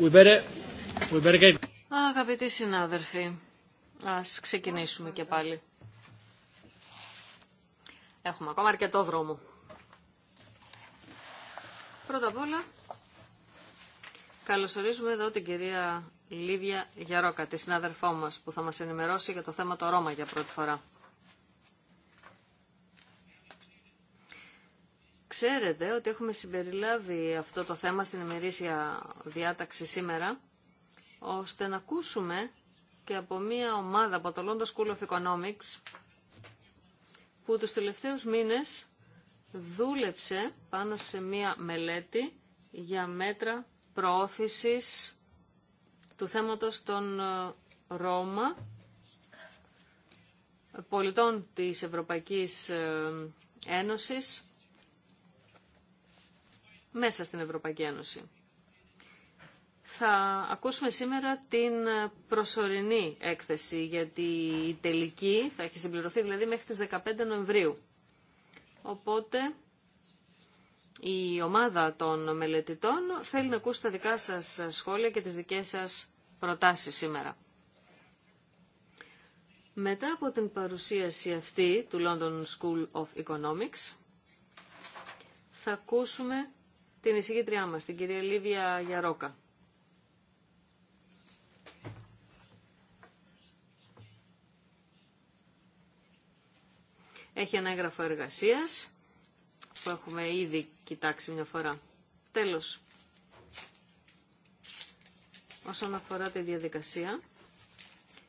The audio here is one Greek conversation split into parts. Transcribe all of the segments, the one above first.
we better, we better get... Αγαπητοί συνάδελφοι, ας ξεκινήσουμε και πάλι. Έχουμε ακόμα αρκετό δρόμο. Πρώτα απ' όλα, καλωσορίζουμε εδώ την κυρία Λίβια Γιαρόκα, τη συνάδελφό μας, που θα μας ενημερώσει για το θέμα το Ρώμα για πρώτη φορά. Ξέρετε ότι έχουμε συμπεριλάβει αυτό το θέμα στην ημερήσια διάταξη σήμερα, ώστε να ακούσουμε και από μια ομάδα από το London School of Economics, που τους τελευταίους μήνες δούλεψε πάνω σε μια μελέτη για μέτρα προώθησης του θέματος των ε, Ρώμα, πολιτών της Ευρωπαϊκής ε, Ένωσης, μέσα στην Ευρωπαϊκή Ένωση. Θα ακούσουμε σήμερα την προσωρινή έκθεση, γιατί η τελική θα έχει συμπληρωθεί δηλαδή μέχρι τις 15 Νοεμβρίου. Οπότε η ομάδα των μελετητών θέλει να ακούσει τα δικά σας σχόλια και τις δικές σας προτάσεις σήμερα. Μετά από την παρουσίαση αυτή του London School of Economics, θα ακούσουμε την εισηγήτριά μας, την κυρία Λίβια Γιαρόκα. Έχει ένα έγγραφο εργασίας που έχουμε ήδη κοιτάξει μια φορά. Τέλος. Όσον αφορά τη διαδικασία,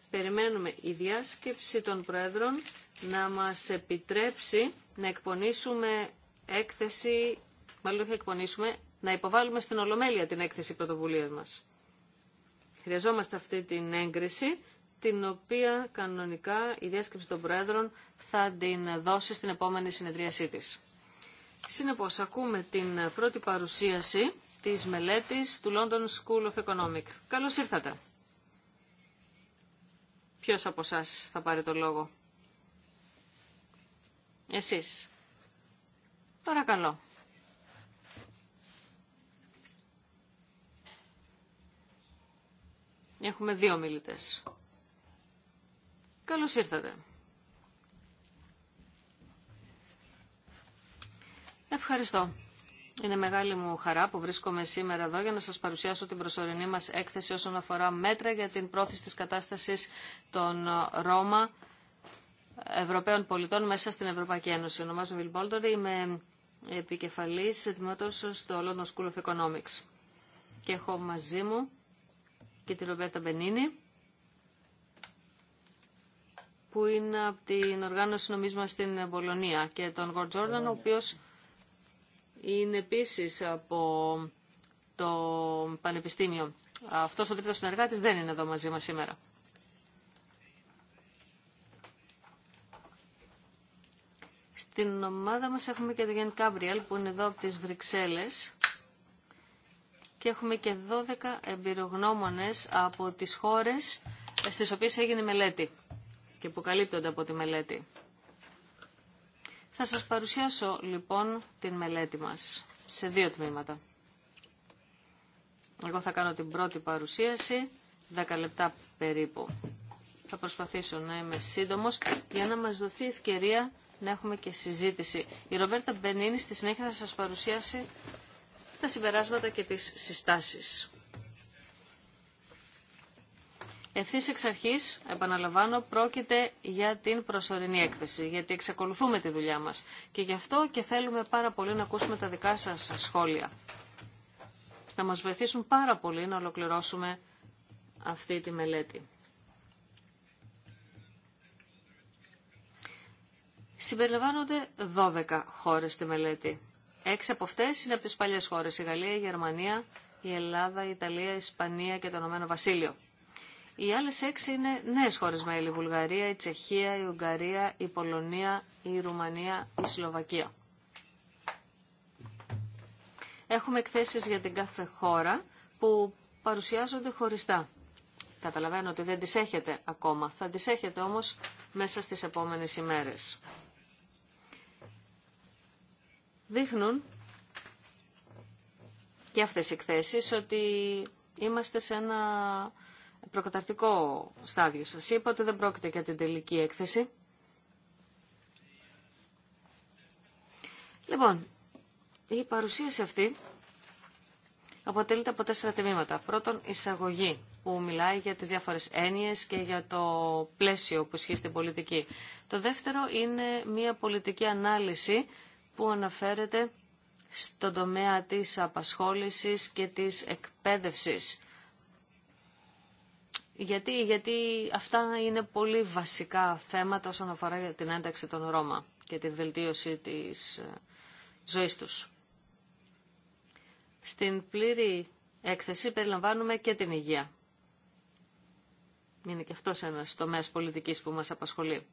περιμένουμε η διάσκεψη των Πρόεδρων να μας επιτρέψει να εκπονήσουμε έκθεση μάλλον θα εκπονήσουμε, να υποβάλουμε στην Ολομέλεια την έκθεση πρωτοβουλία μας. Χρειαζόμαστε αυτή την έγκριση, την οποία κανονικά η διάσκεψη των Προέδρων θα την δώσει στην επόμενη συνεδρίασή της. Συνεπώς, ακούμε την πρώτη παρουσίαση της μελέτης του London School of Economics. Καλώς ήρθατε. Ποιος από εσά θα πάρει το λόγο. Εσείς. Παρακαλώ. Έχουμε δύο μιλητές. Καλώς ήρθατε. Ευχαριστώ. Είναι μεγάλη μου χαρά που βρίσκομαι σήμερα εδώ για να σας παρουσιάσω την προσωρινή μας έκθεση όσον αφορά μέτρα για την πρόθεση της κατάστασης των Ρώμα Ευρωπαίων πολιτών μέσα στην Ευρωπαϊκή Ένωση. Ονομάζομαι Βιλ είμαι επικεφαλής τμήματος στο London School of Economics. Και έχω μαζί μου και τη Ρομπέρτα Μπενίνη που είναι από την οργάνωση νομίσμα στην Πολωνία και τον Γορτ Τζόρνταν, ο οποίος είναι επίσης από το Πανεπιστήμιο. Αυτός ο τρίτος συνεργάτης δεν είναι εδώ μαζί μας σήμερα. Στην ομάδα μας έχουμε και τον Γιάννη Κάμπριελ που είναι εδώ από τις Βρυξέλλες και έχουμε και 12 εμπειρογνώμονες από τις χώρες ε, στις οποίες έγινε μελέτη και που καλύπτονται από τη μελέτη. Θα σας παρουσιάσω λοιπόν την μελέτη μας σε δύο τμήματα. Εγώ θα κάνω την πρώτη παρουσίαση, 10 λεπτά περίπου. Θα προσπαθήσω να είμαι σύντομος για να μας δοθεί ευκαιρία να έχουμε και συζήτηση. Η Ρομπέρτα Μπενίνη στη συνέχεια θα σας παρουσιάσει τα συμπεράσματα και τις συστάσεις. Ευθύ εξ αρχή, επαναλαμβάνω, πρόκειται για την προσωρινή έκθεση, γιατί εξακολουθούμε τη δουλειά μα. Και γι' αυτό και θέλουμε πάρα πολύ να ακούσουμε τα δικά σα σχόλια. Θα μα βοηθήσουν πάρα πολύ να ολοκληρώσουμε αυτή τη μελέτη. Συμπεριλαμβάνονται 12 χώρες στη μελέτη. Έξι από αυτέ είναι από τι παλιέ χώρε. Η Γαλλία, η Γερμανία, η Ελλάδα, η Ιταλία, η Ισπανία και το Ηνωμένο Βασίλειο. Οι άλλε έξι είναι νέε χώρε μέλη. Η Βουλγαρία, η Τσεχία, η Ουγγαρία, η Πολωνία, η Ρουμανία, η Σλοβακία. Έχουμε εκθέσει για την κάθε χώρα που παρουσιάζονται χωριστά. Καταλαβαίνω ότι δεν τις έχετε ακόμα. Θα τις έχετε όμως μέσα στις επόμενες ημέρες δείχνουν και αυτές οι εκθέσεις ότι είμαστε σε ένα προκαταρτικό στάδιο. Σας είπα ότι δεν πρόκειται για την τελική έκθεση. Λοιπόν, η παρουσίαση αυτή αποτελείται από τέσσερα τμήματα. Πρώτον, εισαγωγή που μιλάει για τις διάφορες έννοιες και για το πλαίσιο που ισχύει στην πολιτική. Το δεύτερο είναι μια πολιτική ανάλυση που αναφέρεται στον τομέα της απασχόλησης και της εκπαίδευσης. Γιατί, γιατί αυτά είναι πολύ βασικά θέματα όσον αφορά την ένταξη των Ρώμα και την βελτίωση της ε, ζωής τους. Στην πλήρη έκθεση περιλαμβάνουμε και την υγεία. Είναι και αυτός ένας τομέας πολιτικής που μας απασχολεί.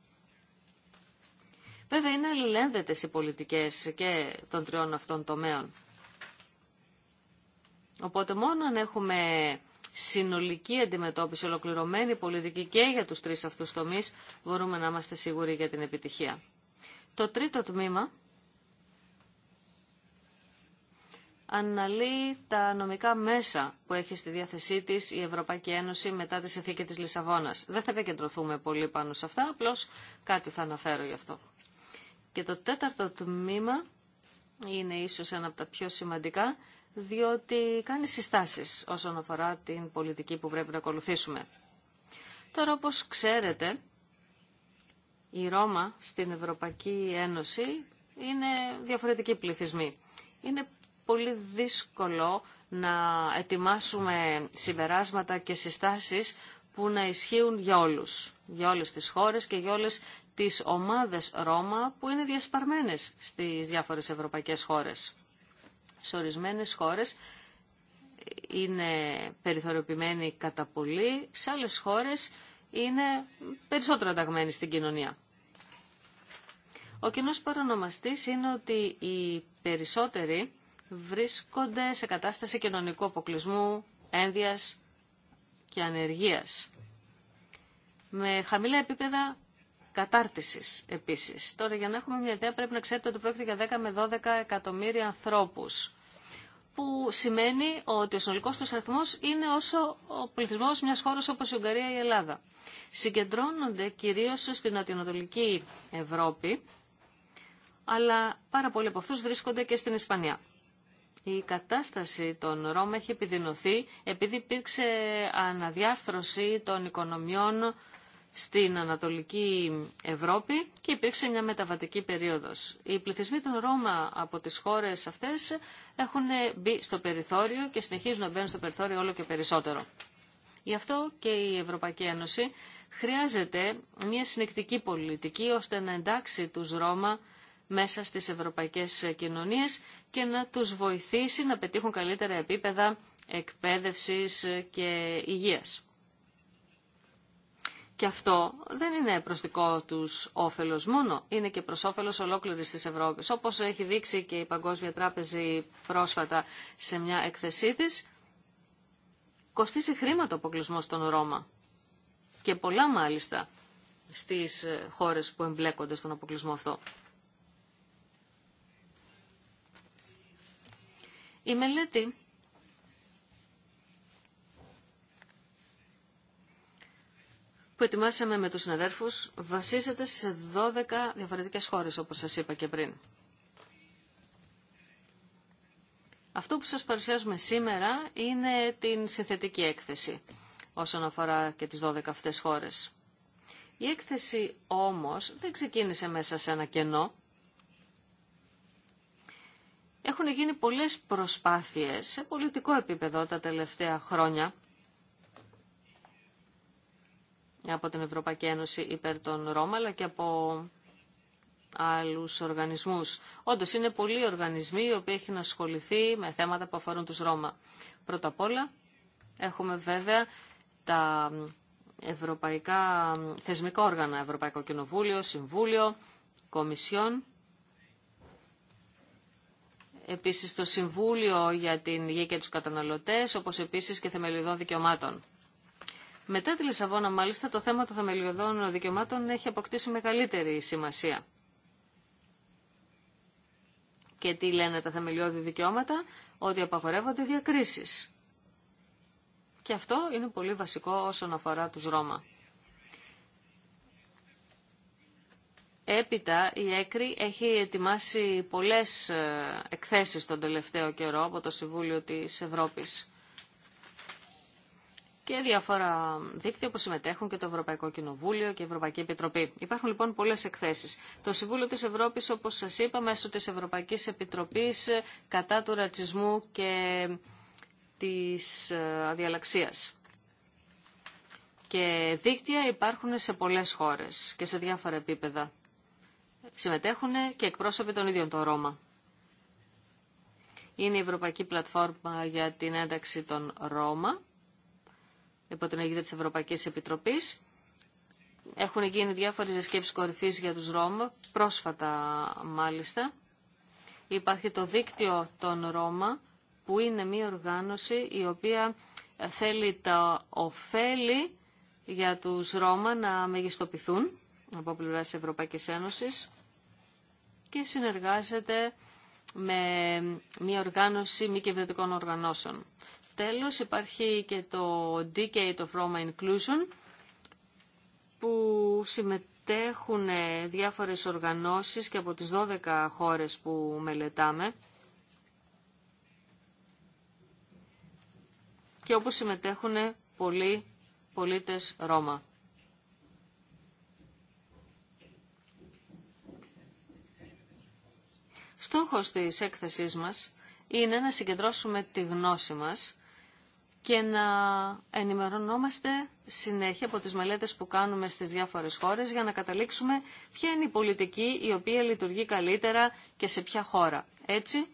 Βέβαια είναι αλληλένδετες οι πολιτικές και των τριών αυτών τομέων. Οπότε μόνο αν έχουμε συνολική αντιμετώπιση, ολοκληρωμένη πολιτική και για τους τρεις αυτούς τομείς, μπορούμε να είμαστε σίγουροι για την επιτυχία. Το τρίτο τμήμα αναλύει τα νομικά μέσα που έχει στη διάθεσή της η Ευρωπαϊκή Ένωση μετά τη συνθήκη της Λισαβόνας. Δεν θα επικεντρωθούμε πολύ πάνω σε αυτά, απλώς κάτι θα αναφέρω γι' αυτό. Και το τέταρτο τμήμα είναι ίσως ένα από τα πιο σημαντικά, διότι κάνει συστάσεις όσον αφορά την πολιτική που πρέπει να ακολουθήσουμε. Τώρα, όπως ξέρετε, η Ρώμα στην Ευρωπαϊκή Ένωση είναι διαφορετική πληθυσμοί. Είναι πολύ δύσκολο να ετοιμάσουμε συμπεράσματα και συστάσεις που να ισχύουν για όλους, για όλες τις χώρες και για όλες τις ομάδες Ρώμα που είναι διασπαρμένες στις διάφορες ευρωπαϊκές χώρες. Σε ορισμένε χώρες είναι περιθωριοποιημένοι κατά πολύ, σε άλλες χώρες είναι περισσότερο ενταγμένοι στην κοινωνία. Ο κοινό παρονομαστής είναι ότι οι περισσότεροι βρίσκονται σε κατάσταση κοινωνικού αποκλεισμού, ένδυας και ανεργίας. Με χαμηλά επίπεδα κατάρτισης επίσης. Τώρα για να έχουμε μια ιδέα πρέπει να ξέρετε ότι πρόκειται για 10 με 12 εκατομμύρια ανθρώπους που σημαίνει ότι ο συνολικός του αριθμό είναι όσο ο πληθυσμός μιας χώρας όπως η Ουγγαρία ή η Ελλάδα. Συγκεντρώνονται κυρίως στην Ατινοτολική Ευρώπη, αλλά πάρα πολλοί από αυτούς βρίσκονται και στην Ισπανία. Η κατάσταση των Ρώμα έχει επιδεινωθεί επειδή υπήρξε αναδιάρθρωση των οικονομιών στην Ανατολική Ευρώπη και υπήρξε μια μεταβατική περίοδος. Οι πληθυσμοί των Ρώμα από τις χώρες αυτές έχουν μπει στο περιθώριο και συνεχίζουν να μπαίνουν στο περιθώριο όλο και περισσότερο. Γι' αυτό και η Ευρωπαϊκή Ένωση χρειάζεται μια συνεκτική πολιτική ώστε να εντάξει τους Ρώμα μέσα στις ευρωπαϊκές κοινωνίες και να τους βοηθήσει να πετύχουν καλύτερα επίπεδα εκπαίδευσης και υγείας. Και αυτό δεν είναι προ δικό του όφελο μόνο, είναι και προ όφελο ολόκληρη τη Ευρώπη. Όπω έχει δείξει και η Παγκόσμια Τράπεζη πρόσφατα σε μια εκθεσή τη, κοστίζει χρήματα ο αποκλεισμό στον Ρώμα. Και πολλά μάλιστα στι ε, χώρε που εμπλέκονται στον αποκλεισμό αυτό. Η μελέτη που ετοιμάσαμε με τους συναδέρφους βασίζεται σε 12 διαφορετικές χώρες, όπως σας είπα και πριν. Αυτό που σας παρουσιάζουμε σήμερα είναι την συνθετική έκθεση όσον αφορά και τις 12 αυτές χώρες. Η έκθεση όμως δεν ξεκίνησε μέσα σε ένα κενό. Έχουν γίνει πολλές προσπάθειες σε πολιτικό επίπεδο τα τελευταία χρόνια από την Ευρωπαϊκή Ένωση υπέρ των Ρώμα, αλλά και από άλλους οργανισμούς. Όντως είναι πολλοί οργανισμοί οι οποίοι έχουν ασχοληθεί με θέματα που αφορούν τους Ρώμα. Πρώτα απ' όλα έχουμε βέβαια τα ευρωπαϊκά θεσμικά όργανα, Ευρωπαϊκό Κοινοβούλιο, Συμβούλιο, Κομισιόν, επίσης το Συμβούλιο για την Υγεία και τους Καταναλωτές, όπως επίσης και Θεμελιωδών Δικαιωμάτων. Μετά τη Λισαβόνα, μάλιστα, το θέμα των θεμελιωδών δικαιωμάτων έχει αποκτήσει μεγαλύτερη σημασία. Και τι λένε τα θεμελιώδη δικαιώματα, ότι απαγορεύονται διακρίσεις. Και αυτό είναι πολύ βασικό όσον αφορά τους Ρώμα. Έπειτα η ΕΚΡΙ έχει ετοιμάσει πολλές ε, εκθέσεις τον τελευταίο καιρό από το Συμβούλιο της Ευρώπης και διάφορα δίκτυα που συμμετέχουν και το Ευρωπαϊκό Κοινοβούλιο και η Ευρωπαϊκή Επιτροπή. Υπάρχουν λοιπόν πολλέ εκθέσει. Το Συμβούλιο τη Ευρώπη, όπω σα είπα, μέσω τη Ευρωπαϊκή Επιτροπή ε, κατά του ρατσισμού και τη ε, αδιαλαξία. Και δίκτυα υπάρχουν σε πολλέ χώρε και σε διάφορα επίπεδα. Συμμετέχουν και εκπρόσωποι των ίδιων των Ρώμα. Είναι η Ευρωπαϊκή Πλατφόρμα για την Ένταξη των Ρώμα υπό την αιγύδα της Ευρωπαϊκής Επιτροπής. Έχουν γίνει διάφορες εσκέψεις κορυφής για τους Ρώμα, πρόσφατα μάλιστα. Υπάρχει το δίκτυο των Ρώμα, που είναι μια οργάνωση η οποία θέλει τα ωφέλη για τους Ρώμα να μεγιστοποιηθούν από πλευρά της Ευρωπαϊκής Ένωσης και συνεργάζεται με μια οργάνωση μη κυβερνητικών οργανώσεων τέλος υπάρχει και το Decade of Roma Inclusion που συμμετέχουν ε, διάφορες οργανώσεις και από τις 12 χώρες που μελετάμε και όπου συμμετέχουν πολλοί πολίτες Ρώμα. Στόχος της έκθεσής μας είναι να συγκεντρώσουμε τη γνώση μας και να ενημερωνόμαστε συνέχεια από τις μελέτες που κάνουμε στις διάφορες χώρες για να καταλήξουμε ποια είναι η πολιτική η οποία λειτουργεί καλύτερα και σε ποια χώρα. Έτσι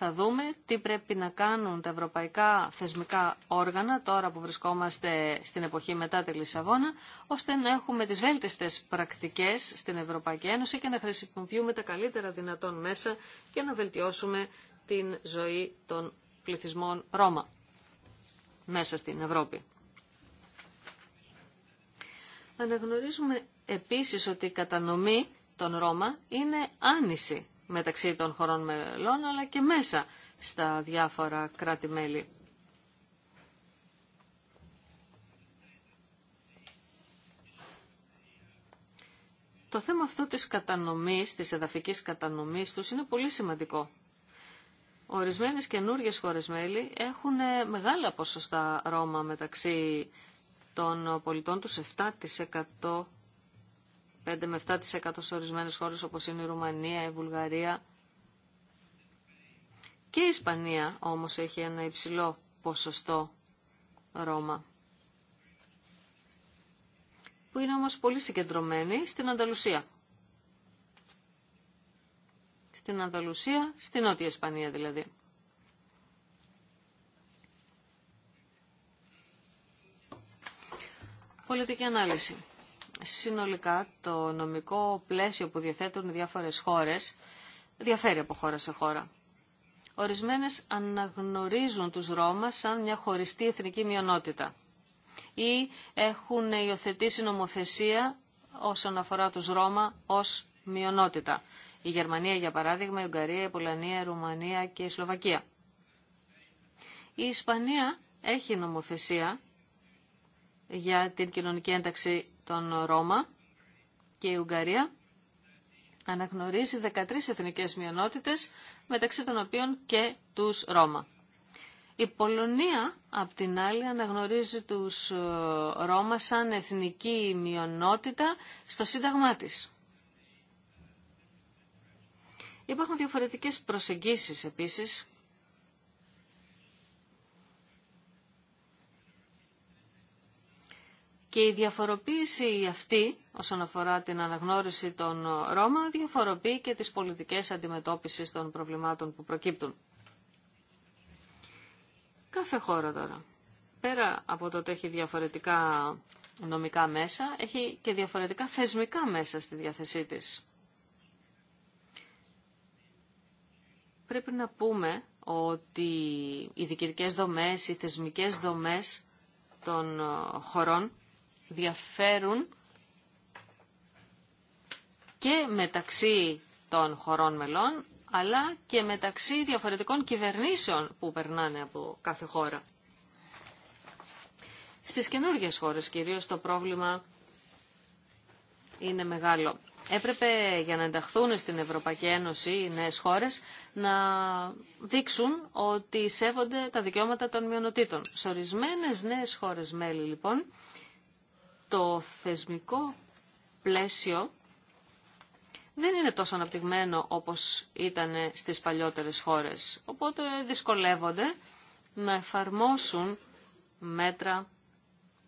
θα δούμε τι πρέπει να κάνουν τα ευρωπαϊκά θεσμικά όργανα τώρα που βρισκόμαστε στην εποχή μετά τη Λισαβόνα, ώστε να έχουμε τις βέλτιστες πρακτικές στην Ευρωπαϊκή Ένωση και να χρησιμοποιούμε τα καλύτερα δυνατόν μέσα και να βελτιώσουμε την ζωή των πληθυσμών Ρώμα μέσα στην Ευρώπη. Αναγνωρίζουμε επίσης ότι η κατανομή των Ρώμα είναι άνηση μεταξύ των χωρών μελών αλλά και μέσα στα διάφορα κράτη-μέλη. Το θέμα αυτό της κατανομής, της εδαφικής κατανομής τους είναι πολύ σημαντικό. Ορισμένες καινούργιες χώρες μέλη έχουν ε, μεγάλα ποσοστά Ρώμα μεταξύ των πολιτών τους 7%, 5 με 7% σε ορισμένες χώρες όπως είναι η Ρουμανία, η Βουλγαρία. Και η Ισπανία όμως έχει ένα υψηλό ποσοστό Ρώμα. Που είναι όμως πολύ συγκεντρωμένη στην Ανταλουσία στην Ανδαλουσία, στην Νότια Ισπανία δηλαδή. Πολιτική ανάλυση. Συνολικά το νομικό πλαίσιο που διαθέτουν οι διάφορες χώρες διαφέρει από χώρα σε χώρα. Ορισμένες αναγνωρίζουν τους Ρώμα σαν μια χωριστή εθνική μειονότητα ή έχουν υιοθετήσει νομοθεσία όσον αφορά τους Ρώμα ως μειονότητα. Η Γερμανία, για παράδειγμα, η Ουγγαρία, η Πολωνία, η Ρουμανία και η Σλοβακία. Η Ισπανία έχει νομοθεσία για την κοινωνική ένταξη των Ρώμα και η Ουγγαρία αναγνωρίζει 13 εθνικές μειονότητες, μεταξύ των οποίων και τους Ρώμα. Η Πολωνία, απ' την άλλη, αναγνωρίζει τους ε, Ρώμα σαν εθνική μειονότητα στο Σύνταγμά της. Υπάρχουν διαφορετικές προσεγγίσεις επίσης Και η διαφοροποίηση αυτή, όσον αφορά την αναγνώριση των Ρώμα, διαφοροποιεί και τις πολιτικές αντιμετώπισης των προβλημάτων που προκύπτουν. Κάθε χώρα τώρα, πέρα από το ότι έχει διαφορετικά νομικά μέσα, έχει και διαφορετικά θεσμικά μέσα στη διάθεσή της. πρέπει να πούμε ότι οι διοικητικές δομές, οι θεσμικές δομές των ε, χωρών διαφέρουν και μεταξύ των χωρών μελών, αλλά και μεταξύ διαφορετικών κυβερνήσεων που περνάνε από κάθε χώρα. Στις καινούργιες χώρες κυρίως το πρόβλημα είναι μεγάλο. Έπρεπε για να ενταχθούν στην Ευρωπαϊκή Ένωση οι νέες χώρες να δείξουν ότι σέβονται τα δικαιώματα των μειονοτήτων. Σε ορισμένε νέες χώρες μέλη λοιπόν το θεσμικό πλαίσιο δεν είναι τόσο αναπτυγμένο όπως ήταν στις παλιότερες χώρες. Οπότε δυσκολεύονται να εφαρμόσουν μέτρα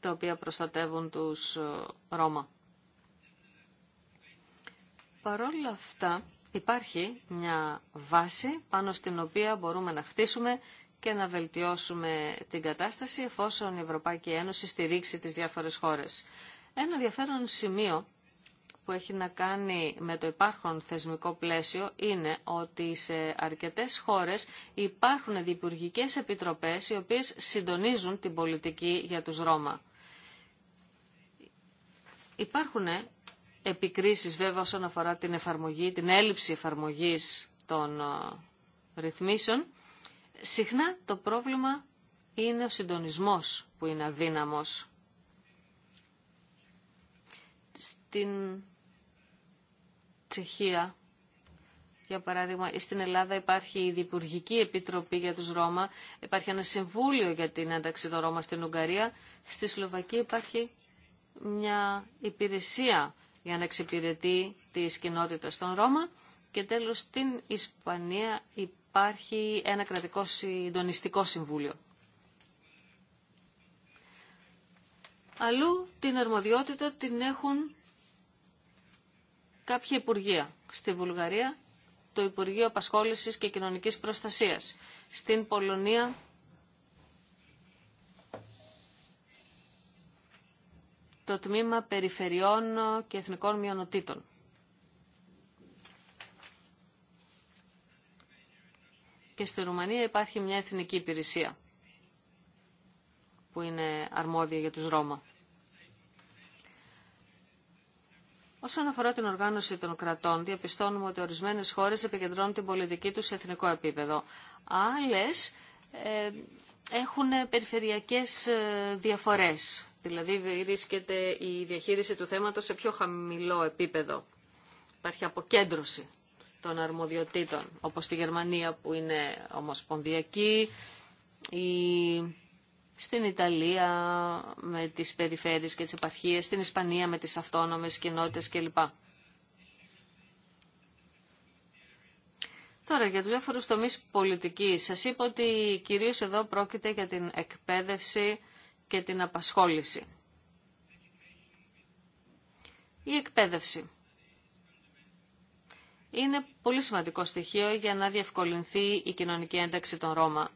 τα οποία προστατεύουν τους ε, Ρώμα. Παρόλα αυτά υπάρχει μια βάση πάνω στην οποία μπορούμε να χτίσουμε και να βελτιώσουμε την κατάσταση εφόσον η Ευρωπαϊκή Ένωση στηρίξει τις διάφορες χώρες. Ένα ενδιαφέρον σημείο που έχει να κάνει με το υπάρχον θεσμικό πλαίσιο είναι ότι σε αρκετές χώρες υπάρχουν διπουργικές επιτροπές οι οποίες συντονίζουν την πολιτική για τους Ρώμα. Υπάρχουν επικρίσεις βέβαια όσον αφορά την εφαρμογή, την έλλειψη εφαρμογής των ε, ρυθμίσεων. Συχνά το πρόβλημα είναι ο συντονισμός που είναι αδύναμος. Στην Τσεχία, για παράδειγμα, στην Ελλάδα υπάρχει η Διπουργική Επιτροπή για τους Ρώμα, υπάρχει ένα συμβούλιο για την ένταξη των Ρώμα στην Ουγγαρία, στη Σλοβακία υπάρχει μια υπηρεσία για να εξυπηρετεί τη κοινότητα των Ρώμα. Και τέλος στην Ισπανία υπάρχει ένα κρατικό συντονιστικό συμβούλιο. Αλλού την αρμοδιότητα την έχουν κάποια υπουργεία. Στη Βουλγαρία το Υπουργείο Απασχόλησης και Κοινωνικής Προστασίας. Στην Πολωνία το τμήμα περιφερειών και εθνικών μειονοτήτων. Και στη Ρουμανία υπάρχει μια εθνική υπηρεσία που είναι αρμόδια για τους Ρώμα. Όσον αφορά την οργάνωση των κρατών, διαπιστώνουμε ότι ορισμένες χώρες επικεντρώνουν την πολιτική τους σε εθνικό επίπεδο. Άλλες ε, έχουν περιφερειακές ε, διαφορές. Δηλαδή βρίσκεται η διαχείριση του θέματος σε πιο χαμηλό επίπεδο. Υπάρχει αποκέντρωση των αρμοδιοτήτων, όπως στη Γερμανία που είναι ομοσπονδιακή, ή στην Ιταλία με τις περιφέρειες και τις επαρχίες, στην Ισπανία με τις αυτόνομες κοινότητες κλπ. Τώρα για τους διάφορους τομείς πολιτικής. Σας είπα ότι κυρίως εδώ πρόκειται για την εκπαίδευση και την απασχόληση. Η εκπαίδευση. Είναι πολύ σημαντικό στοιχείο για να διευκολυνθεί η κοινωνική ένταξη των Ρώμα.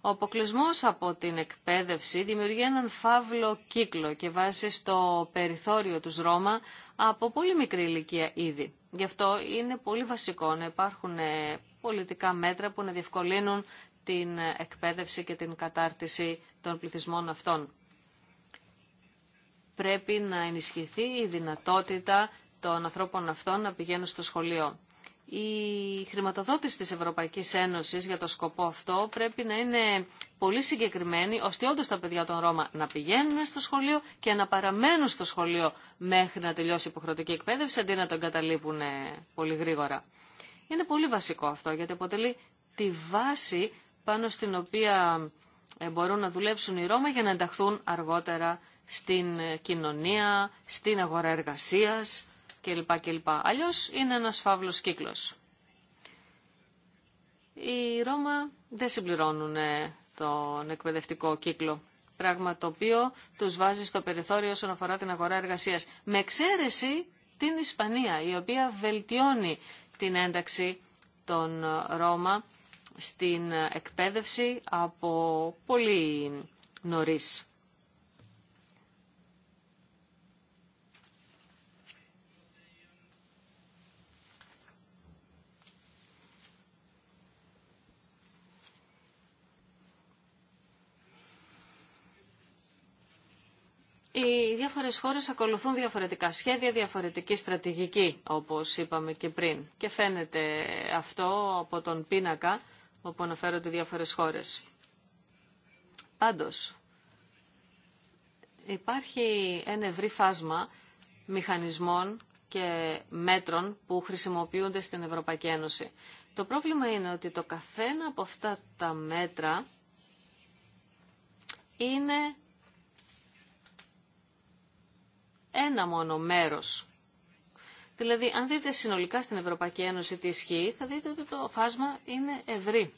Ο αποκλεισμό από την εκπαίδευση δημιουργεί έναν φαύλο κύκλο και βάζει στο περιθώριο τους Ρώμα από πολύ μικρή ηλικία ήδη. Γι' αυτό είναι πολύ βασικό να υπάρχουν πολιτικά μέτρα που να διευκολύνουν την εκπαίδευση και την κατάρτιση των πληθυσμών αυτών. Πρέπει να ενισχυθεί η δυνατότητα των ανθρώπων αυτών να πηγαίνουν στο σχολείο. Η χρηματοδότηση της Ευρωπαϊκής Ένωσης για το σκοπό αυτό πρέπει να είναι πολύ συγκεκριμένη, ώστε όντως τα παιδιά των Ρώμα να πηγαίνουν στο σχολείο και να παραμένουν στο σχολείο μέχρι να τελειώσει η υποχρεωτική εκπαίδευση, αντί να τον καταλείπουν ε, πολύ γρήγορα. Είναι πολύ βασικό αυτό, γιατί αποτελεί τη βάση πάνω στην οποία ε, μπορούν να δουλέψουν οι Ρώμα για να ενταχθούν αργότερα στην ε, κοινωνία, στην αγορά εργασίας κλπ. κλπ. Αλλιώς είναι ένας φαύλος κύκλος. Οι Ρώμα δεν συμπληρώνουν ε, τον εκπαιδευτικό κύκλο, πράγμα το οποίο τους βάζει στο περιθώριο όσον αφορά την αγορά εργασίας, με εξαίρεση την Ισπανία, η οποία βελτιώνει την ένταξη των Ρώμα στην εκπαίδευση από πολύ νωρίς. Οι διάφορες χώρες ακολουθούν διαφορετικά σχέδια, διαφορετική στρατηγική, όπως είπαμε και πριν. Και φαίνεται αυτό από τον πίνακα όπου αναφέρονται διάφορες χώρες. Πάντως, υπάρχει ένα ευρύ φάσμα μηχανισμών και μέτρων που χρησιμοποιούνται στην Ευρωπαϊκή Ένωση. Το πρόβλημα είναι ότι το καθένα από αυτά τα μέτρα είναι ένα μόνο μέρος Δηλαδή, αν δείτε συνολικά στην Ευρωπαϊκή Ένωση τι ισχύει, θα δείτε ότι το φάσμα είναι ευρύ.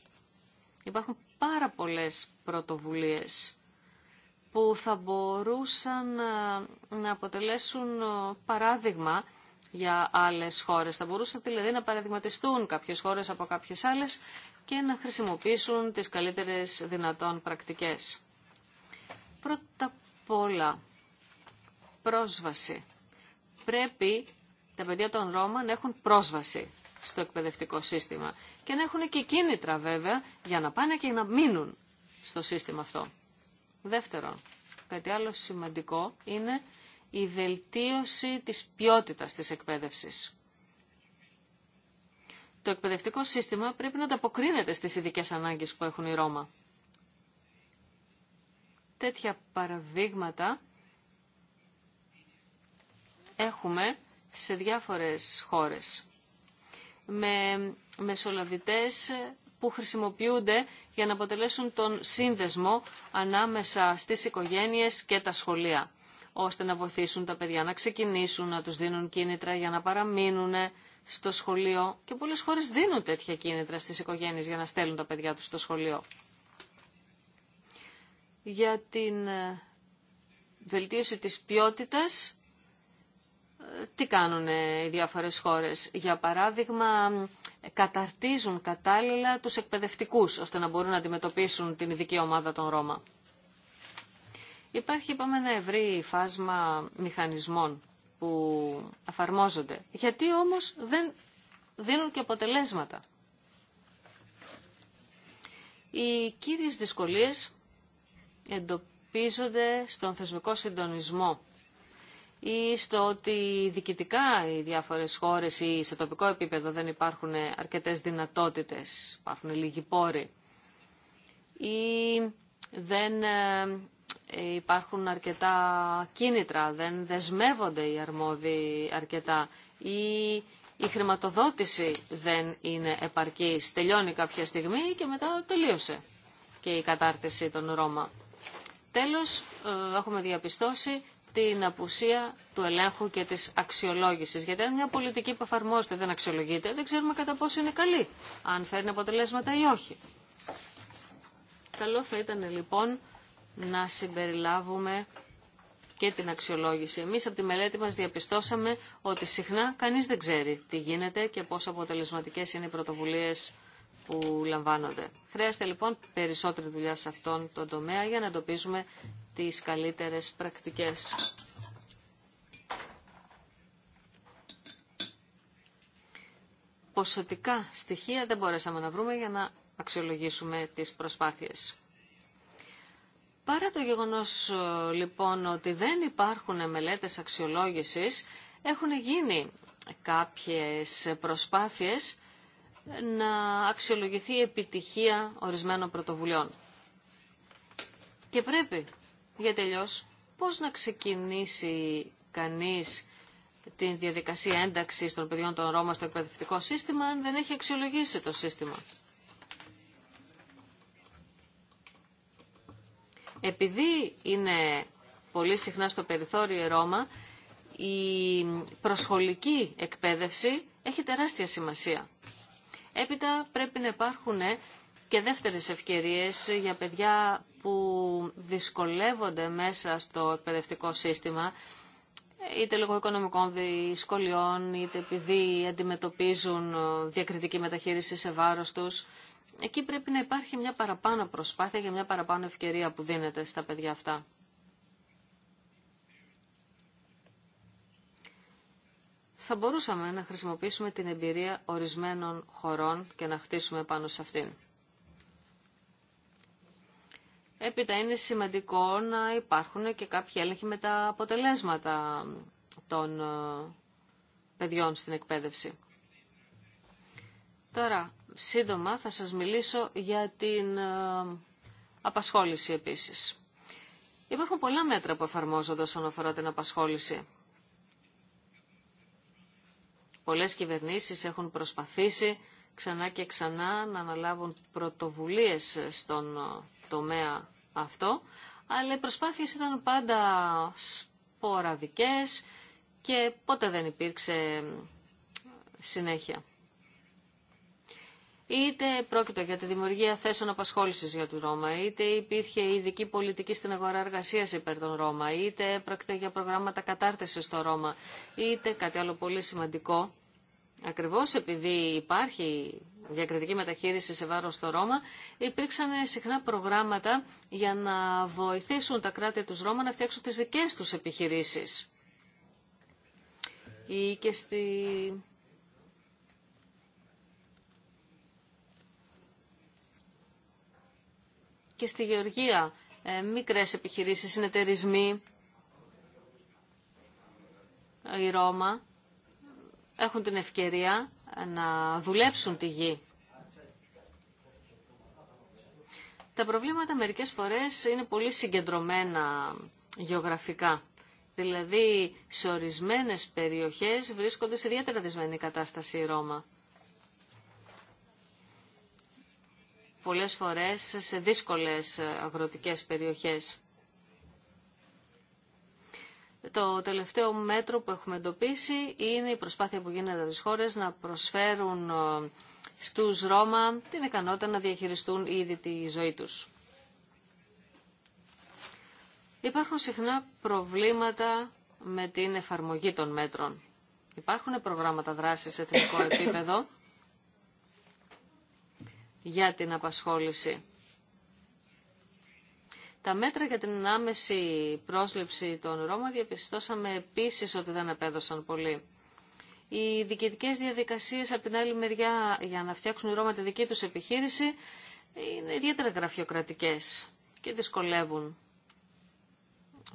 Υπάρχουν πάρα πολλές πρωτοβουλίες που θα μπορούσαν ε, να αποτελέσουν ε, παράδειγμα για άλλες χώρες. Θα μπορούσαν δηλαδή να παραδειγματιστούν κάποιες χώρες από κάποιες άλλες και να χρησιμοποιήσουν τις καλύτερες δυνατόν πρακτικές. Πρώτα απ' όλα, πρόσβαση. Πρέπει τα παιδιά των Ρώμα να έχουν πρόσβαση στο εκπαιδευτικό σύστημα και να έχουν και κίνητρα βέβαια για να πάνε και να μείνουν στο σύστημα αυτό. Δεύτερον, κάτι άλλο σημαντικό είναι η βελτίωση της ποιότητας της εκπαίδευσης. Το εκπαιδευτικό σύστημα πρέπει να ανταποκρίνεται στις ειδικέ ανάγκες που έχουν οι Ρώμα. Τέτοια παραδείγματα έχουμε σε διάφορες χώρες με μεσολαβητές που χρησιμοποιούνται για να αποτελέσουν τον σύνδεσμο ανάμεσα στις οικογένειες και τα σχολεία, ώστε να βοηθήσουν τα παιδιά να ξεκινήσουν, να τους δίνουν κίνητρα για να παραμείνουν στο σχολείο και πολλές χώρες δίνουν τέτοια κίνητρα στις οικογένειες για να στέλνουν τα παιδιά τους στο σχολείο. Για την ε, βελτίωση της ποιότητας τι κάνουν οι διάφορες χώρες. Για παράδειγμα, καταρτίζουν κατάλληλα τους εκπαιδευτικούς, ώστε να μπορούν να αντιμετωπίσουν την ειδική ομάδα των Ρώμα. Υπάρχει, είπαμε, ένα ευρύ φάσμα μηχανισμών που αφαρμόζονται. Γιατί όμως δεν δίνουν και αποτελέσματα. Οι κύριες δυσκολίες εντοπίζονται στον θεσμικό συντονισμό ή στο ότι διοικητικά οι διάφορες χώρες ή σε τοπικό επίπεδο δεν υπάρχουν αρκετές δυνατότητες, υπάρχουν λίγοι πόροι ή δεν ε, υπάρχουν αρκετά κίνητρα, δεν δεσμεύονται οι αρμόδιοι αρκετά ή η χρηματοδότηση δεν είναι επαρκής, τελειώνει κάποια στιγμή και μετά τελείωσε και η κατάρτιση των Ρώμα. Τέλος, ε, έχουμε διαπιστώσει την απουσία του ελέγχου και της αξιολόγησης. Γιατί αν μια πολιτική που εφαρμόζεται δεν αξιολογείται, δεν ξέρουμε κατά πόσο είναι καλή, αν φέρνει αποτελέσματα ή όχι. Καλό θα ήταν λοιπόν να συμπεριλάβουμε και την αξιολόγηση. Εμείς από τη μελέτη μας διαπιστώσαμε ότι συχνά κανείς δεν ξέρει τι γίνεται και πόσο αποτελεσματικές είναι οι πρωτοβουλίες που λαμβάνονται. Χρειάζεται λοιπόν περισσότερη δουλειά σε αυτόν τον τομέα για να εντοπίζουμε τις καλύτερες πρακτικές. Ποσοτικά στοιχεία δεν μπορέσαμε να βρούμε για να αξιολογήσουμε τις προσπάθειες. Παρά το γεγονός λοιπόν ότι δεν υπάρχουν μελέτες αξιολόγησης, έχουν γίνει κάποιες προσπάθειες να αξιολογηθεί η επιτυχία ορισμένων πρωτοβουλειών. Και πρέπει για τελειώς, πώς να ξεκινήσει κανείς την διαδικασία ένταξης των παιδιών των Ρώμα στο εκπαιδευτικό σύστημα αν δεν έχει αξιολογήσει το σύστημα. Επειδή είναι πολύ συχνά στο περιθώριο Ρώμα, η προσχολική εκπαίδευση έχει τεράστια σημασία. Έπειτα πρέπει να υπάρχουν και δεύτερες ευκαιρίες για παιδιά που δυσκολεύονται μέσα στο εκπαιδευτικό σύστημα, είτε λόγω οικονομικών δυσκολιών, είτε επειδή αντιμετωπίζουν ε, διακριτική μεταχείριση σε βάρος τους. Εκεί πρέπει να υπάρχει μια παραπάνω προσπάθεια και μια παραπάνω ευκαιρία που δίνεται στα παιδιά αυτά. θα μπορούσαμε να χρησιμοποιήσουμε την εμπειρία ορισμένων χωρών και να χτίσουμε πάνω σε αυτήν. Έπειτα είναι σημαντικό να υπάρχουν και κάποιοι έλεγχοι με τα αποτελέσματα των ε, παιδιών στην εκπαίδευση. Τώρα, σύντομα θα σας μιλήσω για την ε, απασχόληση επίσης. Υπάρχουν πολλά μέτρα που εφαρμόζονται όσον αφορά την απασχόληση. Πολλές κυβερνήσεις έχουν προσπαθήσει ξανά και ξανά να αναλάβουν πρωτοβουλίες στον ε, τομέα αυτό, αλλά οι προσπάθειες ήταν πάντα σποραδικές και ποτέ δεν υπήρξε συνέχεια. Είτε πρόκειται για τη δημιουργία θέσεων απασχόλησης για του Ρώμα, είτε υπήρχε ειδική πολιτική στην αγορά εργασίας υπέρ των Ρώμα, είτε πρόκειται για προγράμματα κατάρτισης στο Ρώμα, είτε κάτι άλλο πολύ σημαντικό, ακριβώς επειδή υπάρχει διακριτική μεταχείριση σε βάρος στο Ρώμα, υπήρξαν συχνά προγράμματα για να βοηθήσουν τα κράτη του Ρώμα να φτιάξουν τις δικές τους επιχειρήσεις. Ή και στη... και στη Γεωργία ε, μικρές επιχειρήσεις, συνεταιρισμοί, η Ρώμα έχουν την ευκαιρία να δουλέψουν τη γη. Τα προβλήματα μερικές φορές είναι πολύ συγκεντρωμένα γεωγραφικά. Δηλαδή, σε ορισμένες περιοχές βρίσκονται σε ιδιαίτερα δυσμένη κατάσταση η Ρώμα. Πολλές φορές σε δύσκολες αγροτικές περιοχές. Το τελευταίο μέτρο που έχουμε εντοπίσει είναι η προσπάθεια που γίνεται από να προσφέρουν ε, στους Ρώμα την ικανότητα να διαχειριστούν ήδη τη ζωή τους. Υπάρχουν συχνά προβλήματα με την εφαρμογή των μέτρων. Υπάρχουν προγράμματα δράσης σε εθνικό επίπεδο για την απασχόληση. Τα μέτρα για την άμεση πρόσληψη των Ρώμα διαπιστώσαμε επίσης ότι δεν απέδωσαν πολύ. Οι διοικητικές διαδικασίες από την άλλη μεριά για να φτιάξουν οι Ρώμα τη δική τους επιχείρηση είναι ιδιαίτερα γραφειοκρατικές και δυσκολεύουν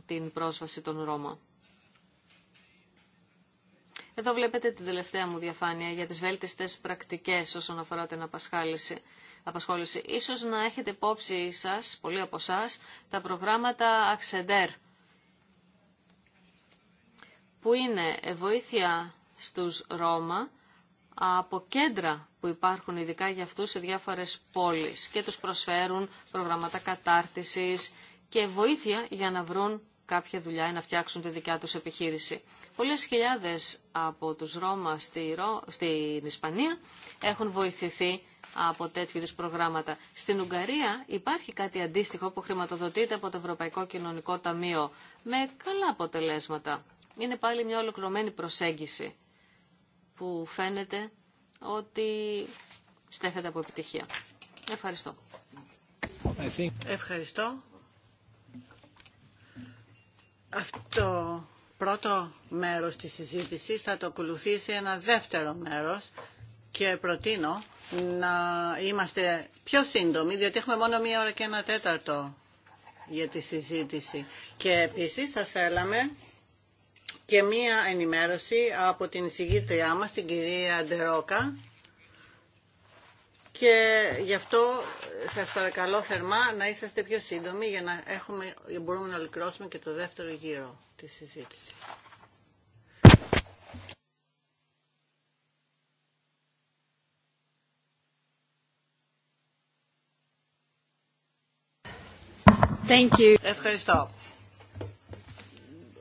την πρόσβαση των Ρώμα. Εδώ βλέπετε την τελευταία μου διαφάνεια για τις βέλτιστες πρακτικές όσον αφορά την απασχάληση απασχόληση. Ίσως να έχετε υπόψη σας, πολλοί από εσά, τα προγράμματα Αξεντέρ, που είναι βοήθεια στους Ρώμα από κέντρα που υπάρχουν ειδικά για αυτούς σε διάφορες πόλεις και τους προσφέρουν προγράμματα κατάρτισης και βοήθεια για να βρουν κάποια δουλειά ή να φτιάξουν τη δικιά τους επιχείρηση. Πολλές χιλιάδες από τους Ρώμα στη στην Ισπανία έχουν βοηθηθεί από τέτοιου είδου προγράμματα. Στην Ουγγαρία υπάρχει κάτι αντίστοιχο που χρηματοδοτείται από το Ευρωπαϊκό Κοινωνικό Ταμείο με καλά αποτελέσματα. Είναι πάλι μια ολοκληρωμένη προσέγγιση που φαίνεται ότι στέφεται από επιτυχία. Ευχαριστώ. Ευχαριστώ. Αυτό πρώτο μέρος της συζήτησης θα το ακολουθήσει ένα δεύτερο μέρος και προτείνω να είμαστε πιο σύντομοι, διότι έχουμε μόνο μία ώρα και ένα τέταρτο για τη συζήτηση. Και επίσης θα θέλαμε και μία ενημέρωση από την συγγήτριά μα, την κυρία Ντερόκα, και γι' αυτό σας παρακαλώ θερμά να είσαστε πιο σύντομοι για να έχουμε, μπορούμε να ολοκληρώσουμε και το δεύτερο γύρο της συζήτησης. Ευχαριστώ.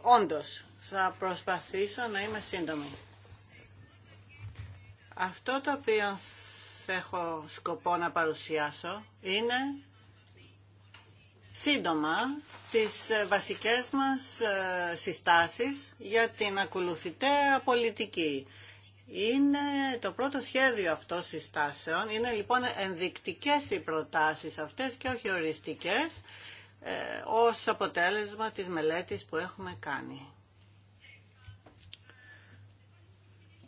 Όντως, θα προσπαθήσω να είμαι σύντομη. Αυτό το οποίο έχω σκοπό να παρουσιάσω είναι σύντομα τις βασικές μας ε, συστάσεις για την ακολουθητέα πολιτική. Είναι το πρώτο σχέδιο αυτό συστάσεων. Είναι λοιπόν ενδεικτικές οι προτάσεις αυτές και όχι οριστικές ε, ως αποτέλεσμα της μελέτης που έχουμε κάνει.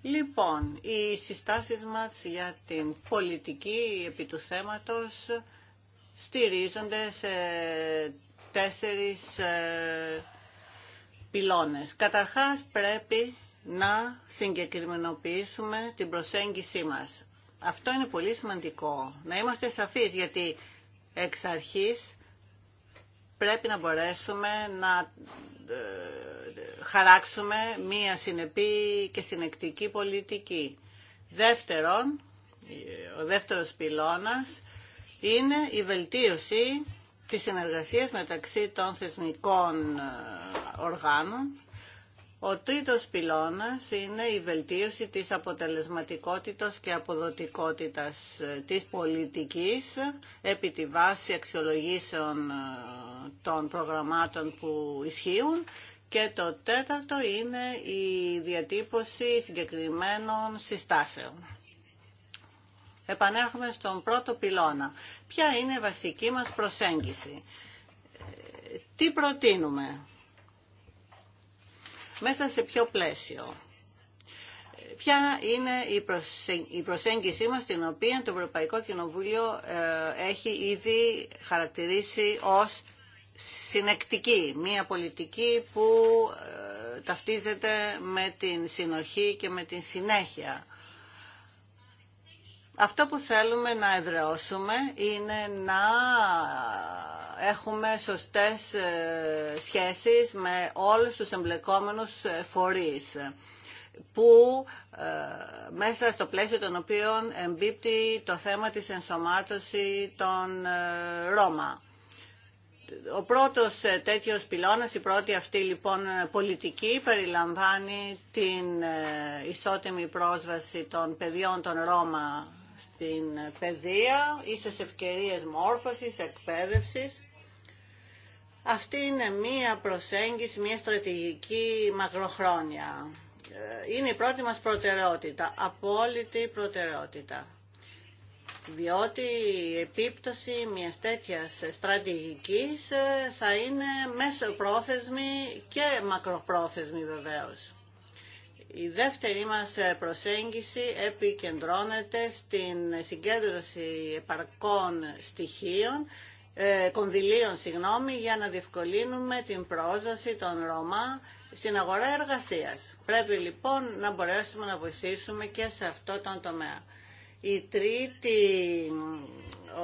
Λοιπόν, οι συστάσεις μας για την πολιτική επί του θέματος στηρίζονται σε τέσσερις ε, πυλώνες. Καταρχάς πρέπει να συγκεκριμενοποιήσουμε την προσέγγιση μας. Αυτό είναι πολύ σημαντικό, να είμαστε σαφείς, γιατί εξ αρχής πρέπει να μπορέσουμε να ε, χαράξουμε μία συνεπή και συνεκτική πολιτική. Δεύτερον, ο δεύτερος πυλώνας είναι η βελτίωση της συνεργασίας μεταξύ των θεσμικών ε, οργάνων ο τρίτος πυλώνας είναι η βελτίωση της αποτελεσματικότητας και αποδοτικότητας ε, της πολιτικής επί τη βάση αξιολογήσεων ε, των προγραμμάτων που ισχύουν και το τέταρτο είναι η διατύπωση συγκεκριμένων συστάσεων. Επανέρχομαι στον πρώτο πυλώνα. Ποια είναι η βασική μας προσέγγιση. Ε, τι προτείνουμε μέσα σε ποιο πλαίσιο. Ποια είναι η προσέγγιση μας την οποία το Ευρωπαϊκό Κοινοβούλιο ε, έχει ήδη χαρακτηρίσει ως συνεκτική. Μία πολιτική που ε, ταυτίζεται με την συνοχή και με την συνέχεια αυτό που θέλουμε να εδραιώσουμε είναι να έχουμε σωστές ε, σχέσεις με όλους τους εμπλεκόμενους ε, φορείς που ε, μέσα στο πλαίσιο των οποίων εμπίπτει το θέμα της ενσωμάτωσης των Ρώμα. Ο πρώτος τέτοιος πυλώνας, η πρώτη αυτή λοιπόν πολιτική, περιλαμβάνει την ισότιμη πρόσβαση των παιδιών των Ρώμα στην παιδεία, στις ευκαιρίες μόρφωσης, εκπαίδευσης. Αυτή είναι μία προσέγγιση, μία στρατηγική μακροχρόνια. Ε, είναι η πρώτη μας προτεραιότητα, απόλυτη προτεραιότητα. Διότι η επίπτωση μιας τέτοιας στρατηγικής ε, θα είναι πρόθεσμη και μακροπρόθεσμη βεβαίως. Η δεύτερη μας προσέγγιση επικεντρώνεται στην συγκέντρωση επαρκών στοιχείων, ε, κονδυλίων συγγνώμη, για να διευκολύνουμε την πρόσβαση των Ρώμα στην αγορά εργασίας. Πρέπει λοιπόν να μπορέσουμε να βοηθήσουμε και σε αυτό τον τομέα. Η τρίτη,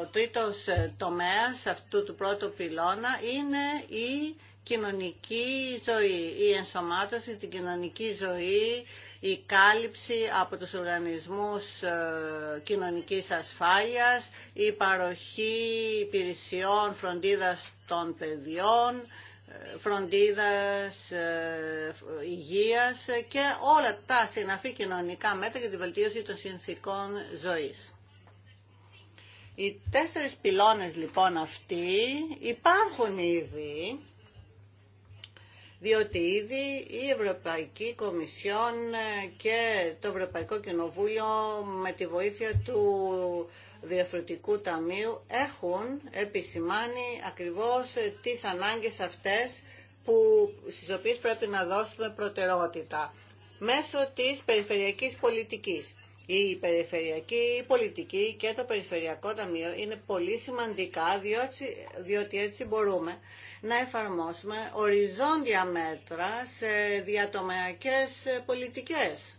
ο τρίτος τομέας αυτού του πρώτου πυλώνα είναι η κοινωνική ζωή, η ενσωμάτωση στην κοινωνική ζωή, η κάλυψη από τους οργανισμούς ε, κοινωνικής ασφάλειας, η παροχή υπηρεσιών φροντίδας των παιδιών, ε, φροντίδας ε, υγείας και όλα τα συναφή κοινωνικά μέτρα για τη βελτίωση των συνθήκων ζωής. Οι τέσσερις πυλώνες λοιπόν αυτοί υπάρχουν ήδη διότι ήδη η Ευρωπαϊκή Κομισιόν ε, και το Ευρωπαϊκό Κοινοβούλιο με τη βοήθεια του Διευθυντικού Ταμείου έχουν επισημάνει ακριβώς ε, τις ανάγκες αυτές που, στις οποίες πρέπει να δώσουμε προτεραιότητα μέσω της περιφερειακής πολιτικής. Η περιφερειακή πολιτική και το περιφερειακό ταμείο είναι πολύ σημαντικά διότι, διότι έτσι μπορούμε να εφαρμόσουμε οριζόντια μέτρα σε διατομεακές πολιτικές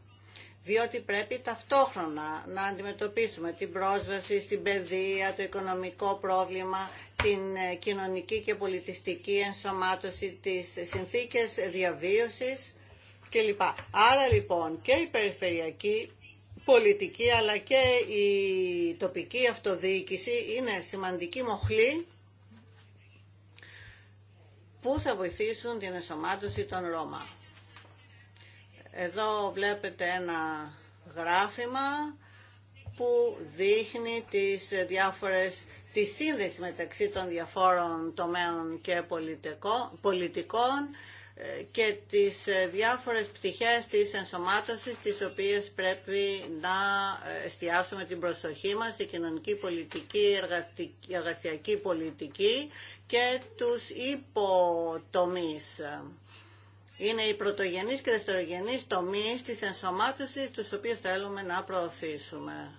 διότι πρέπει ταυτόχρονα να αντιμετωπίσουμε την πρόσβαση στην παιδεία, το οικονομικό πρόβλημα, την κοινωνική και πολιτιστική ενσωμάτωση της συνθήκες διαβίωσης κλπ. Άρα λοιπόν και η περιφερειακή πολιτική αλλά και η τοπική αυτοδιοίκηση είναι σημαντική μοχλή που θα βοηθήσουν την ενσωμάτωση των Ρώμα. Εδώ βλέπετε ένα γράφημα που δείχνει τις διάφορες, τη σύνδεση μεταξύ των διαφόρων τομέων και πολιτικών ε, και τις ε, διάφορες πτυχές της ενσωμάτωσης τις οποίες πρέπει να ε, εστιάσουμε την προσοχή μας η κοινωνική πολιτική, η εργασιακή πολιτική και τους υποτομείς. Είναι οι πρωτογενείς και δευτερογενείς τομείς της ενσωμάτωσης, τους οποίους θέλουμε να προωθήσουμε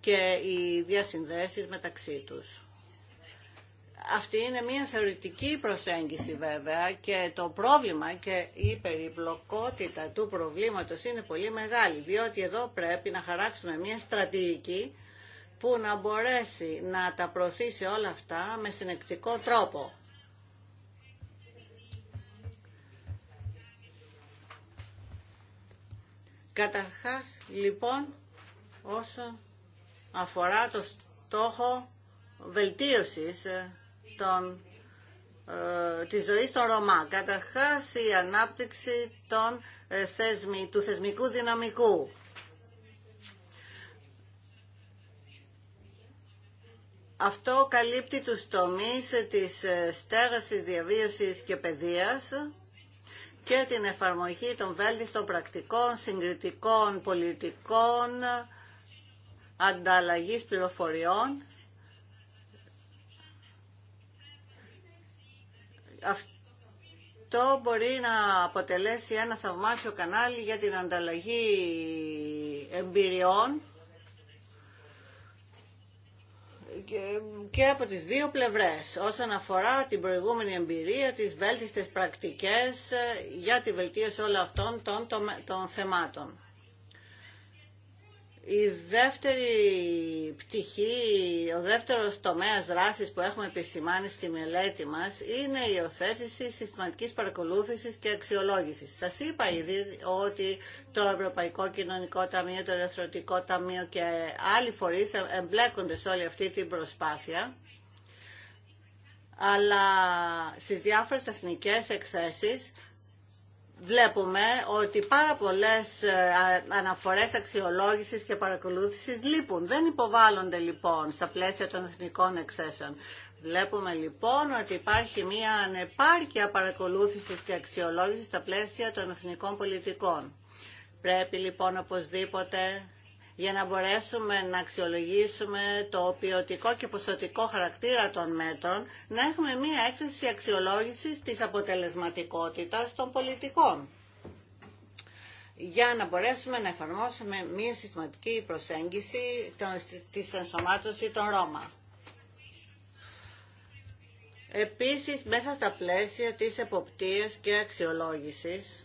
και οι διασυνδέσεις μεταξύ τους. Αυτή είναι μια θεωρητική προσέγγιση βέβαια και το πρόβλημα και η περιπλοκότητα του προβλήματος είναι πολύ μεγάλη, διότι εδώ πρέπει να χαράξουμε μια στρατηγική που να μπορέσει να τα προωθήσει όλα αυτά με συνεκτικό τρόπο. Καταρχάς, λοιπόν, όσο αφορά το στόχο βελτίωσης ε, των, ε, της ζωής των Ρωμά. Καταρχάς, η ανάπτυξη των, ε, του θεσμικού δυναμικού Αυτό καλύπτει τους τομείς της ε, στέγασης, διαβίωσης και παιδείας και την εφαρμογή των βέλτιστων πρακτικών, συγκριτικών πολιτικών, ανταλλαγής πληροφοριών. Αυτό μπορεί να αποτελέσει ένα θαυμάσιο κανάλι για την ανταλλαγή εμπειριών και από τις δύο πλευρές όσον αφορά την προηγούμενη εμπειρία, τις βέλτιστες πρακτικές ε, για τη βελτίωση όλων αυτών των, των, των θεμάτων. Η δεύτερη πτυχή, ο δεύτερος τομέας δράσης που έχουμε επισημάνει στη μελέτη μας είναι η υιοθέτηση συστηματικής παρακολούθησης και αξιολόγησης. Σας είπα ήδη ότι το Ευρωπαϊκό Κοινωνικό Ταμείο, το Ελευθερωτικό Ταμείο και άλλοι φορείς εμπλέκονται σε όλη αυτή την προσπάθεια. Αλλά στις διάφορες εθνικές εκθέσεις βλέπουμε ότι πάρα πολλές ε, αναφορές αξιολόγησης και παρακολούθησης λείπουν. Δεν υποβάλλονται λοιπόν στα πλαίσια των εθνικών εξέσεων. Βλέπουμε λοιπόν ότι υπάρχει μια ανεπάρκεια παρακολούθησης και αξιολόγησης στα πλαίσια των εθνικών πολιτικών. Πρέπει λοιπόν οπωσδήποτε για να μπορέσουμε να αξιολογήσουμε το ποιοτικό και ποσοτικό χαρακτήρα των μέτρων, να έχουμε μία έκθεση αξιολόγησης της αποτελεσματικότητας των πολιτικών για να μπορέσουμε να εφαρμόσουμε μία συστηματική προσέγγιση της ενσωμάτωση των Ρώμα. Επίσης, μέσα στα πλαίσια της εποπτείας και αξιολόγησης,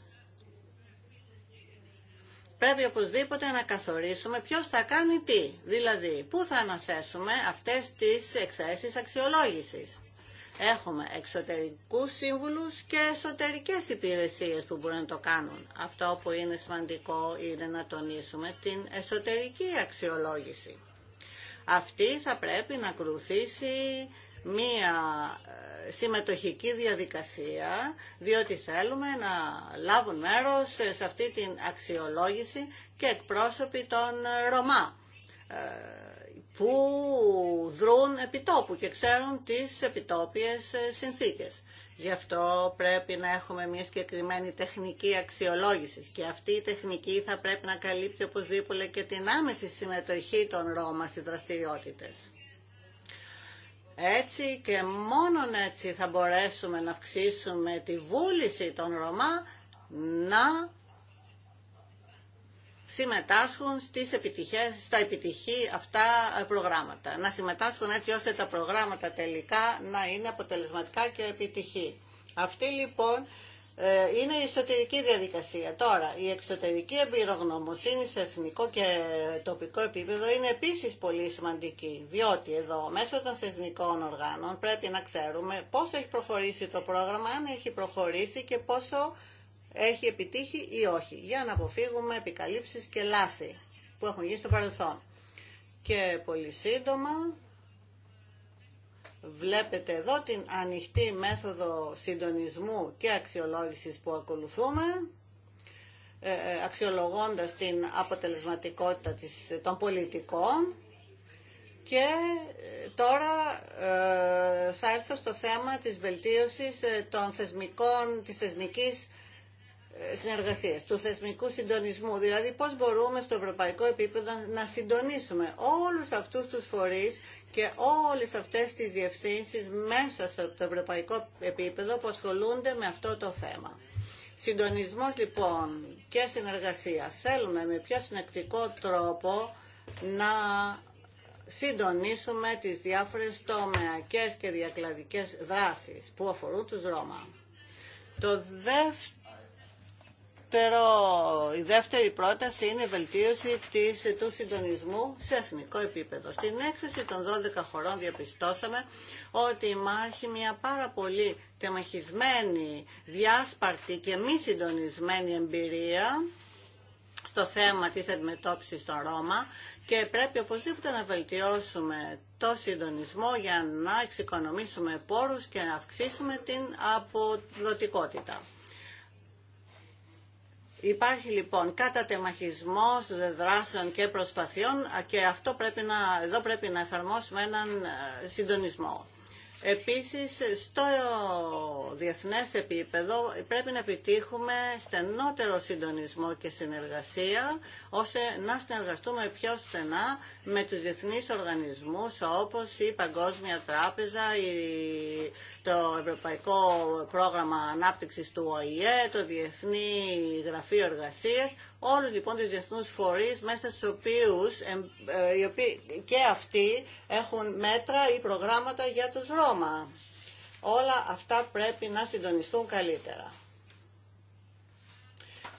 πρέπει οπωσδήποτε να καθορίσουμε ποιος θα κάνει τι. Δηλαδή, πού θα ανασέσουμε αυτές τις εξαίσεις αξιολόγησης. Έχουμε εξωτερικούς σύμβουλους και εσωτερικές υπηρεσίες που μπορούν να το κάνουν. Αυτό που είναι σημαντικό είναι να τονίσουμε την εσωτερική αξιολόγηση. Αυτή θα πρέπει να ακολουθήσει μία ε, συμμετοχική διαδικασία, διότι θέλουμε να λάβουν μέρος σε αυτή την αξιολόγηση και εκπρόσωποι των ε, Ρωμά ε, που δρούν επιτόπου και ξέρουν τις επιτόπιες συνθήκες. Γι' αυτό πρέπει να έχουμε μια συγκεκριμένη τεχνική αξιολόγηση και αυτή η τεχνική θα πρέπει να καλύπτει οπωσδήποτε και την άμεση συμμετοχή των Ρώμα στις δραστηριότητες. Έτσι και μόνον έτσι θα μπορέσουμε να αυξήσουμε τη βούληση των Ρωμά να συμμετάσχουν στις επιτυχές, στα επιτυχή αυτά προγράμματα. Να συμμετάσχουν έτσι ώστε τα προγράμματα τελικά να είναι αποτελεσματικά και επιτυχή. Αυτή λοιπόν ε, είναι η εσωτερική διαδικασία. Τώρα, η εξωτερική εμπειρογνωμοσύνη σε εθνικό και τοπικό επίπεδο είναι επίσης πολύ σημαντική, διότι εδώ μέσω των θεσμικών οργάνων πρέπει να ξέρουμε πόσο έχει προχωρήσει το πρόγραμμα, αν έχει προχωρήσει και πόσο έχει επιτύχει ή όχι, για να αποφύγουμε επικαλύψεις και λάθη που έχουν γίνει στο παρελθόν. Και πολύ σύντομα Βλέπετε εδώ την ανοιχτή μέθοδο συντονισμού και αξιολόγησης που ακολουθούμε, ε, ε, αξιολογώντας την αποτελεσματικότητα των πολιτικών. Και ε, τώρα θα έρθω στο θέμα της βελτίωσης των θεσμικών, της θεσμικής συνεργασίας, του θεσμικού συντονισμού. Δηλαδή πώς μπορούμε στο ευρωπαϊκό επίπεδο να συντονίσουμε όλους αυτούς τους φορείς και όλες αυτές τις διευθύνσεις μέσα στο ευρωπαϊκό επίπεδο που ασχολούνται με αυτό το θέμα. Συντονισμός λοιπόν και συνεργασία. Θέλουμε με πιο συνεκτικό τρόπο να συντονίσουμε τις διάφορες τομεακές και διακλαδικές δράσεις που αφορούν τους Ρώμα. Το δεύτερο δεύτερο, η δεύτερη πρόταση είναι η βελτίωση της, του συντονισμού σε εθνικό επίπεδο. Στην έκθεση των 12 χωρών διαπιστώσαμε ότι υπάρχει μια πάρα πολύ τεμαχισμένη, διάσπαρτη και μη συντονισμένη εμπειρία στο θέμα της αντιμετώπισης των Ρώμα και πρέπει οπωσδήποτε να βελτιώσουμε το συντονισμό για να εξοικονομήσουμε πόρους και να αυξήσουμε την αποδοτικότητα. Υπάρχει λοιπόν κατατεμαχισμός δράσεων και προσπαθειών και αυτό πρέπει να, εδώ πρέπει να εφαρμόσουμε έναν ε, συντονισμό. Επίσης, στο διεθνές επίπεδο πρέπει να επιτύχουμε στενότερο συντονισμό και συνεργασία, ώστε να συνεργαστούμε πιο στενά με τους διεθνείς οργανισμούς, όπως η Παγκόσμια Τράπεζα, το Ευρωπαϊκό Πρόγραμμα Ανάπτυξης του ΟΗΕ, το Διεθνή Γραφείο Εργασίας, όλους λοιπόν τους διεθνούς φορείς μέσα στους οποίους ε, οι οποίοι και αυτοί έχουν μέτρα ή προγράμματα για τους Ρώμα. Όλα αυτά πρέπει να συντονιστούν καλύτερα.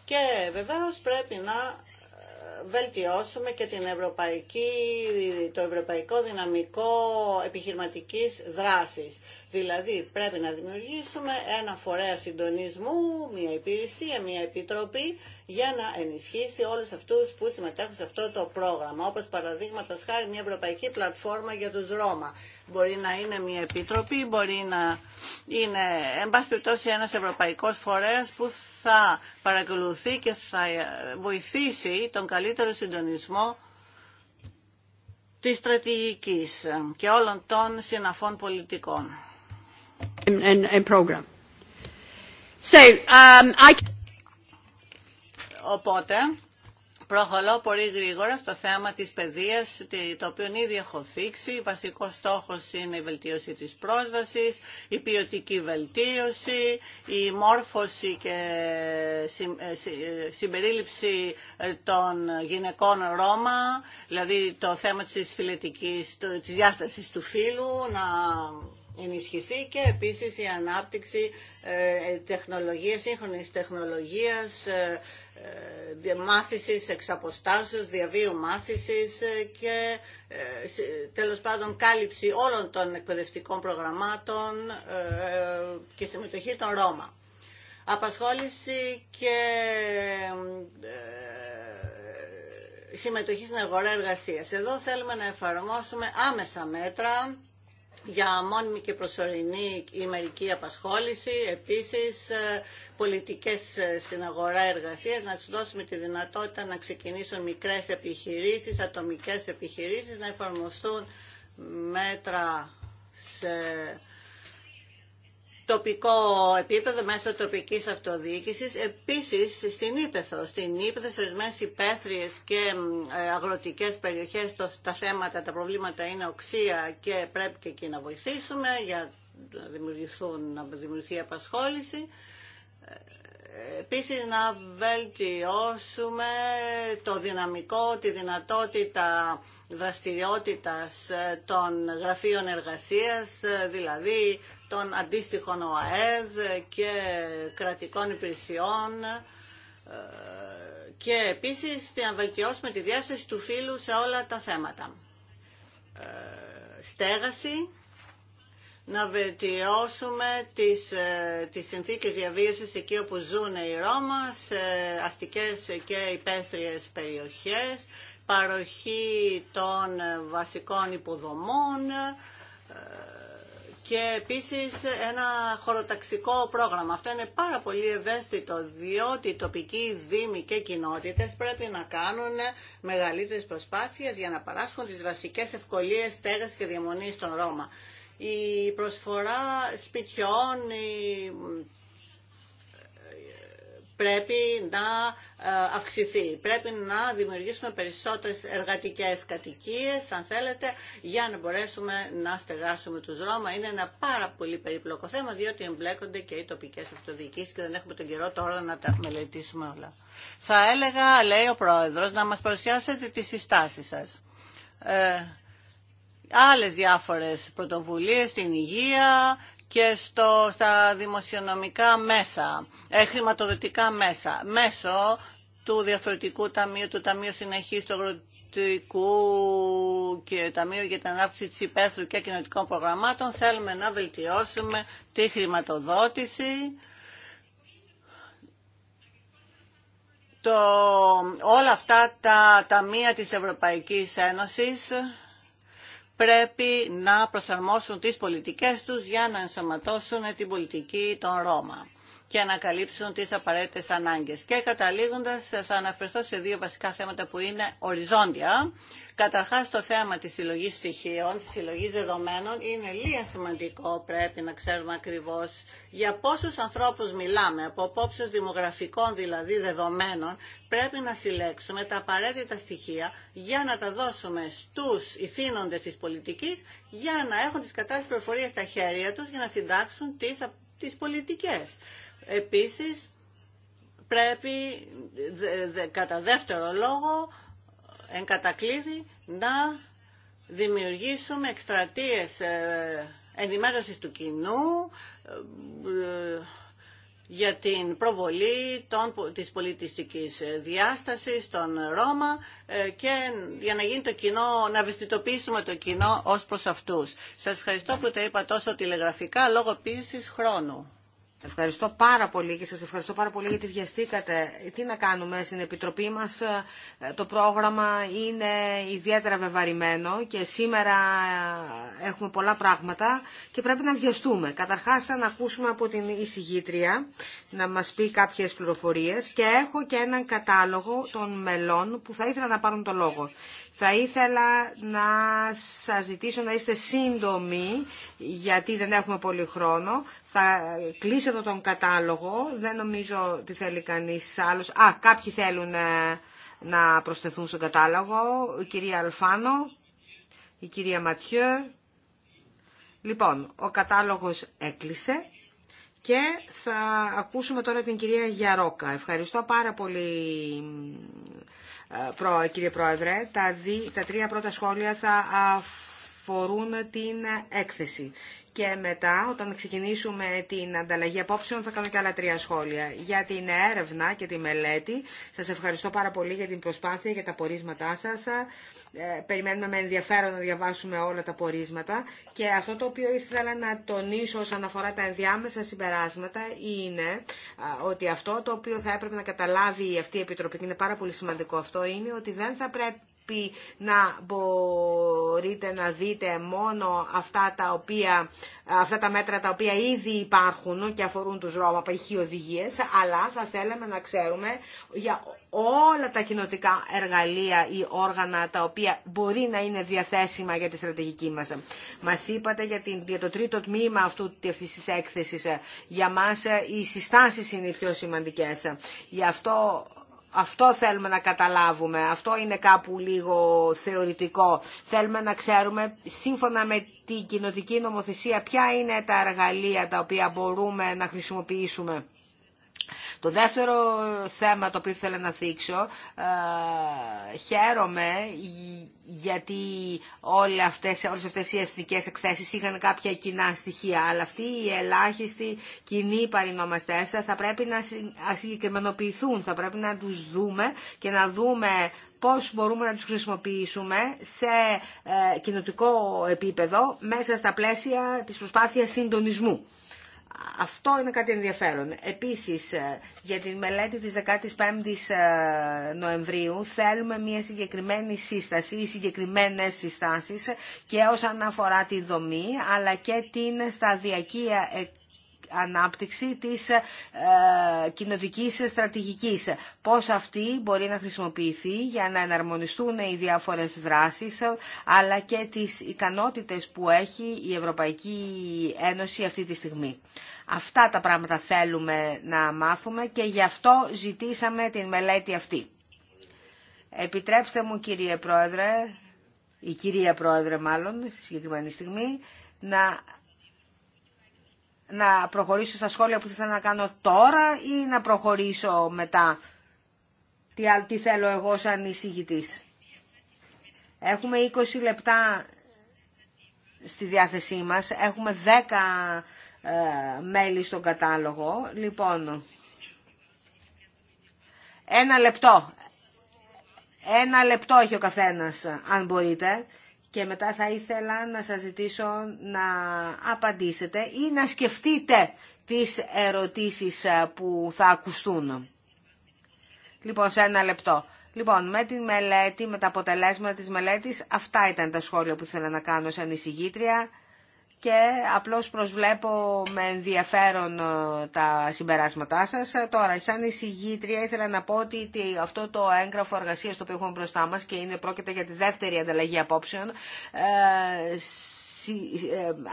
Και βεβαίως πρέπει να ε, βελτιώσουμε και την ευρωπαϊκή, το ευρωπαϊκό δυναμικό επιχειρηματικής δράσης. Δηλαδή πρέπει να δημιουργήσουμε ένα φορέα συντονισμού, μια υπηρεσία, μια επιτροπή για να ενισχύσει όλους αυτούς που συμμετέχουν σε αυτό το πρόγραμμα. Όπως παραδείγματο χάρη μια ευρωπαϊκή πλατφόρμα για τους Ρώμα. Μπορεί να είναι μια επιτροπή, μπορεί να είναι εν πάση περιπτώσει ένας ευρωπαϊκός φορέας που θα παρακολουθεί και θα βοηθήσει τον καλύτερο συντονισμό της στρατηγικής και όλων των συναφών πολιτικών and um, Οπότε, προχωρώ πολύ γρήγορα στο θέμα της παιδείας, το οποίο ήδη έχω θίξει. Βασικός στόχος είναι η βελτίωση της πρόσβασης, η ποιοτική βελτίωση, η μόρφωση και ε, ε, συμπερίληψη ε, των γυναικών Ρώμα, δηλαδή το θέμα της φιλετικής, της διάστασης του φύλου, να ενισχυθεί και επίσης η ανάπτυξη ε, τεχνολογίας, σύγχρονης τεχνολογίας, ε, ε, μάθησης εξ αποστάσεως, διαβίου μάθησης ε, και ε, τέλος πάντων κάλυψη όλων των εκπαιδευτικών προγραμμάτων και συμμετοχή των Ρώμα. Απασχόληση και συμμετοχή στην αγορά εργασίας. Εδώ θέλουμε να εφαρμόσουμε άμεσα μέτρα για μόνιμη και προσωρινή ημερική απασχόληση, επίσης ε, πολιτικές ε, στην αγορά εργασίας, να τους δώσουμε τη δυνατότητα να ξεκινήσουν μικρές επιχειρήσεις, ατομικές επιχειρήσεις, να εφαρμοστούν μέτρα σε τοπικό επίπεδο, μέσω τοπικής αυτοδιοίκησης, επίσης στην Ήπεθρο. Στην Ήπεθρο, σε υπαίθριες και ε, αγροτικές περιοχές, τα θέματα, τα προβλήματα είναι οξία και πρέπει και εκεί να βοηθήσουμε για να, δημιουργηθούν, να δημιουργηθεί απασχόληση. Ε, επίσης να βελτιώσουμε το δυναμικό, τη δυνατότητα δραστηριότητας ε, των γραφείων εργασίας, δηλαδή των αντίστοιχων ΟΑΕΔ και κρατικών υπηρεσιών ε, και επίσης να βελτιώσουμε τη διάσταση του φύλου σε όλα τα θέματα. Ε, στέγαση, να βελτιώσουμε τις, ε, τις συνθήκες διαβίωσης εκεί όπου ζουν οι Ρώμα, σε αστικές και υπαίθριες περιοχές, παροχή των βασικών υποδομών, και επίσης ένα χωροταξικό πρόγραμμα. Αυτό είναι πάρα πολύ ευαίσθητο διότι οι τοπικοί δήμοι και κοινότητες πρέπει να κάνουν μεγαλύτερες προσπάθειες για να παράσχουν τις βασικές ευκολίες στέγας και διαμονής στον Ρώμα. Η προσφορά σπιτιών, η πρέπει να ε, αυξηθεί. Πρέπει να δημιουργήσουμε περισσότερες εργατικές κατοικίες, αν θέλετε, για να μπορέσουμε να στεγάσουμε τους Ρώμα. Είναι ένα πάρα πολύ περίπλοκο θέμα, διότι εμπλέκονται και οι τοπικές αυτοδιοικήσεις και δεν έχουμε τον καιρό τώρα να τα μελετήσουμε όλα. Θα έλεγα, λέει ο Πρόεδρος, να μας παρουσιάσετε τις συστάσεις σας. Ε, άλλες διάφορες πρωτοβουλίες στην υγεία, και στα δημοσιονομικά μέσα, ε, χρηματοδοτικά μέσα, μέσω του διαφορετικού ταμείου, του Ταμείου Συνεχής του Αγροτικού και Ταμείου για την Ανάπτυξη της Υπέθρου και Κοινωνικών Προγραμμάτων, θέλουμε να βελτιώσουμε τη χρηματοδότηση. Το, όλα αυτά τα ταμεία της Ευρωπαϊκής Ένωσης πρέπει να προσαρμόσουν τις πολιτικές τους για να ενσωματώσουν την πολιτική των Ρώμα και ανακαλύψουν τις απαραίτητες ανάγκες. Και καταλήγοντας θα αναφερθώ σε δύο βασικά θέματα που είναι οριζόντια. Καταρχάς το θέμα της συλλογής στοιχείων, της συλλογής δεδομένων είναι λίγα σημαντικό πρέπει να ξέρουμε ακριβώς για πόσους ανθρώπους μιλάμε, από απόψεως δημογραφικών δηλαδή δεδομένων πρέπει να συλλέξουμε τα απαραίτητα στοιχεία για να τα δώσουμε στους ηθήνοντες της πολιτικής για να έχουν τις κατάλληλες πληροφορίες στα χέρια τους για να συντάξουν τις τις πολιτικές. Επίσης, πρέπει κατά δεύτερο λόγο, εν κατακλείδη, να δημιουργήσουμε εκστρατείες ε, ενημέρωσης του κοινού ε, για την προβολή των, της πολιτιστικής διάστασης των Ρώμα ε, και για να γίνει το κοινό, να ευαισθητοποιήσουμε το κοινό ως προς αυτούς. Σας ευχαριστώ που τα είπα τόσο τηλεγραφικά λόγω πίεσης χρόνου. Ευχαριστώ πάρα πολύ και σας ευχαριστώ πάρα πολύ γιατί βιαστήκατε. Τι να κάνουμε στην Επιτροπή μας, ε, το πρόγραμμα είναι ιδιαίτερα βεβαρημένο και σήμερα ε, έχουμε πολλά πράγματα και πρέπει να βιαστούμε. Καταρχάς να ακούσουμε από την εισηγήτρια να μας πει κάποιες πληροφορίες και έχω και έναν κατάλογο των μελών που θα ήθελα να πάρουν το λόγο. Θα ήθελα να σας ζητήσω να είστε σύντομοι, γιατί δεν έχουμε πολύ χρόνο. Θα κλείσω εδώ τον κατάλογο. Δεν νομίζω ότι θέλει κανείς άλλος. Α, κάποιοι θέλουν ε, να προσθεθούν στον κατάλογο. Η κυρία Αλφάνο, η κυρία Ματιέ. Λοιπόν, ο κατάλογος έκλεισε. Και θα ακούσουμε τώρα την κυρία Γιαρόκα. Ευχαριστώ πάρα πολύ ε, κύριε Πρόεδρε, τα, δι, τα τρία πρώτα σχόλια θα αφορούν αφορούν την έκθεση. Και μετά, όταν ξεκινήσουμε την ανταλλαγή απόψεων, θα κάνω και άλλα τρία σχόλια. Για την έρευνα και τη μελέτη, σας ευχαριστώ πάρα πολύ για την προσπάθεια, για τα πορίσματά σας. Ε, περιμένουμε με ενδιαφέρον να διαβάσουμε όλα τα πορίσματα. Και αυτό το οποίο ήθελα να τονίσω όσον αφορά τα ενδιάμεσα συμπεράσματα είναι ότι αυτό το οποίο θα έπρεπε να καταλάβει αυτή η Επιτροπή, και είναι πάρα πολύ σημαντικό αυτό, είναι ότι δεν θα πρέπει να μπορείτε να δείτε μόνο αυτά τα, οποία, αυτά τα μέτρα τα οποία ήδη υπάρχουν και αφορούν τους Ρώμα, π.χ. οδηγίες, αλλά θα θέλαμε να ξέρουμε για όλα τα κοινοτικά εργαλεία ή όργανα τα οποία μπορεί να είναι διαθέσιμα για τη στρατηγική μας. Μας είπατε για, την, το τρίτο τμήμα αυτού της έκθεσης. Για μας ε, οι συστάσεις είναι οι πιο σημαντικές. Γι' αυτό αυτό θέλουμε να καταλάβουμε. Αυτό είναι κάπου λίγο θεωρητικό. Θέλουμε να ξέρουμε σύμφωνα με την κοινοτική νομοθεσία ποια είναι τα εργαλεία τα οποία μπορούμε να χρησιμοποιήσουμε. Το δεύτερο θέμα το οποίο ήθελα να θίξω, ε, χαίρομαι γιατί όλες αυτές, όλες αυτές οι εθνικές εκθέσεις είχαν κάποια κοινά στοιχεία, αλλά αυτοί οι ελάχιστοι κοινοί παρινόμαστές θα πρέπει να συγκεκριμενοποιηθούν, θα πρέπει να τους δούμε και να δούμε πώς μπορούμε να τους χρησιμοποιήσουμε σε ε, κοινοτικό επίπεδο μέσα στα πλαίσια της προσπάθειας συντονισμού αυτό είναι κάτι ενδιαφέρον. Επίσης, ε, για τη μελέτη της 15ης ε, Νοεμβρίου θέλουμε μια συγκεκριμένη σύσταση ή συγκεκριμένες συστάσεις ε, και όσον αφορά τη δομή αλλά και την σταδιακή ανάπτυξη της ε, κοινωτικής στρατηγικής. Πώς αυτή μπορεί να χρησιμοποιηθεί για να εναρμονιστούν οι διάφορες δράσεις αλλά και τις ικανότητες που έχει η Ευρωπαϊκή Ένωση αυτή τη στιγμή. Αυτά τα πράγματα θέλουμε να μάθουμε και γι' αυτό ζητήσαμε την μελέτη αυτή. Επιτρέψτε μου κύριε Πρόεδρε, η κυρία Πρόεδρε μάλλον, στη συγκεκριμένη στιγμή, να να προχωρήσω στα σχόλια που θέλω να κάνω τώρα ή να προχωρήσω μετά. Τι, τι θέλω εγώ σαν εισηγητής. Έχουμε 20 λεπτά στη διάθεσή μας. Έχουμε 10 ε, μέλη στον κατάλογο. Λοιπόν, ένα λεπτό. Ένα λεπτό έχει ο καθένας, αν μπορείτε και μετά θα ήθελα να σας ζητήσω να απαντήσετε ή να σκεφτείτε τις ερωτήσεις ε, που θα ακουστούν. Λοιπόν, σε ένα λεπτό. Λοιπόν, με τη μελέτη, με τα αποτελέσματα της μελέτης, αυτά ήταν τα σχόλια που ήθελα να κάνω σαν εισηγήτρια και απλώς προσβλέπω με ενδιαφέρον ε, τα συμπεράσματά σας. Ε, τώρα, σαν εισηγήτρια ήθελα να πω ότι αυτό το έγγραφο εργασία το οποίο έχουμε μπροστά μας και είναι πρόκειται για τη δεύτερη ανταλλαγή απόψεων ε,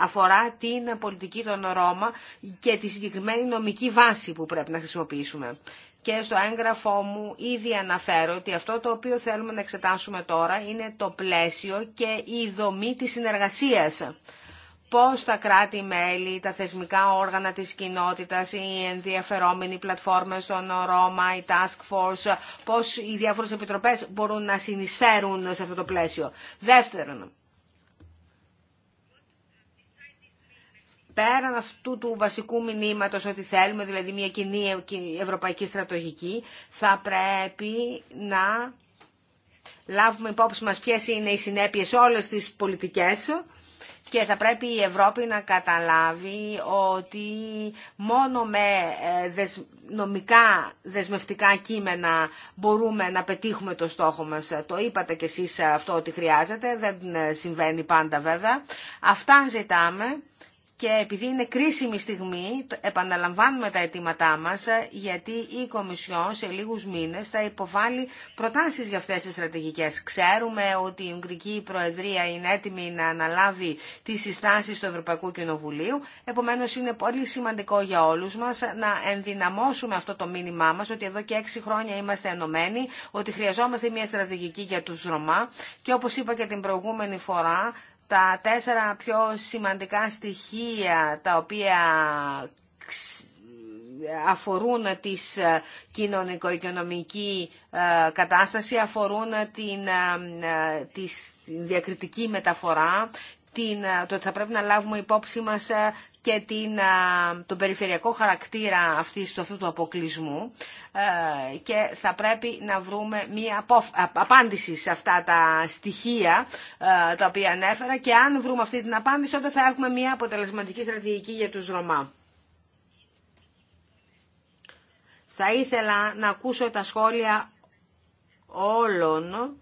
αφορά την πολιτική των Ρώμα και τη συγκεκριμένη νομική βάση που πρέπει να χρησιμοποιήσουμε. Και στο έγγραφό μου ήδη αναφέρω ότι αυτό το οποίο θέλουμε να εξετάσουμε τώρα είναι το πλαίσιο και η δομή της συνεργασίας πώς τα κράτη-μέλη, τα θεσμικά όργανα της κοινότητας, οι ενδιαφερόμενοι πλατφόρμες των Ρώμα, η Task Force, πώς οι διάφορες επιτροπές μπορούν να συνεισφέρουν σε αυτό το πλαίσιο. Δεύτερον, πέραν αυτού του βασικού μηνύματος ότι θέλουμε δηλαδή μια κοινή ευρωπαϊκή στρατογική, θα πρέπει να λάβουμε υπόψη μας ποιες είναι οι συνέπειες όλες τις πολιτικές και θα πρέπει η Ευρώπη να καταλάβει ότι μόνο με ε, νομικά δεσμευτικά κείμενα μπορούμε να πετύχουμε το στόχο μας. Το είπατε κι εσείς αυτό ότι χρειάζεται, δεν ε, συμβαίνει πάντα βέβαια. Αυτά ζητάμε και επειδή είναι κρίσιμη στιγμή, επαναλαμβάνουμε τα αιτήματά μας, ε, γιατί η Κομισιόν σε λίγους μήνες θα υποβάλει προτάσεις για αυτές τις στρατηγικές. Ξέρουμε ότι η Ουγγρική Προεδρία είναι έτοιμη να αναλάβει τις συστάσεις του Ευρωπαϊκού Κοινοβουλίου, επομένως είναι πολύ σημαντικό για όλους μας να ενδυναμώσουμε αυτό το μήνυμά μας, ότι εδώ και έξι χρόνια είμαστε ενωμένοι, ότι χρειαζόμαστε μια στρατηγική για τους Ρωμά και όπως είπα και την προηγούμενη φορά, τα τέσσερα πιο σημαντικά στοιχεία τα οποία αφορούν τις ε, κοινωνικο-οικονομική ε, κατάσταση, αφορούν την, ε, τη διακριτική μεταφορά την, ε, το ότι θα πρέπει να λάβουμε υπόψη μας ε, και την, ε, τον περιφερειακό χαρακτήρα αυτής του, αυτού του αποκλεισμού και θα πρέπει να βρούμε μία απάντηση σε αυτά τα στοιχεία τα οποία ανέφερα και αν βρούμε αυτή την απάντηση τότε θα έχουμε μία αποτελεσματική στρατηγική για τους Ρωμά. Θα ήθελα να ακούσω τα σχόλια όλων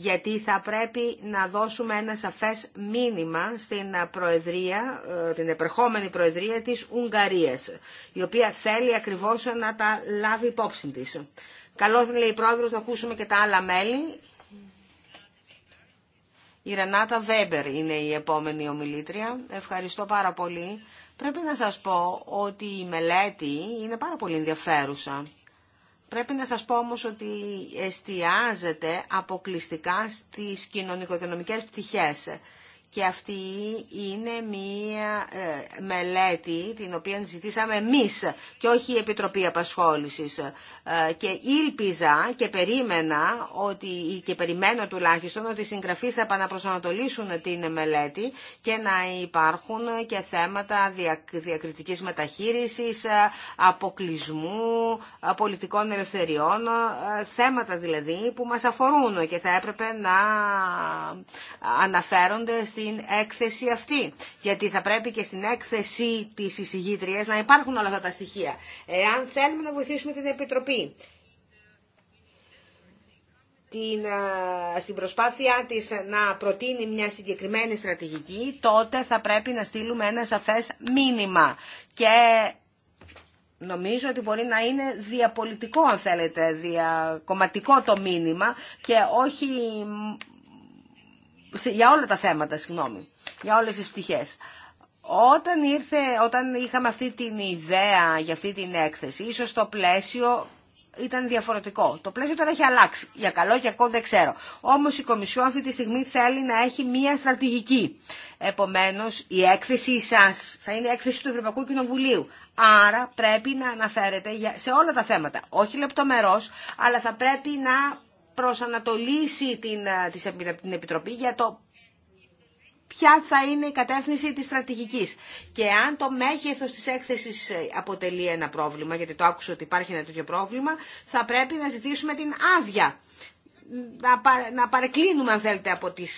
γιατί θα πρέπει να δώσουμε ένα σαφές μήνυμα στην προεδρία, ε, την επερχόμενη προεδρία της Ουγγαρίας, η οποία θέλει ακριβώς να τα λάβει υπόψη της. Καλό θα λέει η πρόεδρος να ακούσουμε και τα άλλα μέλη. Η Ρενάτα Βέμπερ είναι η επόμενη ομιλήτρια. Ευχαριστώ πάρα πολύ. Πρέπει να σας πω ότι η μελέτη είναι πάρα πολύ ενδιαφέρουσα. Πρέπει να σας πω όμως ότι εστιάζεται αποκλειστικά στις κοινωνικο-οικονομικές πτυχές και αυτή είναι μία ε, μελέτη την οποία ζητήσαμε εμείς και όχι η Επιτροπή Απασχόλησης. Ε, και ήλπιζα και περίμενα ότι, και περιμένω τουλάχιστον ότι οι συγγραφείς θα επαναπροσανατολίσουν την μελέτη και να υπάρχουν και θέματα διακριτικής μεταχείρισης, ε, αποκλεισμού, πολιτικών ελευθεριών, θέματα δηλαδή που μας αφορούν και θα έπρεπε να αναφέρονται στην έκθεση αυτή. Γιατί θα πρέπει και στην έκθεση τη εισηγήτριας να υπάρχουν όλα αυτά τα στοιχεία. Εάν θέλουμε να βοηθήσουμε την Επιτροπή την, στην προσπάθειά της να προτείνει μια συγκεκριμένη στρατηγική, τότε θα πρέπει να στείλουμε ένα σαφές μήνυμα. Και νομίζω ότι μπορεί να είναι διαπολιτικό, αν θέλετε, διακομματικό το μήνυμα και όχι για όλα τα θέματα, συγγνώμη, για όλες τις πτυχές. Όταν, ήρθε, όταν είχαμε αυτή την ιδέα για αυτή την έκθεση, ίσως το πλαίσιο ήταν διαφορετικό. Το πλαίσιο τώρα έχει αλλάξει. Για καλό και ακόμα δεν ξέρω. Όμως η Κομισιό αυτή τη στιγμή θέλει να έχει μία στρατηγική. Επομένως, η έκθεση σας θα είναι η έκθεση του Ευρωπαϊκού Κοινοβουλίου. Άρα πρέπει να αναφέρεται σε όλα τα θέματα. Όχι λεπτομερώς, αλλά θα πρέπει να προσανατολίσει την, ε, την Επιτροπή για το ποια θα είναι η κατεύθυνση της στρατηγικής. Και αν το μέγεθος της έκθεσης ε, αποτελεί ένα πρόβλημα, γιατί το άκουσα ότι υπάρχει ένα τέτοιο πρόβλημα, θα πρέπει να ζητήσουμε την άδεια. Να, να παρεκκλίνουμε, αν θέλετε, από τις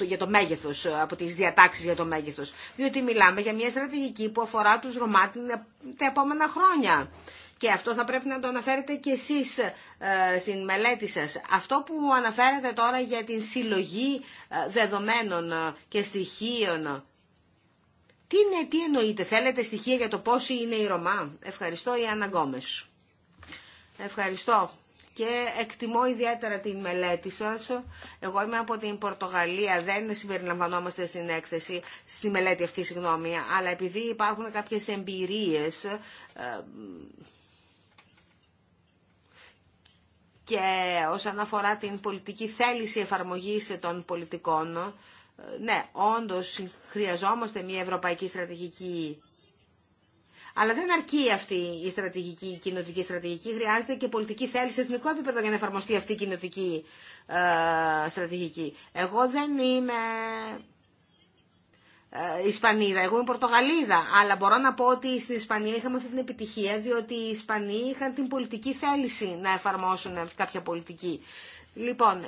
ε, για το μέγεθος, από τις διατάξεις για το μέγεθος. Διότι μιλάμε για μια στρατηγική που αφορά τους Ρωμά τα επόμενα χρόνια και αυτό θα πρέπει να το αναφέρετε και εσείς ε, στην μελέτη σας. Αυτό που αναφέρετε τώρα για την συλλογή ε, δεδομένων ε, και στοιχείων, τι, είναι, τι εννοείτε, θέλετε στοιχεία για το πόσοι είναι οι Ρωμά. Ευχαριστώ η Άννα Γκόμες. Ευχαριστώ και εκτιμώ ιδιαίτερα την μελέτη σας. Εγώ είμαι από την Πορτογαλία, δεν συμπεριλαμβανόμαστε στην έκθεση, στη μελέτη αυτή, συγγνώμη, αλλά επειδή υπάρχουν κάποιες εμπειρίες, και όσον αφορά την πολιτική θέληση εφαρμογής των πολιτικών, ε, ναι, όντως χρειαζόμαστε μια ευρωπαϊκή στρατηγική. Αλλά δεν αρκεί αυτή η στρατηγική, η κοινωτική στρατηγική. Χρειάζεται και πολιτική θέληση σε εθνικό επίπεδο για να εφαρμοστεί αυτή η κοινωτική ε, στρατηγική. Εγώ δεν είμαι ε, Ισπανίδα, εγώ είμαι Πορτογαλίδα, αλλά μπορώ να πω ότι στην Ισπανία είχαμε αυτή την επιτυχία, διότι οι Ισπανοί είχαν την πολιτική θέληση να εφαρμόσουν κάποια πολιτική. Λοιπόν,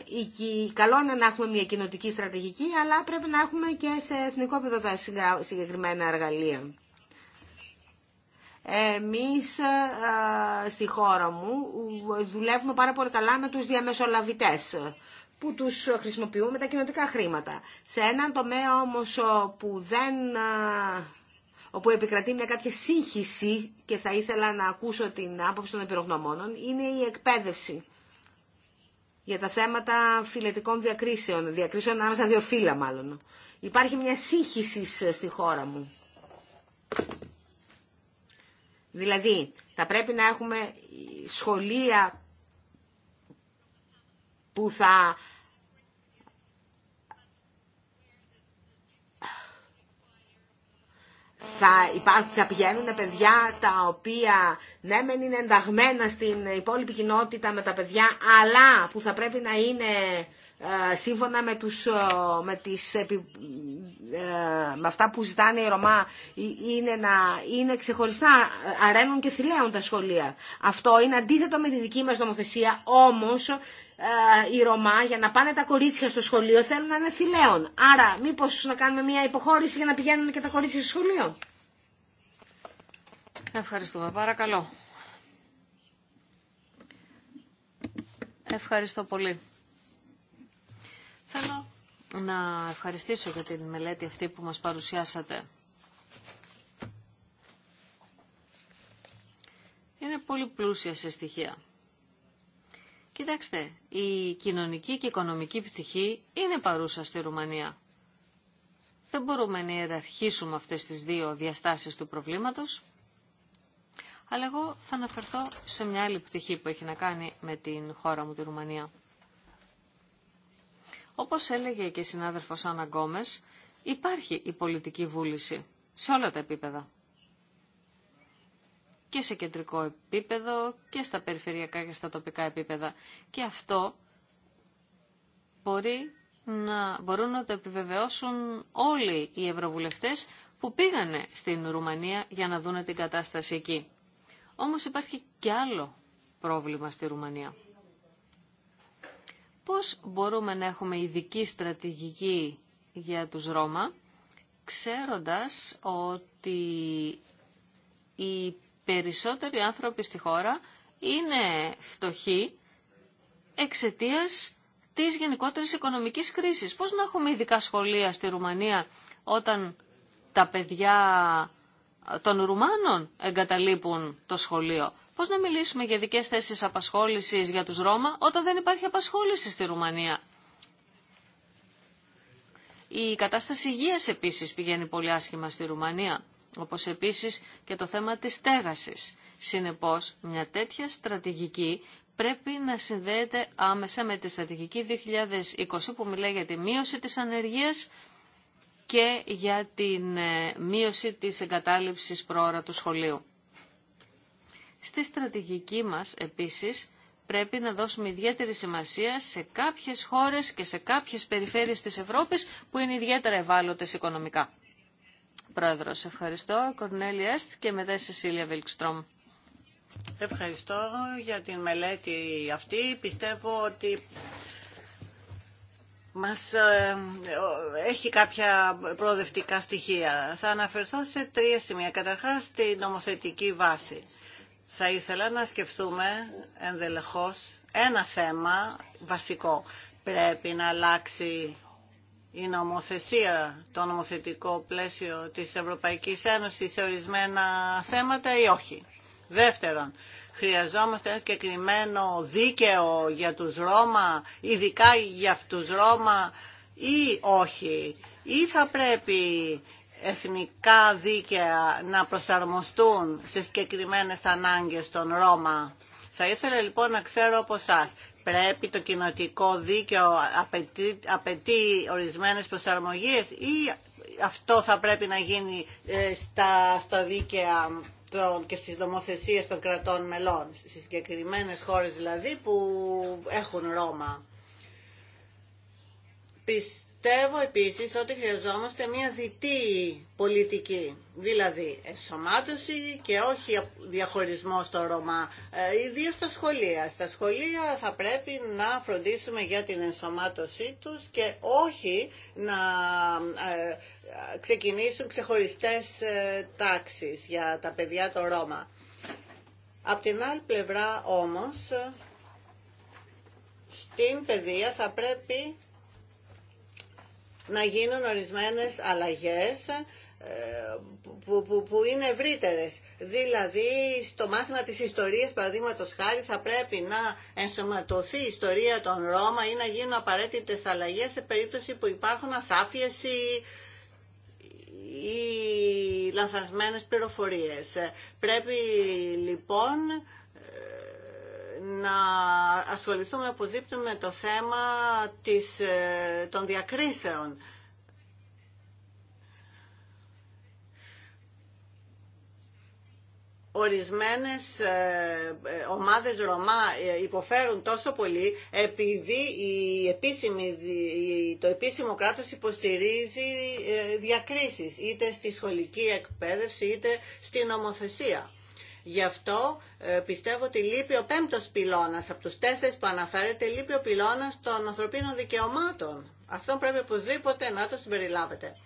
καλό είναι να έχουμε μια κοινοτική στρατηγική, αλλά πρέπει να έχουμε και σε εθνικό επίπεδο τα συγκεκριμένα εργαλεία. Εμείς ε, ε, στη χώρα μου δουλεύουμε πάρα πολύ καλά με τους διαμεσολαβητές που τους χρησιμοποιούν με τα κοινωτικά χρήματα. Σε έναν τομέα όμως που δεν, όπου επικρατεί μια κάποια σύγχυση και θα ήθελα να ακούσω την άποψη των επιρογνωμόνων είναι η εκπαίδευση για τα θέματα φιλετικών διακρίσεων, διακρίσεων ανάμεσα δύο φύλλα μάλλον. Υπάρχει μια σύγχυση στη χώρα μου. Δηλαδή, θα πρέπει να έχουμε σχολεία που θα θα, υπάρχουν, θα πηγαίνουν παιδιά τα οποία ναι μεν είναι ενταγμένα στην υπόλοιπη κοινότητα με τα παιδιά αλλά που θα πρέπει να είναι ε, σύμφωνα με, τους, ε, με, τις, ε, με αυτά που ζητάνε οι Ρωμά είναι, να, είναι ξεχωριστά αρένουν και θηλαίων τα σχολεία. Αυτό είναι αντίθετο με τη δική μας νομοθεσία, όμως οι Ρωμά για να πάνε τα κορίτσια στο σχολείο θέλουν να είναι θηλαίων. Άρα μήπως να κάνουμε μια υποχώρηση για να πηγαίνουν και τα κορίτσια στο σχολείο. Ευχαριστούμε. Παρακαλώ. Ευχαριστώ πολύ. Θέλω να ευχαριστήσω για την μελέτη αυτή που μας παρουσιάσατε. Είναι πολύ πλούσια σε στοιχεία. Κοιτάξτε, η κοινωνική και οικονομική πτυχή είναι παρούσα στη Ρουμανία. Δεν μπορούμε να ιεραρχήσουμε αυτές τις δύο διαστάσεις του προβλήματος, αλλά εγώ θα αναφερθώ σε μια άλλη πτυχή που έχει να κάνει με την χώρα μου, τη Ρουμανία. Όπως έλεγε και η συνάδελφος Άννα Γκόμες, υπάρχει η πολιτική βούληση σε όλα τα επίπεδα. Και σε κεντρικό επίπεδο και στα περιφερειακά και στα τοπικά επίπεδα. Και αυτό μπορεί να μπορούν να το επιβεβαιώσουν όλοι οι ευρωβουλευτές που πήγανε στην Ρουμανία για να δούνε την κατάσταση εκεί. Όμως υπάρχει και άλλο πρόβλημα στη Ρουμανία. Πώς μπορούμε να έχουμε ειδική στρατηγική για τους Ρώμα, ξέροντας ότι οι περισσότεροι άνθρωποι στη χώρα είναι φτωχοί εξαιτίας της γενικότερης οικονομικής κρίσης. Πώς να έχουμε ειδικά σχολεία στη Ρουμανία όταν τα παιδιά των Ρουμάνων εγκαταλείπουν το σχολείο. Πώς να μιλήσουμε για ειδικέ θέσεις απασχόλησης για τους Ρώμα όταν δεν υπάρχει απασχόληση στη Ρουμανία. Η κατάσταση υγείας επίσης πηγαίνει πολύ άσχημα στη Ρουμανία, όπως επίσης και το θέμα της στέγασης. Συνεπώς, μια τέτοια στρατηγική πρέπει να συνδέεται άμεσα με τη στρατηγική 2020 που μιλάει για τη μείωση της ανεργίας και για την ε, μείωση της εγκατάλειψης πρόωρα του σχολείου. Στη στρατηγική μας επίσης πρέπει να δώσουμε ιδιαίτερη σημασία σε κάποιες χώρες και σε κάποιες περιφέρειες της Ευρώπης που είναι ιδιαίτερα ευάλωτες οικονομικά. Πρόεδρος, ευχαριστώ. Κορνέλη Εστ και μετά η Σεσίλια Βιλκστρόμ. Ευχαριστώ για την μελέτη αυτή. Πιστεύω ότι μας ε, έχει κάποια προοδευτικά στοιχεία. Θα αναφερθώ σε τρία σημεία. Καταρχάς, στη νομοθετική βάση θα ήθελα να σκεφτούμε ενδελεχώς ένα θέμα βασικό. Πρέπει να αλλάξει η νομοθεσία, το νομοθετικό πλαίσιο της Ευρωπαϊκής Ένωσης σε ορισμένα θέματα ή όχι. Δεύτερον, χρειαζόμαστε ένα συγκεκριμένο δίκαιο για τους Ρώμα, ειδικά για τους Ρώμα ή όχι. Ή θα πρέπει εθνικά δίκαια να προσαρμοστούν σε συγκεκριμένε ανάγκες των Ρώμα. Θα ήθελα λοιπόν να ξέρω από εσά. Πρέπει το κοινοτικό δίκαιο απαιτεί, απαιτεί ορισμένες προσαρμογίες ή αυτό θα πρέπει να γίνει ε, στα, στα δίκαια και στις νομοθεσίες των κρατών μελών, στις συγκεκριμένε χώρες δηλαδή που έχουν Ρώμα. Πιστεύω επίσης ότι χρειαζόμαστε μια ζητή πολιτική, δηλαδή ενσωμάτωση και όχι διαχωρισμό στο Ρωμά, ε, ιδίως στα σχολεία. Στα σχολεία θα πρέπει να φροντίσουμε για την ενσωμάτωσή τους και όχι να ε, ξεκινήσουν ξεχωριστές ε, τάξεις για τα παιδιά το Ρώμα. Απ' την άλλη πλευρά όμως, στην παιδεία θα πρέπει να γίνουν ορισμένες αλλαγές ε, που, είναι ευρύτερε. Δηλαδή, στο μάθημα της ιστορίας, παραδείγματο χάρη, θα πρέπει να ενσωματωθεί η ιστορία των Ρώμα ή να γίνουν απαραίτητες αλλαγέ σε περίπτωση που υπάρχουν ασάφειες ή, ή λανθασμένες Πρέπει λοιπόν να ασχοληθούμε οπωσδήποτε με το θέμα της, ε, των διακρίσεων. Ορισμένες ε, ε, ομάδες Ρωμά υποφέρουν τόσο πολύ επειδή η επίσημη, το επίσημο κράτος υποστηρίζει διακρίσεις είτε στη σχολική εκπαίδευση είτε στην νομοθεσία. Γι' αυτό ε, πιστεύω ότι λείπει ο πέμπτος πυλώνας από τους τέσσερις που αναφέρεται, λείπει ο πυλώνας των ανθρωπίνων δικαιωμάτων. Αυτό πρέπει οπωσδήποτε να το συμπεριλάβετε.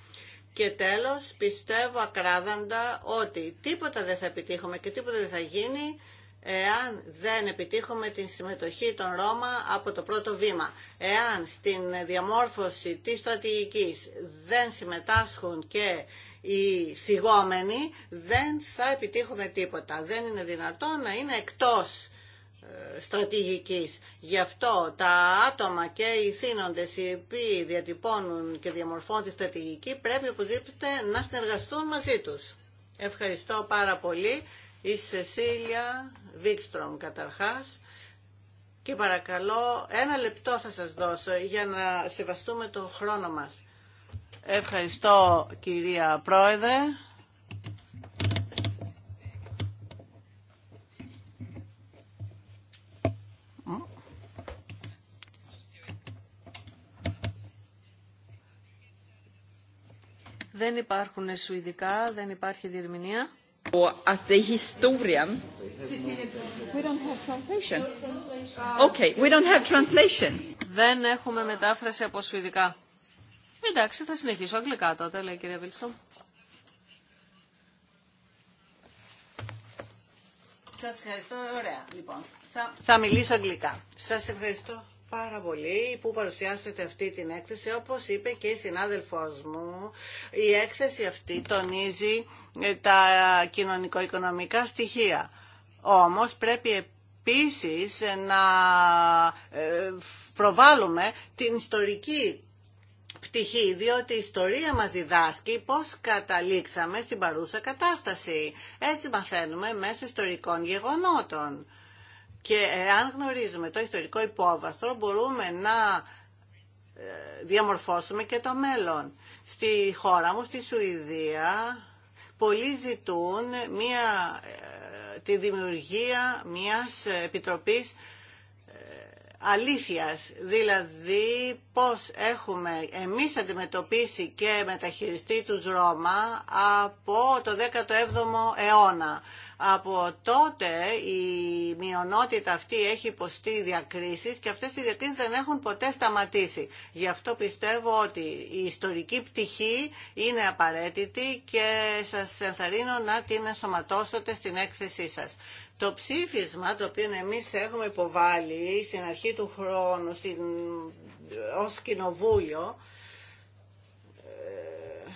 Και τέλος πιστεύω ακράδαντα ότι τίποτα δεν θα επιτύχουμε και τίποτα δεν θα γίνει εάν δεν επιτύχουμε την συμμετοχή των Ρώμα από το πρώτο βήμα. Εάν στην διαμόρφωση της στρατηγικής δεν συμμετάσχουν και οι θυγόμενοι δεν θα επιτύχουμε τίποτα. Δεν είναι δυνατόν να είναι εκτός ε, στρατηγικής. Γι' αυτό τα άτομα και οι σύνοντες οι οποίοι διατυπώνουν και διαμορφώνουν τη στρατηγική πρέπει οπωσδήποτε να συνεργαστούν μαζί τους. Ευχαριστώ πάρα πολύ η Σεσίλια Βίκστρομ καταρχάς και παρακαλώ ένα λεπτό θα σας δώσω για να σεβαστούμε το χρόνο μας. Ευχαριστώ κυρία Πρόεδρε. Δεν υπάρχουν σουηδικά, δεν υπάρχει διερμηνία. Δεν έχουμε μετάφραση από σουηδικά. Εντάξει, θα συνεχίσω αγγλικά τότε, λέει η κυρία Βίλστον. Σας ευχαριστώ, ωραία. Λοιπόν, θα, θα μιλήσω αγγλικά. Σας ευχαριστώ πάρα πολύ που παρουσιάσετε αυτή την έκθεση. Όπως είπε και η συνάδελφός μου, η έκθεση αυτή τονίζει ε, τα κοινωνικο-οικονομικά στοιχεία. Όμως πρέπει επίσης να ε, προβάλλουμε την ιστορική πτυχή, διότι η ιστορία μας διδάσκει πώς καταλήξαμε στην παρούσα κατάσταση. Έτσι μαθαίνουμε μέσα ιστορικών γεγονότων. Και αν γνωρίζουμε το ιστορικό υπόβαθρο, μπορούμε να ε, διαμορφώσουμε και το μέλλον. Στη χώρα μου, στη Σουηδία, πολλοί ζητούν μια, ε, τη δημιουργία μιας επιτροπής αλήθειας, δηλαδή πώς έχουμε εμείς αντιμετωπίσει και μεταχειριστεί τους Ρώμα από το 17ο αιώνα. Από τότε η μειονότητα αυτή έχει υποστεί διακρίσεις και αυτές οι διακρίσεις δεν έχουν ποτέ σταματήσει. Γι' αυτό πιστεύω ότι η ιστορική πτυχή είναι απαραίτητη και σας ενθαρρύνω να την εσωματώσετε στην έκθεσή σας. Το ψήφισμα το οποίο εμείς έχουμε υποβάλει στην αρχή του χρόνου στην, ως κοινοβούλιο ε,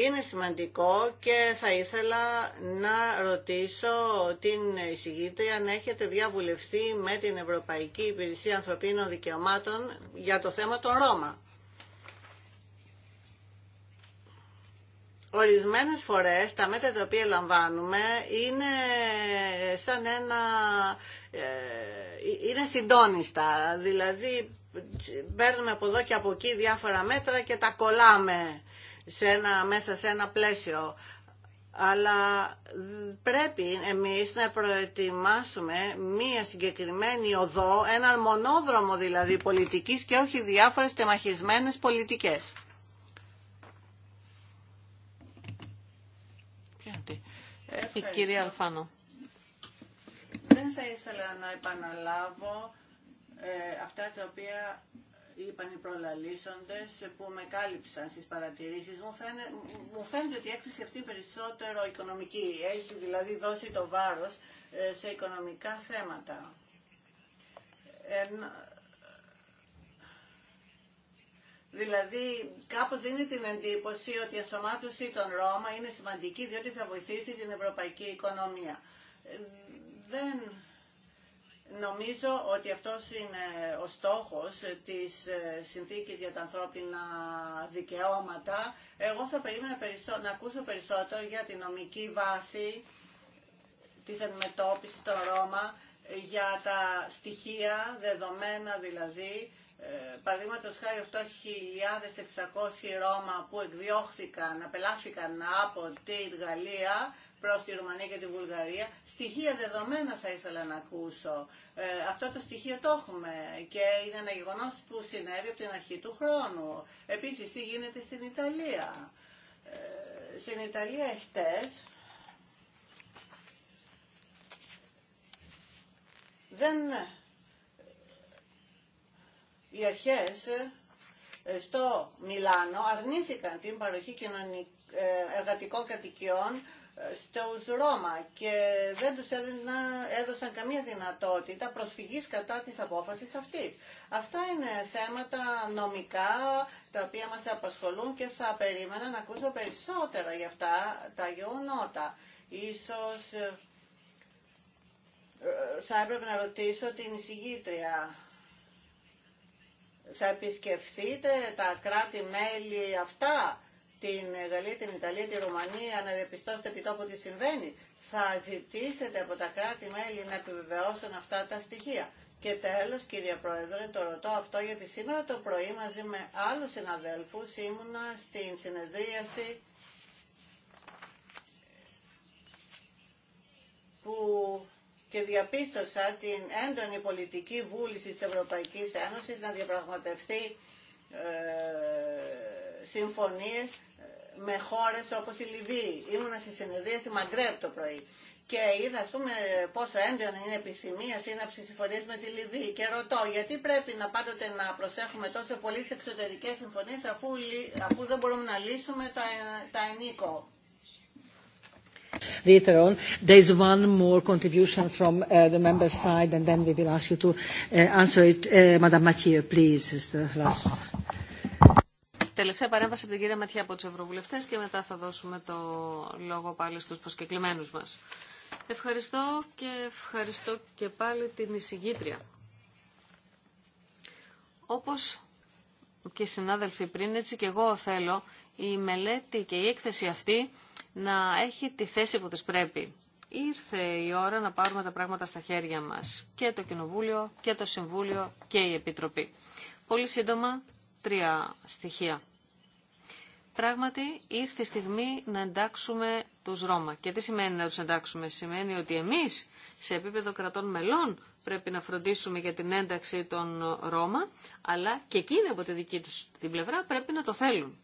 είναι σημαντικό και θα ήθελα να ρωτήσω την εισηγήτρια αν έχετε διαβουλευτεί με την Ευρωπαϊκή Υπηρεσία Ανθρωπίνων Δικαιωμάτων για το θέμα των Ρώμα. Ορισμένες φορές τα μέτρα τα οποία λαμβάνουμε είναι σαν ένα... Ε, είναι συντόνιστα, δηλαδή παίρνουμε από εδώ και από εκεί διάφορα μέτρα και τα κολλάμε σε ένα, μέσα σε ένα πλαίσιο. Αλλά πρέπει εμείς να προετοιμάσουμε μία συγκεκριμένη οδό, έναν μονόδρομο δηλαδή πολιτικής και όχι διάφορες τεμαχισμένες πολιτικές. Η κυρία Αλφάνο. Δεν θα ήθελα να επαναλάβω ε, αυτά τα οποία είπαν οι προλαλήσοντες που με κάλυψαν στις παρατηρήσεις μου, φαίνε, μου φαίνεται ότι η έκθεση αυτή περισσότερο οικονομική. Έχει δηλαδή δώσει το βάρος ε, σε οικονομικά θέματα. Ε, Δηλαδή κάπως δίνει την εντύπωση ότι η ασωμάτωση των Ρώμα είναι σημαντική διότι θα βοηθήσει την ευρωπαϊκή οικονομία. Δεν νομίζω ότι αυτό είναι ο στόχος της ε, συνθήκης για τα ανθρώπινα δικαιώματα. Εγώ θα περίμενα περισσότερο, να ακούσω περισσότερο για τη νομική βάση της αντιμετώπισης των Ρώμα, για τα στοιχεία, δεδομένα δηλαδή, ε, Παραδείγματο χάρη 8.600 Ρώμα που εκδιώχθηκαν, απελάθηκαν από τη Γαλλία προς τη Ρουμανία και τη Βουλγαρία. Στοιχεία δεδομένα θα ήθελα να ακούσω. Ε, αυτό το στοιχείο το έχουμε και είναι ένα γεγονό που συνέβη από την αρχή του χρόνου. Επίση τι γίνεται στην Ιταλία. Ε, στην Ιταλία χτες δεν οι αρχές ε, στο Μιλάνο αρνήθηκαν την παροχή ε, εργατικών κατοικιών ε, στο Ρώμα και δεν τους έδωσαν καμία δυνατότητα προσφυγής κατά της απόφασης αυτής. Αυτά είναι θέματα νομικά τα οποία μας απασχολούν και θα περίμενα να ακούσω περισσότερα για αυτά τα γεγονότα. Ίσως θα έπρεπε να ρωτήσω την εισηγήτρια θα επισκεφθείτε τα κράτη-μέλη αυτά, την Γαλλία, την Ιταλία, τη Ρουμανία, να διαπιστώσετε επί τόπου τι συμβαίνει. Θα ζητήσετε από τα κράτη-μέλη να επιβεβαιώσουν αυτά τα στοιχεία. Και τέλος, κύριε Πρόεδρε, το ρωτώ αυτό γιατί σήμερα το πρωί μαζί με άλλους συναδέλφους ήμουνα στην συνεδρίαση που και διαπίστωσα την έντονη πολιτική βούληση της Ευρωπαϊκής Ένωσης να διαπραγματευτεί ε, συμφωνίες ε, με χώρες όπως η Λιβύη. Ήμουνα στη συνεδρία στη Μαγκρέπ το πρωί και είδα ας πόσο έντονη είναι επισημία σύναψη συμφωνίες με τη Λιβύη και ρωτώ γιατί πρέπει να πάντοτε να προσέχουμε τόσο πολύ τις εξωτερικές συμφωνίες αφού, δεν μπορούμε να λύσουμε τα ε, ενίκο later on. There is one more contribution from uh, the side, and then we will ask you to uh, answer it. Uh, please, is the last. Τελευταία παρέμβαση από την κυρία Ματιά από του Ευρωβουλευτέ και μετά θα δώσουμε το λόγο πάλι στους προσκεκλημένου μα. Ευχαριστώ και ευχαριστώ και πάλι την εισηγήτρια. Όπως και οι συνάδελφοι πριν, έτσι και εγώ θέλω η μελέτη και η έκθεση αυτή να έχει τη θέση που της πρέπει. Ήρθε η ώρα να πάρουμε τα πράγματα στα χέρια μας. Και το Κοινοβούλιο, και το Συμβούλιο, και η Επιτροπή. Πολύ σύντομα, τρία στοιχεία. Πράγματι, ήρθε η στιγμή να εντάξουμε τους Ρώμα. Και τι σημαίνει να τους εντάξουμε. Σημαίνει ότι εμείς, σε επίπεδο κρατών μελών, πρέπει να φροντίσουμε για την ένταξη των Ρώμα, αλλά και εκείνοι από τη δική τους την πλευρά πρέπει να το θέλουν.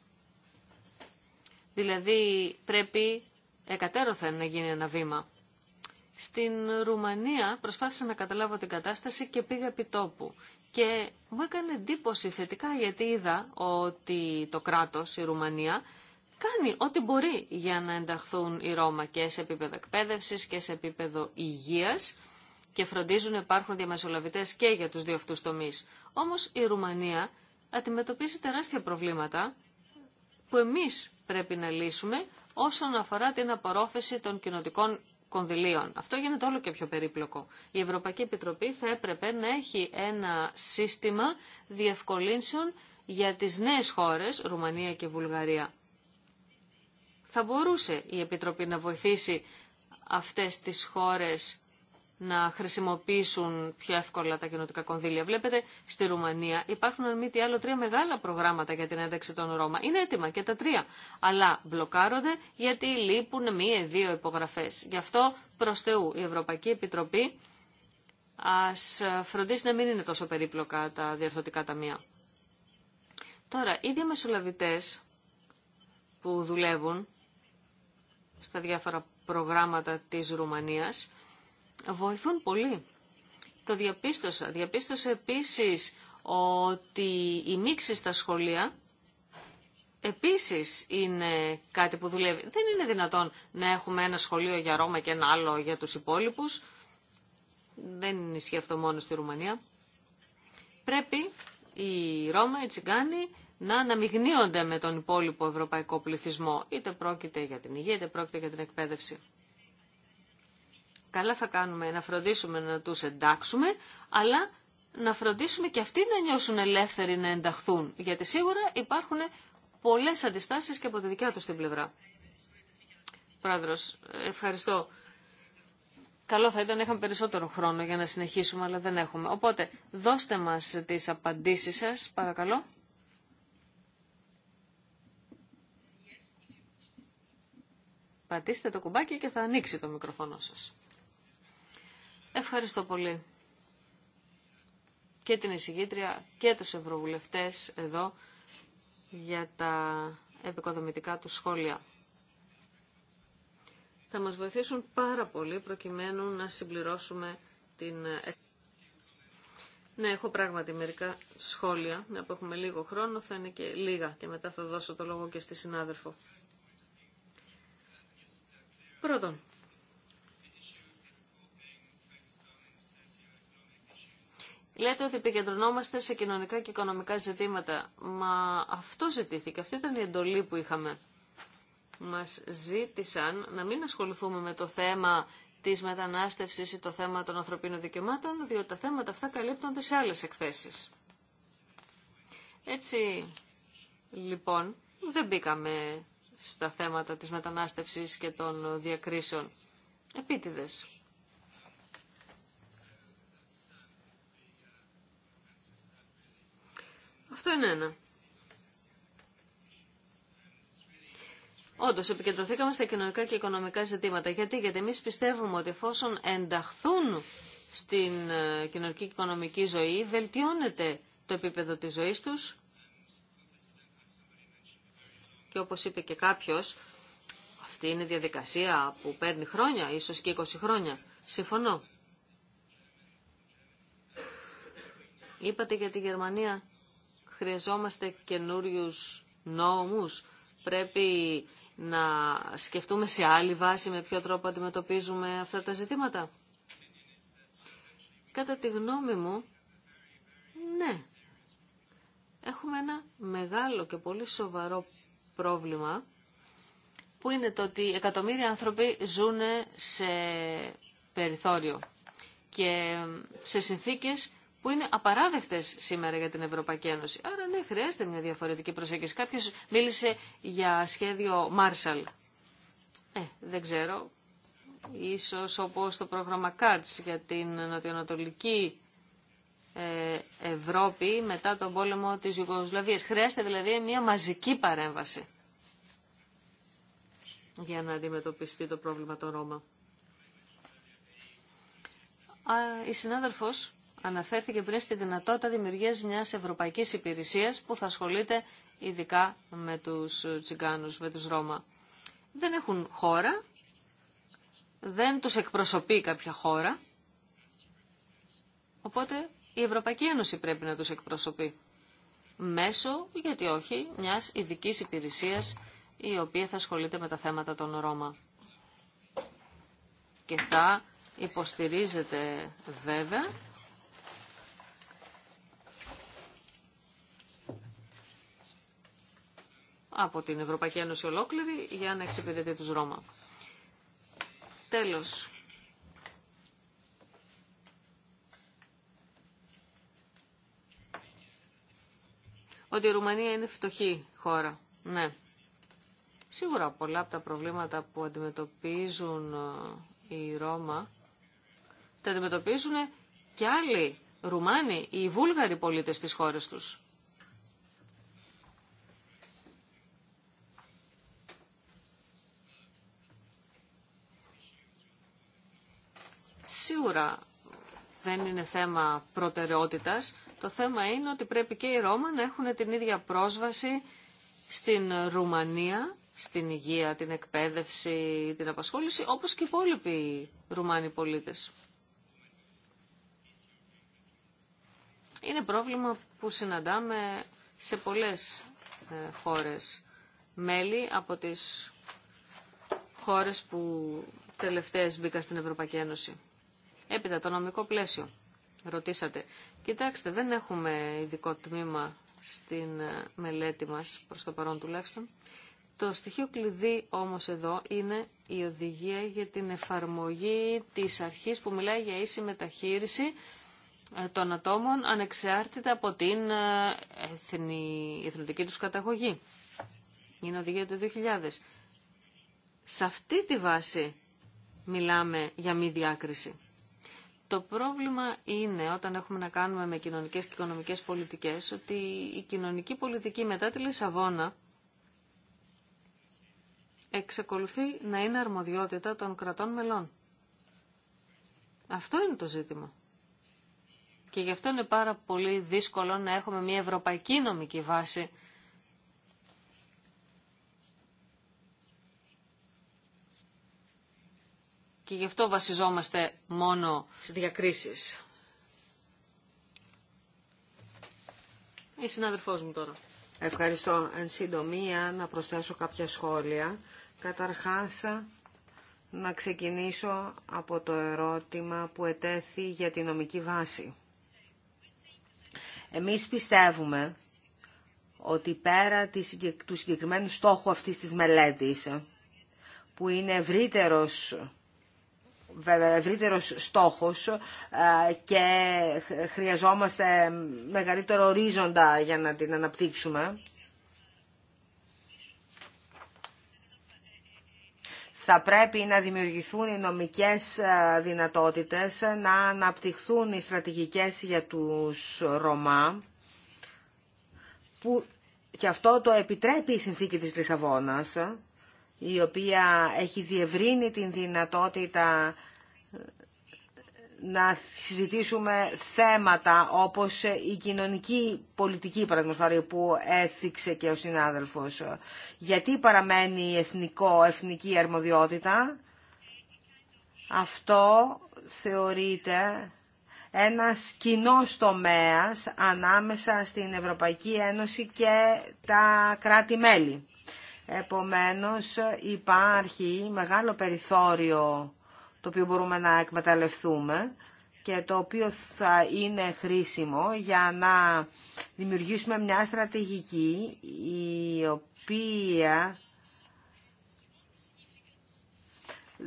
Δηλαδή πρέπει εκατέρωθεν να γίνει ένα βήμα. Στην Ρουμανία προσπάθησα να καταλάβω την κατάσταση και πήγα επί τόπου. Και μου έκανε εντύπωση θετικά γιατί είδα ότι το κράτος, η Ρουμανία, κάνει ό,τι μπορεί για να ενταχθούν οι Ρώμα και σε επίπεδο εκπαίδευση και σε επίπεδο υγείας και φροντίζουν να υπάρχουν διαμεσολαβητέ και για τους δύο αυτούς τομείς. Όμως η Ρουμανία αντιμετωπίζει τεράστια προβλήματα που εμείς πρέπει να λύσουμε όσον αφορά την απορρόφηση των κοινοτικών κονδυλίων. Αυτό γίνεται όλο και πιο περίπλοκο. Η Ευρωπαϊκή Επιτροπή θα έπρεπε να έχει ένα σύστημα διευκολύνσεων για τις νέες χώρες, Ρουμανία και Βουλγαρία. Θα μπορούσε η Επιτροπή να βοηθήσει αυτές τις χώρες να χρησιμοποιήσουν πιο εύκολα τα κοινωτικά κονδύλια. Βλέπετε, στη Ρουμανία υπάρχουν αν μη τι άλλο τρία μεγάλα προγράμματα για την ένταξη των Ρώμα. Είναι έτοιμα και τα τρία, αλλά μπλοκάρονται γιατί λείπουν μία-δύο υπογραφέ. Γι' αυτό προ Θεού η Ευρωπαϊκή Επιτροπή ας φροντίσει να μην είναι τόσο περίπλοκα τα διαρθωτικά ταμεία. Τώρα, οι διαμεσολαβητέ που δουλεύουν στα διάφορα προγράμματα της Ρουμανίας βοηθούν πολύ. Το διαπίστωσα. Διαπίστωσα επίσης ότι οι μίξη στα σχολεία επίσης είναι κάτι που δουλεύει. Δεν είναι δυνατόν να έχουμε ένα σχολείο για Ρώμα και ένα άλλο για τους υπόλοιπους. Δεν ισχύει αυτό μόνο στη Ρουμανία. Πρέπει η Ρώμα, η κάνει, να αναμειγνύονται με τον υπόλοιπο ευρωπαϊκό πληθυσμό. Είτε πρόκειται για την υγεία, είτε πρόκειται για την εκπαίδευση. Καλά θα κάνουμε να φροντίσουμε να τους εντάξουμε, αλλά να φροντίσουμε και αυτοί να νιώσουν ελεύθεροι να ενταχθούν. Γιατί σίγουρα υπάρχουν πολλές αντιστάσεις και από τη δικιά τους την πλευρά. Πρόεδρος, ευχαριστώ. Καλό θα ήταν να είχαμε περισσότερο χρόνο για να συνεχίσουμε, αλλά δεν έχουμε. Οπότε, δώστε μας τις απαντήσεις σας, παρακαλώ. Πατήστε το κουμπάκι και θα ανοίξει το μικροφόνο σας. Ευχαριστώ πολύ και την εισηγήτρια και τους ευρωβουλευτές εδώ για τα επικοδομητικά του σχόλια. Θα μας βοηθήσουν πάρα πολύ προκειμένου να συμπληρώσουμε την... Ναι, έχω πράγματι μερικά σχόλια, να που έχουμε λίγο χρόνο, θα είναι και λίγα και μετά θα δώσω το λόγο και στη συνάδελφο. Πρώτον, Λέτε ότι επικεντρωνόμαστε σε κοινωνικά και οικονομικά ζητήματα. Μα αυτό ζητήθηκε, αυτή ήταν η εντολή που είχαμε. Μας ζήτησαν να μην ασχοληθούμε με το θέμα της μετανάστευσης ή το θέμα των ανθρωπίνων δικαιωμάτων, διότι τα θέματα αυτά καλύπτονται σε άλλες εκθέσεις. Έτσι, λοιπόν, δεν μπήκαμε στα θέματα της μετανάστευσης και των διακρίσεων. Επίτηδες. Αυτό είναι ένα. Όντω, επικεντρωθήκαμε στα κοινωνικά και οικονομικά ζητήματα. Γιατί, Γιατί εμεί πιστεύουμε ότι εφόσον ενταχθούν στην ε, κοινωνική και οικονομική ζωή, βελτιώνεται το επίπεδο της ζωής τους και όπως είπε και κάποιος, αυτή είναι διαδικασία που παίρνει χρόνια, ίσως και 20 χρόνια. Συμφωνώ. Είπατε για τη Γερμανία χρειαζόμαστε καινούριου νόμους, πρέπει να σκεφτούμε σε άλλη βάση με ποιο τρόπο αντιμετωπίζουμε αυτά τα ζητήματα. Κατά τη γνώμη μου, ναι, έχουμε ένα μεγάλο και πολύ σοβαρό πρόβλημα που είναι το ότι εκατομμύρια άνθρωποι ζουν σε περιθώριο και σε συνθήκες που είναι απαράδεκτες σήμερα για την Ευρωπαϊκή Ένωση. Άρα ναι, χρειάζεται μια διαφορετική προσέγγιση. Κάποιο μίλησε για σχέδιο Μάρσαλ. Ε, δεν ξέρω. Ίσως όπως το πρόγραμμα ΚΑΤΣ για την νοτιοανατολική ε, Ευρώπη μετά τον πόλεμο της Ιουγκοσλαβίας. Χρειάζεται δηλαδή μια μαζική παρέμβαση για να αντιμετωπιστεί το πρόβλημα των Ρώμα. Η συνάδελφος αναφέρθηκε πριν στη δυνατότητα δημιουργία μια Ευρωπαϊκή Υπηρεσία που θα ασχολείται ειδικά με τους τσιγκάνου με τους Ρώμα. Δεν έχουν χώρα, δεν τους εκπροσωπεί κάποια χώρα, οπότε η Ευρωπαϊκή Ένωση πρέπει να τους εκπροσωπεί. Μέσω, γιατί όχι, μιας ειδική υπηρεσίας η οποία θα ασχολείται με τα θέματα των Ρώμα. Και θα υποστηρίζεται βέβαια από την Ευρωπαϊκή Ένωση ολόκληρη για να εξυπηρετεί τους Ρώμα. Τέλος. Ότι η Ρουμανία είναι φτωχή χώρα. Ναι. Σίγουρα πολλά από τα προβλήματα που αντιμετωπίζουν ε, οι Ρώμα τα αντιμετωπίζουν και άλλοι Ρουμάνοι, οι Βούλγαροι πολίτες της χώρας τους. Σίγουρα δεν είναι θέμα προτεραιότητας. Το θέμα είναι ότι πρέπει και οι Ρώμα να έχουν την ίδια πρόσβαση στην Ρουμανία, στην υγεία, την εκπαίδευση, την απασχόληση, όπως και οι υπόλοιποι Ρουμάνοι πολίτες. Είναι πρόβλημα που συναντάμε σε πολλές ε, χώρες μέλη από τις χώρες που τελευταίες μπήκαν στην Ευρωπαϊκή Ένωση. Έπειτα, το νομικό πλαίσιο. Ρωτήσατε. Κοιτάξτε, δεν έχουμε ειδικό τμήμα στην ε, μελέτη μας, προς το παρόν τουλάχιστον. Το στοιχείο κλειδί όμως εδώ είναι η οδηγία για την εφαρμογή της αρχής που μιλάει για ίση μεταχείριση ε, των ατόμων ανεξάρτητα από την ε, εθνη, εθνική τους καταγωγή. Είναι οδηγία του 2000. Σε αυτή τη βάση μιλάμε για μη διάκριση. Το πρόβλημα είναι όταν έχουμε να κάνουμε με κοινωνικές και οικονομικές πολιτικές ότι η κοινωνική πολιτική μετά τη Λισαβόνα εξακολουθεί να είναι αρμοδιότητα των κρατών μελών. Αυτό είναι το ζήτημα. Και γι' αυτό είναι πάρα πολύ δύσκολο να έχουμε μια ευρωπαϊκή νομική βάση και γι' αυτό βασιζόμαστε μόνο στις διακρίσεις. Η συνάδελφός μου τώρα. Ευχαριστώ. Εν συντομία να προσθέσω κάποια σχόλια. Καταρχάς να ξεκινήσω από το ερώτημα που ετέθη για τη νομική βάση. Εμείς πιστεύουμε ότι πέρα του συγκεκριμένου στόχου αυτής της μελέτης, που είναι ευρύτερος ευρύτερος στόχος ε, και χρειαζόμαστε μεγαλύτερο ορίζοντα για να την αναπτύξουμε. θα πρέπει να δημιουργηθούν οι νομικές ε, δυνατότητες, να αναπτυχθούν οι στρατηγικές για τους Ρωμά, που και αυτό το επιτρέπει η συνθήκη της Λισαβόνας, ε, η οποία έχει διευρύνει την δυνατότητα να συζητήσουμε θέματα όπως η κοινωνική πολιτική παραδείγματος που έθιξε και ο συνάδελφος. Γιατί παραμένει εθνικό, εθνική αρμοδιότητα. Αυτό θεωρείται ένας κοινό τομέας ανάμεσα στην Ευρωπαϊκή Ένωση και τα κράτη-μέλη. Επομένως υπάρχει μεγάλο περιθώριο το οποίο μπορούμε να εκμεταλλευτούμε και το οποίο θα είναι χρήσιμο για να δημιουργήσουμε μια στρατηγική η οποία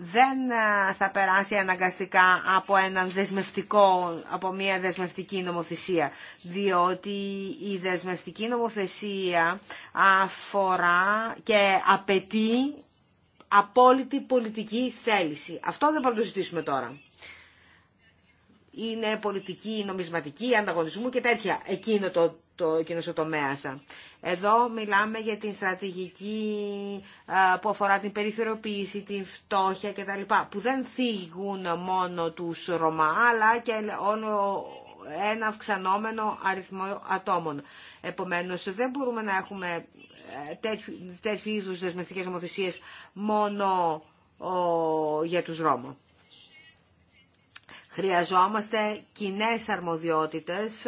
δεν ε, θα περάσει αναγκαστικά από, έναν δεσμευτικό, από μια δεσμευτική νομοθεσία, διότι η δεσμευτική νομοθεσία αφορά και απαιτεί απόλυτη πολιτική θέληση. Αυτό δεν να το ζητήσουμε τώρα. Είναι πολιτική, νομισματική, ανταγωνισμού και τέτοια. Εκείνο το, το, εκείνος εδώ μιλάμε για την στρατηγική που αφορά την περιθωριοποίηση, την φτώχεια κτλ. που δεν θίγουν μόνο τους Ρωμά αλλά και όλο ένα αυξανόμενο αριθμό ατόμων. Επομένως δεν μπορούμε να έχουμε ε, τέτοιου, τέτοιου είδους δεσμευτικές νομοθεσίες μόνο για τους Ρώμα. Χρειαζόμαστε κοινέ αρμοδιότητες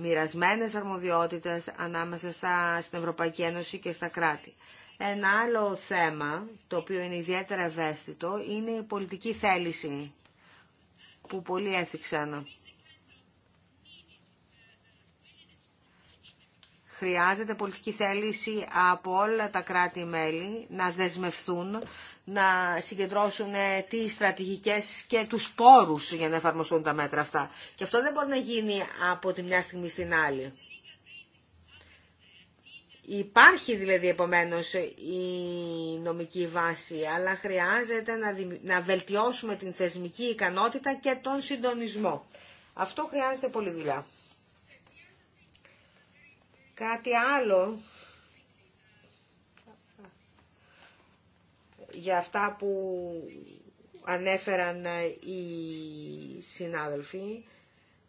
Μοιρασμένε αρμοδιότητες ανάμεσα στα, στην Ευρωπαϊκή Ένωση και στα κράτη. Ένα άλλο θέμα, το οποίο είναι ιδιαίτερα ευαίσθητο, είναι η πολιτική θέληση που πολλοί έθιξαν. Χρειάζεται πολιτική θέληση από όλα τα κράτη-μέλη να δεσμευθούν να συγκεντρώσουν ε, τι στρατηγικές και τους πόρους για να εφαρμοστούν τα μέτρα αυτά. Και αυτό δεν μπορεί να γίνει από τη μια στιγμή στην άλλη. Υπάρχει δηλαδή επομένως η νομική βάση, αλλά χρειάζεται να, να βελτιώσουμε την θεσμική ικανότητα και τον συντονισμό. Αυτό χρειάζεται πολύ δουλειά. Κάτι άλλο για αυτά που ανέφεραν ε, οι συνάδελφοι,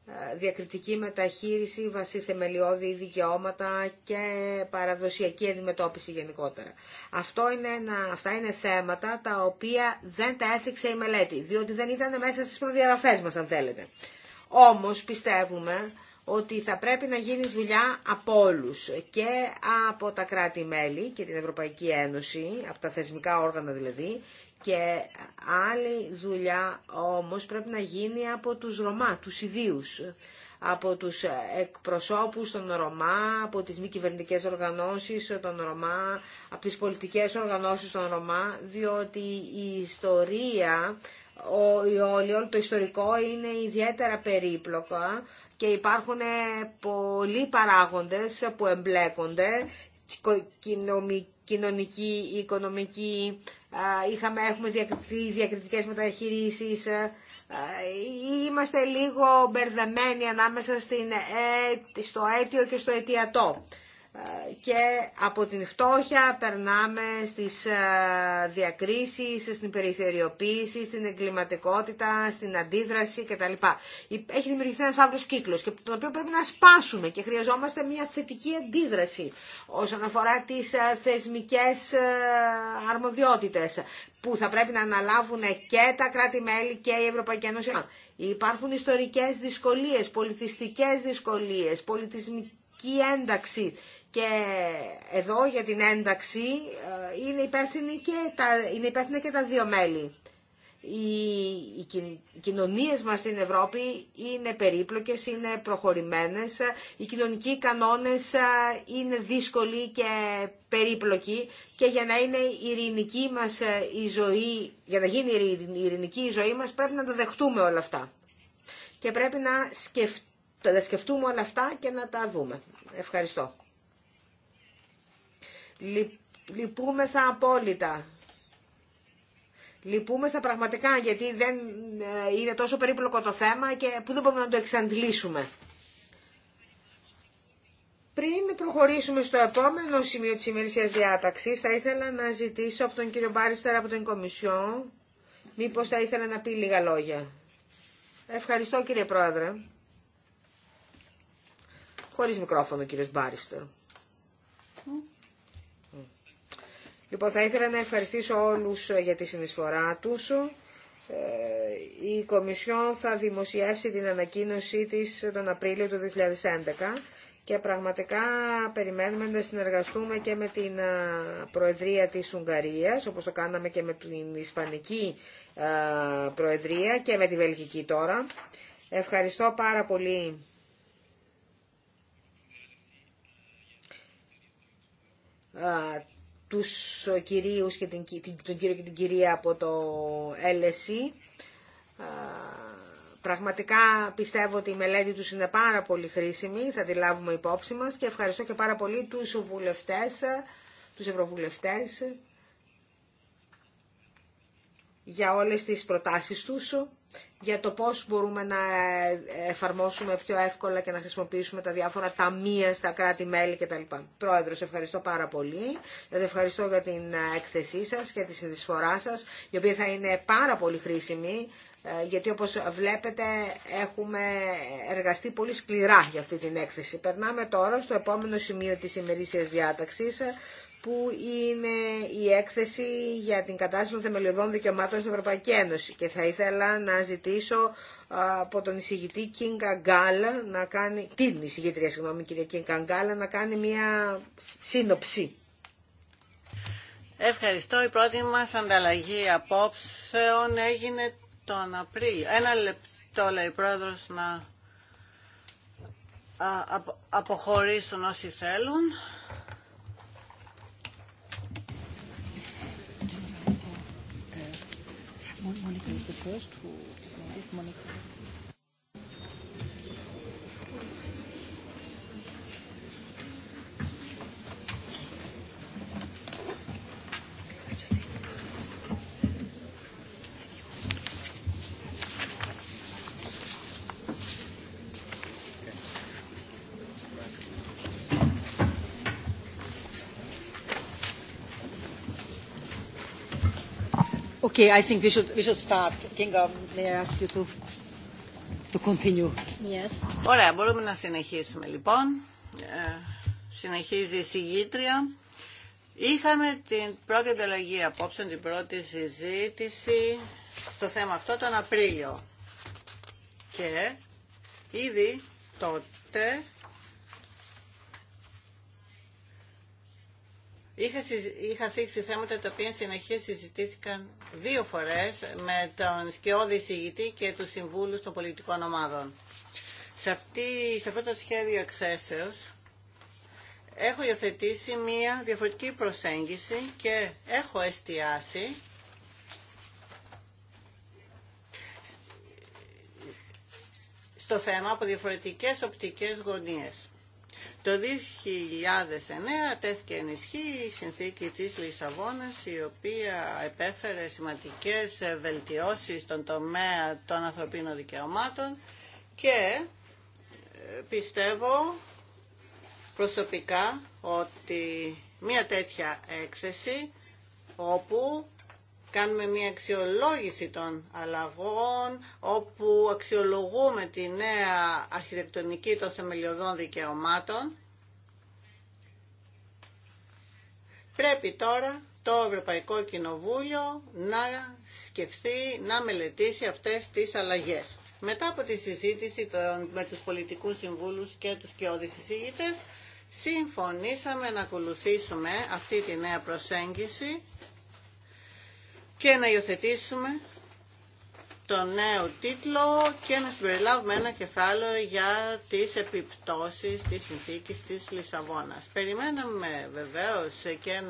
ε, διακριτική μεταχείριση, βασί θεμελιώδη δικαιώματα και παραδοσιακή αντιμετώπιση γενικότερα. Αυτό είναι αυτά είναι θέματα τα οποία δεν τα έθιξε η μελέτη, διότι δεν ήταν μέσα στις προδιαγραφές μας αν θέλετε. Όμως πιστεύουμε ότι θα πρέπει να γίνει δουλειά από όλου και από τα κράτη-μέλη και την Ευρωπαϊκή Ένωση, από τα θεσμικά όργανα δηλαδή, και άλλη δουλειά όμως πρέπει να γίνει από τους Ρωμά, τους ιδίους, από τους εκπροσώπους των Ρωμά, από τις μη κυβερνητικέ οργανώσεις των Ρωμά, από τις πολιτικές οργανώσεις των Ρωμά, διότι η ιστορία, όλο το ιστορικό είναι ιδιαίτερα περίπλοκα και υπάρχουν ε, πολλοί παράγοντες που εμπλέκονται, κοινωνική, οικονομική, είχαμε, έχουμε διακριτικές μεταχειρήσεις, ε, ε, είμαστε λίγο μπερδεμένοι ανάμεσα στην, στο αίτιο και στο αιτιατό και από την φτώχεια περνάμε στις ε, διακρίσεις, στην περιθεριοποίηση, στην εγκληματικότητα, στην αντίδραση κτλ. Έχει δημιουργηθεί ένας φαύλος κύκλος και τον οποίο πρέπει να σπάσουμε και χρειαζόμαστε μια θετική αντίδραση όσον αφορά τις ε, θεσμικές ε, αρμοδιότητες που θα πρέπει να αναλάβουν και τα κράτη-μέλη και η Ευρωπαϊκή Ένωση. Υπάρχουν ιστορικές δυσκολίες, πολιτιστικές δυσκολίες, πολιτισμική ένταξη και εδώ για την ένταξη ε, είναι υπεύθυνη και τα, είναι και τα δύο μέλη. Οι, οι, κοινωνίες μας στην Ευρώπη είναι περίπλοκες, είναι προχωρημένες, οι κοινωνικοί κανόνες ε, είναι δύσκολοι και περίπλοκοι και για να είναι ειρηνική μας ε, η ζωή, για να γίνει η ειρηνική η ζωή μας πρέπει να τα δεχτούμε όλα αυτά. Και πρέπει να, σκεφ, να σκεφτούμε όλα αυτά και να τα δούμε. Ευχαριστώ. Λυπούμεθα απόλυτα. Λυπούμεθα πραγματικά γιατί δεν ε, είναι τόσο περίπλοκο το θέμα και που δεν μπορούμε να το εξαντλήσουμε. Πριν προχωρήσουμε στο επόμενο σημείο της ημερησίας διάταξης, θα ήθελα να ζητήσω από τον κύριο Μπάριστερ από την Κομισιό, μήπως θα ήθελα να πει λίγα λόγια. Ευχαριστώ κύριε Πρόεδρε. Χωρίς μικρόφωνο κύριος Μπάριστερ. Λοιπόν, θα ήθελα να ευχαριστήσω όλους ε, για τη συνεισφορά τους. Ε, η Κομισιόν θα δημοσιεύσει την ανακοίνωσή της τον Απρίλιο του 2011 και πραγματικά περιμένουμε να συνεργαστούμε και με την ε, Προεδρία της Ουγγαρίας, όπως το κάναμε και με την Ισπανική Προεδρία και με τη Βελγική τώρα. Ευχαριστώ πάρα πολύ τους κυρίους και την, τον κύριο και την κυρία από το LSE. Πραγματικά πιστεύω ότι η μελέτη τους είναι πάρα πολύ χρήσιμη, θα τη λάβουμε υπόψη μας και ευχαριστώ και πάρα πολύ τους βουλευτές, τους ευρωβουλευτές για όλες τις προτάσεις τους για το πώς μπορούμε να εφαρμόσουμε πιο εύκολα και να χρησιμοποιήσουμε τα διάφορα ταμεία στα κράτη-μέλη κτλ. Πρόεδρος, ευχαριστώ πάρα πολύ. Σας ευχαριστώ για την έκθεσή σας και τη συνδυσφορά σας, η οποία θα είναι πάρα πολύ χρήσιμη, ε, γιατί όπως βλέπετε έχουμε εργαστεί πολύ σκληρά για αυτή την έκθεση. Περνάμε τώρα στο επόμενο σημείο της ημερήσιας διάταξης, που είναι η έκθεση για την κατάσταση των θεμελιωδών δικαιωμάτων στην Ευρωπαϊκή Ένωση. Και θα ήθελα να ζητήσω από τον εισηγητή Κίνγκα Γκάλα να κάνει, την εισηγήτρια συγγνώμη κυρία Γκάλα, να κάνει μια σύνοψη. Ευχαριστώ. Η πρώτη μας ανταλλαγή απόψεων έγινε τον Απρίλιο. Ένα λεπτό λέει η πρόεδρος να αποχωρήσουν όσοι θέλουν. Monica is the first who is it. Monica. Okay, I think we should we should start. Kinga, may I ask you to Ωραία, μπορούμε να συνεχίσουμε λοιπόν. Ε, συνεχίζει η συγγήτρια. Είχαμε την πρώτη ανταλλαγή απόψε, την πρώτη συζήτηση στο θέμα αυτό τον Απρίλιο. Και ήδη τότε Είχα, είχα σήξει θέματα τα οποία συνεχεία συζητήθηκαν δύο φορές με τον σκιώδη εισηγητή και τους συμβούλους των πολιτικών ομάδων. Σε, αυτή, σε αυτό το σχέδιο εξαίσεως έχω υιοθετήσει μία διαφορετική προσέγγιση και έχω εστιάσει στο θέμα από διαφορετικές οπτικές γωνίες. Το 2009 τέθηκε ενισχύ η συνθήκη της Λισαβόνας η οποία επέφερε σημαντικές βελτιώσεις στον τομέα των ανθρωπίνων δικαιωμάτων και ε, πιστεύω προσωπικά ότι μια τέτοια έξεση όπου κάνουμε μια αξιολόγηση των αλλαγών όπου αξιολογούμε τη νέα αρχιτεκτονική των θεμελιωδών δικαιωμάτων. Πρέπει τώρα το Ευρωπαϊκό Κοινοβούλιο να σκεφτεί, να μελετήσει αυτές τις αλλαγές. Μετά από τη συζήτηση με τους πολιτικούς συμβούλους και τους κοιόδης συζήτητες, συμφωνήσαμε να ακολουθήσουμε αυτή τη νέα προσέγγιση και να υιοθετήσουμε το νέο τίτλο και να συμπεριλάβουμε ένα κεφάλαιο για τις επιπτώσεις της συνθήκης της Λισαβόνας. Περιμέναμε βεβαίως και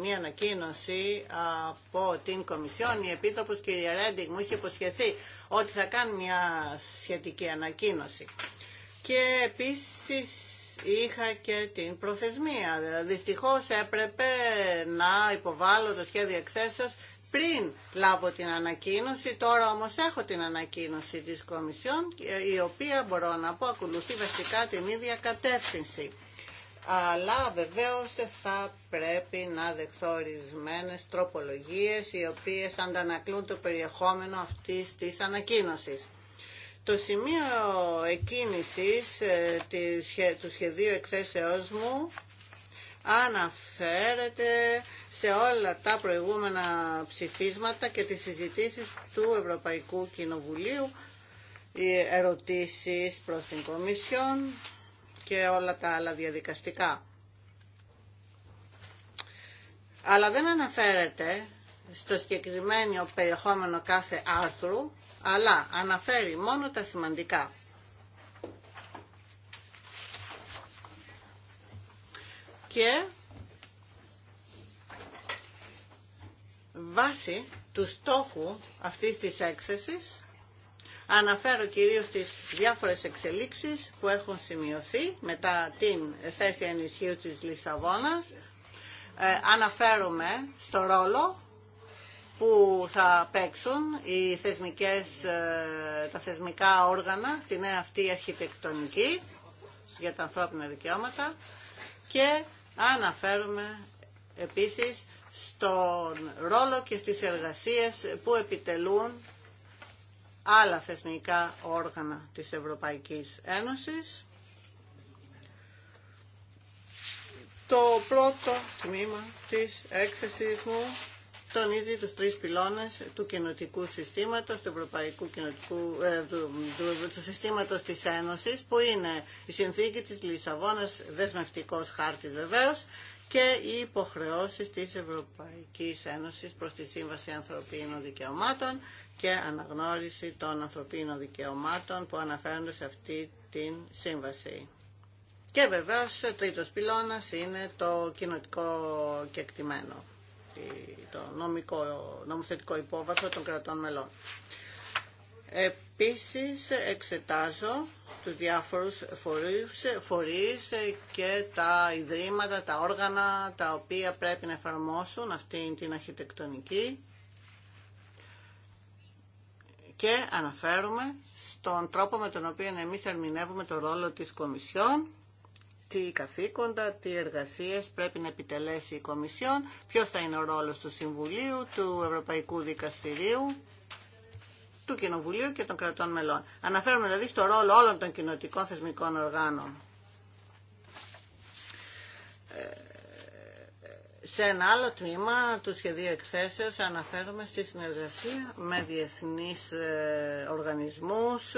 μια ανακοίνωση από την Κομισιόν. Η πως κυρία Ρέντιγκ, μου είχε υποσχεθεί ότι θα κάνει μια σχετική ανακοίνωση. Και επίσης είχα και την προθεσμία. Δυστυχώς έπρεπε να υποβάλω το σχέδιο εξέσεως πριν λάβω την ανακοίνωση, τώρα όμως έχω την ανακοίνωση της Κομισιόν, η οποία μπορώ να πω ακολουθεί βασικά την ίδια κατεύθυνση. Αλλά βεβαίως θα πρέπει να δεχθώ ορισμένε τροπολογίες οι οποίες αντανακλούν το περιεχόμενο αυτής της ανακοίνωσης. Το σημείο εκκίνησης ε, του σχεδίου εκθέσεώς μου αναφέρεται σε όλα τα προηγούμενα ψηφίσματα και τις συζητήσεις του Ευρωπαϊκού Κοινοβουλίου, οι ερωτήσεις προς την Κομισιόν και όλα τα άλλα διαδικαστικά. Αλλά δεν αναφέρεται στο συγκεκριμένο περιεχόμενο κάθε άρθρου, αλλά αναφέρει μόνο τα σημαντικά. και βάσει του στόχου αυτής της έκθεσης αναφέρω κυρίως τις διάφορες εξελίξεις που έχουν σημειωθεί μετά την θέση ενισχύου της Λισαβόνας. Ε, στο ρόλο που θα παίξουν οι θεσμικές, ε, τα θεσμικά όργανα στη νέα αυτή αρχιτεκτονική για τα ανθρώπινα δικαιώματα και Αναφέρουμε επίσης στον ρόλο και στις εργασίες που επιτελούν άλλα θεσμικά όργανα της Ευρωπαϊκής Ένωσης. Το πρώτο τμήμα της έκθεσης μου τονίζει τους τρεις πυλώνες του κοινοτικού συστήματος, του ευρωπαϊκού κοινοτικού, ε, του, του, συστήματος της Ένωσης, που είναι η συνθήκη της Λισαβόνας, δεσμευτικός χάρτης βεβαίως, και οι υποχρεώσεις της Ευρωπαϊκής Ένωσης προς τη Σύμβαση Ανθρωπίνων Δικαιωμάτων και αναγνώριση των ανθρωπίνων δικαιωμάτων που αναφέρονται σε αυτή την σύμβαση. Και βεβαίως τρίτος πυλώνας είναι το κοινοτικό κεκτημένο το νομικό, νομοθετικό υπόβαθρο των κρατών μελών. Επίσης εξετάζω τους διάφορους φορείς, φορείς και τα ιδρύματα, τα όργανα τα οποία πρέπει να εφαρμόσουν αυτή την αρχιτεκτονική και αναφέρουμε στον τρόπο με τον οποίο εμείς ερμηνεύουμε το ρόλο της Κομισιόν τι καθήκοντα, τι εργασίες πρέπει να επιτελέσει η Κομισιόν, ποιος θα είναι ο ρόλος του Συμβουλίου, του Ευρωπαϊκού Δικαστηρίου, του Κοινοβουλίου και των κρατών μελών. Αναφέρομαι δηλαδή στο ρόλο όλων των κοινοτικών θεσμικών οργάνων. Ε, σε ένα άλλο τμήμα του σχεδίου Εξέσεως αναφέρομαι στη συνεργασία με διεθνείς ε, οργανισμούς,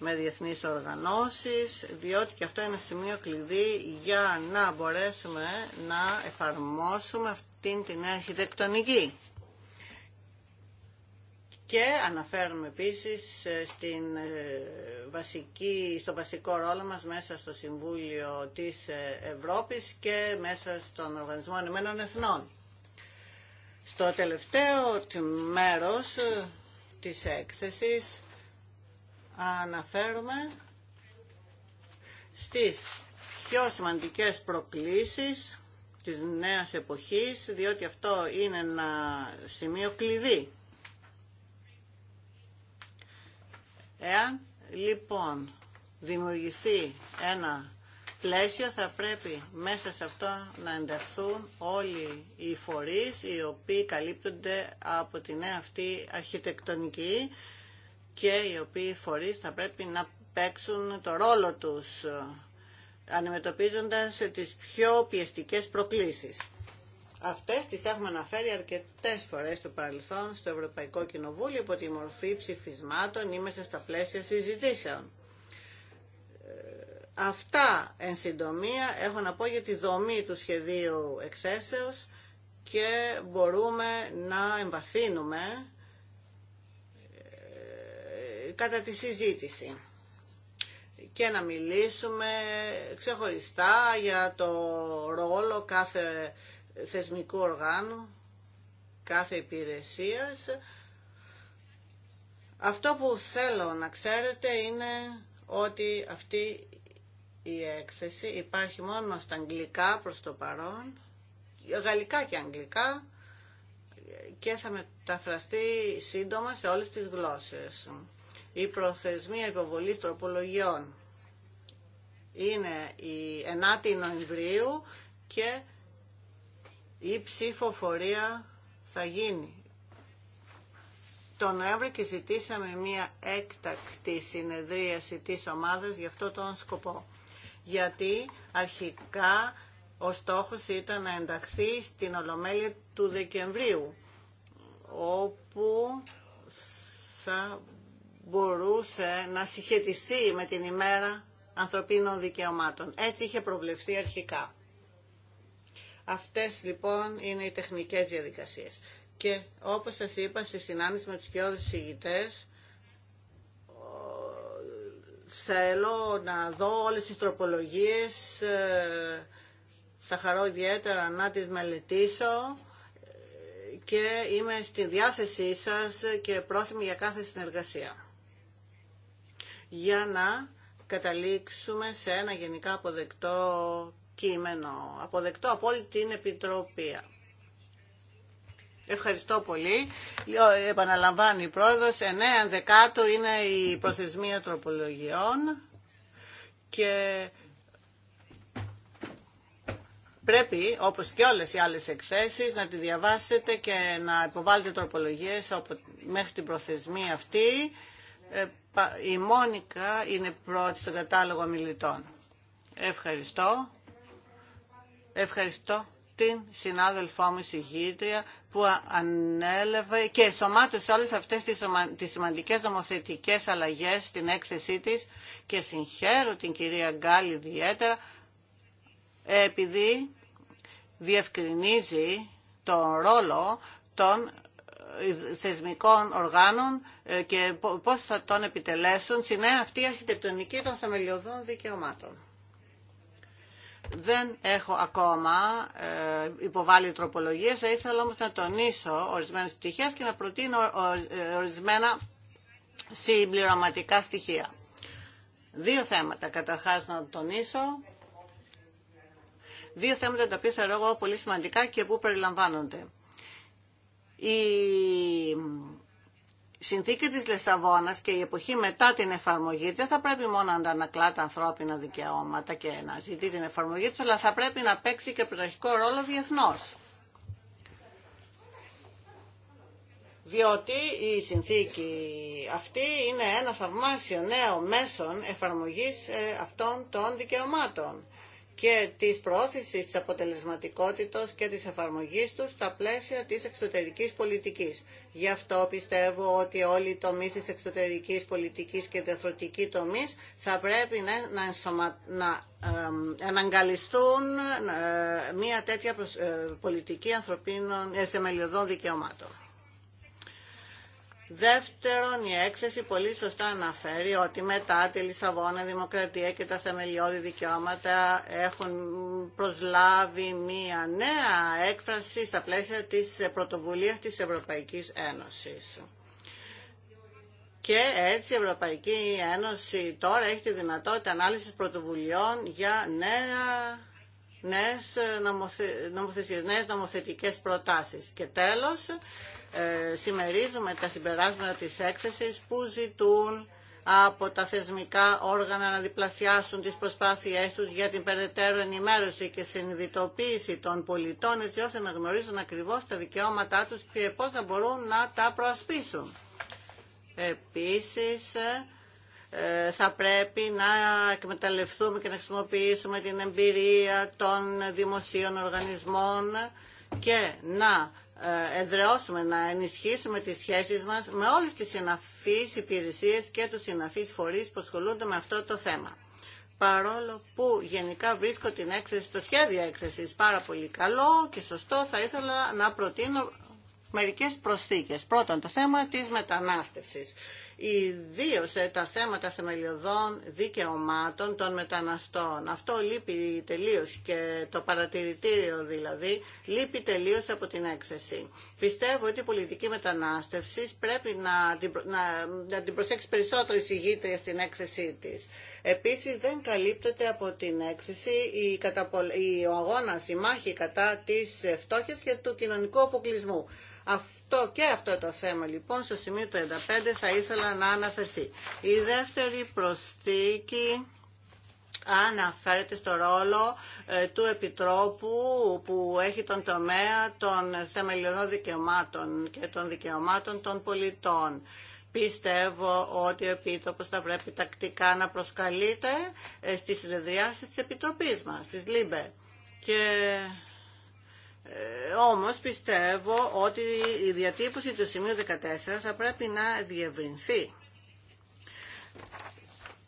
με διεθνείς οργανώσεις, διότι και αυτό είναι σημείο κλειδί για να μπορέσουμε να εφαρμόσουμε αυτήν την αρχιτεκτονική. Και αναφέρουμε επίσης ε, στην ε, βασική, στο βασικό ρόλο μας μέσα στο Συμβούλιο της ε, Ευρώπης και μέσα στον Οργανισμό Ενωμένων Εθνών. Στο τελευταίο μέρος της έκθεσης αναφέρουμε στις πιο σημαντικές προκλήσεις της νέας εποχής, διότι αυτό είναι ένα σημείο κλειδί. Εάν λοιπόν δημιουργηθεί ένα πλαίσιο θα πρέπει μέσα σε αυτό να ενταχθούν όλοι οι φορείς οι οποίοι καλύπτονται από τη νέα αυτή αρχιτεκτονική και οι οποίοι φορείς θα πρέπει να παίξουν το ρόλο τους ε, αντιμετωπίζοντας τις πιο πιεστικές προκλήσεις. Αυτές τις έχουμε αναφέρει αρκετές φορές στο παρελθόν στο Ευρωπαϊκό Κοινοβούλιο υπό τη μορφή ψηφισμάτων ή μέσα στα πλαίσια συζητήσεων. Ε, αυτά εν συντομία έχω να πω για τη δομή του σχεδίου εξέσεως και μπορούμε να εμβαθύνουμε κατά τη συζήτηση και να μιλήσουμε ξεχωριστά για το ρόλο κάθε θεσμικού οργάνου, κάθε υπηρεσίας. Αυτό που θέλω να ξέρετε είναι ότι αυτή η έκθεση υπάρχει μόνο στα αγγλικά προς το παρόν, γαλλικά και αγγλικά και θα μεταφραστεί σύντομα σε όλες τις γλώσσες. Η προθεσμία υποβολής τροπολογιών είναι η 9η Νοεμβρίου και η ψηφοφορία θα γίνει. Το Νοέμβριο και ζητήσαμε μια έκτακτη συνεδρίαση της ομάδας για αυτό τον σκοπό. Γιατί αρχικά ο στόχος ήταν να ενταχθεί στην Ολομέλεια του Δεκεμβρίου, όπου θα μπορούσε να συχετιστεί με την ημέρα ανθρωπίνων δικαιωμάτων. Έτσι είχε προβλεφθεί αρχικά. Αυτές λοιπόν είναι οι τεχνικές διαδικασίες. Και όπως σας είπα στη συνάντηση με τους κοιόδους συγητές, θέλω να δω όλες τις τροπολογίες, ε, θα χαρώ ιδιαίτερα να τις μελετήσω και είμαι στη διάθεσή σας και πρόθυμη για κάθε συνεργασία για να καταλήξουμε σε ένα γενικά αποδεκτό κείμενο, αποδεκτό από όλη την Επιτροπή. Ευχαριστώ πολύ. Επαναλαμβάνει η πρόεδρος, 9 δεκάτου είναι η προθεσμία τροπολογιών και πρέπει, όπως και όλες οι άλλες εκθέσεις, να τη διαβάσετε και να υποβάλλετε τροπολογίες μέχρι την προθεσμία αυτή. Ε, η Μόνικα είναι πρώτη στο κατάλογο μιλητών. Ευχαριστώ. Ευχαριστώ την συνάδελφό μου συγγήτρια που ανέλαβε και εσωμάτωσε όλες αυτές τις σημαντικές νομοθετικές αλλαγές στην έξεση της και συγχαίρω την κυρία Γκάλη ιδιαίτερα επειδή διευκρινίζει τον ρόλο των θεσμικών οργάνων ε, και πώς θα τον επιτελέσουν νέα αυτή η αρχιτεκτονική των θεμελιωδών δικαιωμάτων. Δεν έχω ακόμα ε, υποβάλει τροπολογίες, θα ήθελα όμως να τονίσω ορισμένες πτυχές και να προτείνω ε, ορισμένα συμπληρωματικά στοιχεία. Δύο θέματα καταρχάς να τονίσω. Δύο θέματα τα οποία θεωρώ πολύ σημαντικά και που περιλαμβάνονται η συνθήκη της Λεσσαβόνας και η εποχή μετά την εφαρμογή δεν θα πρέπει μόνο να αντανακλά τα ανθρώπινα δικαιώματα και να ζητεί την εφαρμογή του, αλλά θα πρέπει να παίξει και πρωταρχικό ρόλο διεθνώς. διότι η συνθήκη αυτή είναι ένα θαυμάσιο νέο μέσον εφαρμογής ε, αυτών των δικαιωμάτων και της προώθησης της αποτελεσματικότητας και της εφαρμογής τους στα πλαίσια της εξωτερικής πολιτικής. Γι' αυτό πιστεύω ότι όλοι οι τομείς της εξωτερικής πολιτικής και διαθροτικοί τομείς θα πρέπει να, ενσωμα... να αναγκαλιστούν ε, ε, μια τέτοια ε, πολιτική ανθρωπίνων σε δικαιωμάτων. Δεύτερον, η έκθεση πολύ σωστά αναφέρει ότι μετά τη Λισαβόνα, Δημοκρατία και τα θεμελιώδη δικαιώματα έχουν προσλάβει μία νέα έκφραση στα πλαίσια της πρωτοβουλίας της Ευρωπαϊκής Ένωσης. Και έτσι η Ευρωπαϊκή Ένωση τώρα έχει τη δυνατότητα ανάλυσης πρωτοβουλειών για νέα, νέες νέες νομοθετικές προτάσεις. Και τέλος, ε, συμμερίζουμε τα συμπεράσματα της έκθεσης που ζητούν από τα θεσμικά όργανα να διπλασιάσουν τις προσπάθειές τους για την περαιτέρω ενημέρωση και συνειδητοποίηση των πολιτών έτσι ώστε να γνωρίζουν ακριβώς τα δικαιώματά τους και πώς να μπορούν να τα προασπίσουν. Επίσης, ε, θα πρέπει να εκμεταλλευτούμε και να χρησιμοποιήσουμε την εμπειρία των δημοσίων οργανισμών και να εδραιώσουμε, να ενισχύσουμε τις σχέσεις μας με όλες τις συναφείς υπηρεσίες και τους συναφείς φορείς που ασχολούνται με αυτό το θέμα. Παρόλο που γενικά βρίσκω την έκθεση, το σχέδιο έκθεσης πάρα πολύ καλό και σωστό, θα ήθελα να προτείνω μερικές προσθήκες. Πρώτον, το θέμα της μετανάστευσης ιδίω ε, τα θέματα θεμελιωδών δικαιωμάτων των μεταναστών. Αυτό λείπει τελείω και το παρατηρητήριο δηλαδή λείπει τελείω από την έκθεση. Πιστεύω ότι η πολιτική μετανάστευση πρέπει να την, να, να την προσέξει περισσότερο η στην έκθεσή τη. Επίση δεν καλύπτεται από την έκθεση η, καταπολ... η, ο αγώνα, η μάχη κατά τη φτώχεια και του κοινωνικού αποκλεισμού. Αυτό και αυτό το θέμα λοιπόν στο σημείο του 95 θα ήθελα να αναφερθεί. Η δεύτερη προσθήκη αναφέρεται στο ρόλο ε, του Επιτρόπου που έχει τον τομέα των θεμελιωδών δικαιωμάτων και των δικαιωμάτων των πολιτών. Πιστεύω ότι ο Επίτροπος θα πρέπει τακτικά να προσκαλείται ε, στις συνεδριάσεις της Επιτροπής μας, της ΛΥΜΠΕ. Και ε, όμως πιστεύω ότι η διατύπωση του σημείου 14 θα πρέπει να διευρυνθεί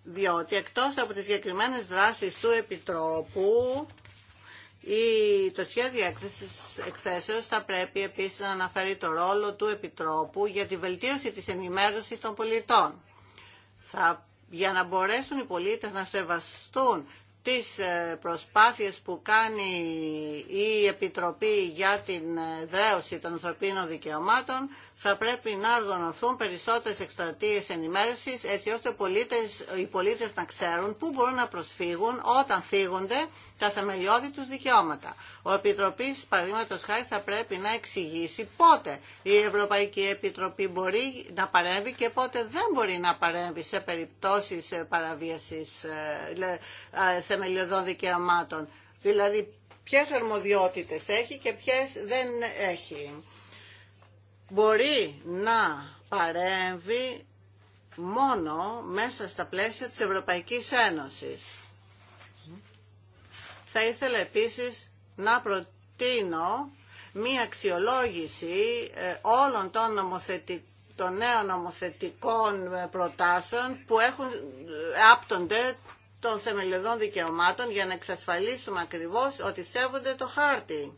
διότι εκτός από τις διακριμένες δράσεις του Επιτρόπου η, το σχέδιο έκθεσης, θα πρέπει επίσης να αναφέρει το ρόλο του Επιτρόπου για τη βελτίωση της ενημέρωσης των πολιτών. Θα, για να μπορέσουν οι πολίτες να σεβαστούν τις ε, προσπάθειες που κάνει η Επιτροπή για την ε, δρέωση των ανθρωπίνων δικαιωμάτων θα πρέπει να οργανωθούν περισσότερες εκστρατείες ενημέρωσης έτσι ώστε οι πολίτες να ξέρουν πού μπορούν να προσφύγουν όταν θίγονται τα θεμελιώδη τους δικαιώματα. Ο Επιτροπής, παραδείγματο χάρη, θα πρέπει να εξηγήσει πότε η Ευρωπαϊκή Επιτροπή μπορεί να παρέμβει και πότε δεν μπορεί να παρέμβει σε περιπτώσεις ε, παραβίασης ε, θεμελιωδών δικαιωμάτων. Δηλαδή, ποιες αρμοδιότητες έχει και ποιες δεν έχει. Μπορεί να παρέμβει μόνο μέσα στα πλαίσια της Ευρωπαϊκής Ένωσης. Θα ήθελα επίσης να προτείνω μία αξιολόγηση ε, όλων των των νέων νομοθετικών ε, προτάσεων που έχουν, ε, άπτονται των θεμελιωδών δικαιωμάτων για να εξασφαλίσουμε ακριβώς ότι σέβονται το χάρτη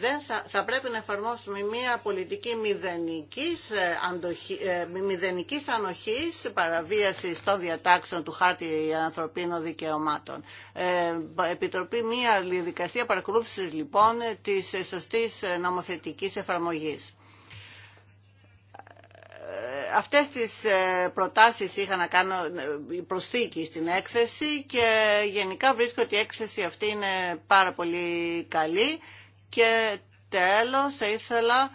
δεν θα, πρέπει να εφαρμόσουμε μια πολιτική μηδενικής, ε, αντοχή, ε, μηδενικής ανοχής παραβίασης των διατάξεων του χάρτη ανθρωπίνων δικαιωμάτων. Ε, επιτροπή μια διαδικασία παρακολούθησης λοιπόν της σωστής νομοθετικής εφαρμογής ε, αυτές τις προτάσεις είχα να κάνω προσθήκη στην έκθεση και γενικά βρίσκω ότι η έκθεση αυτή είναι πάρα πολύ καλή και τέλος θα ήθελα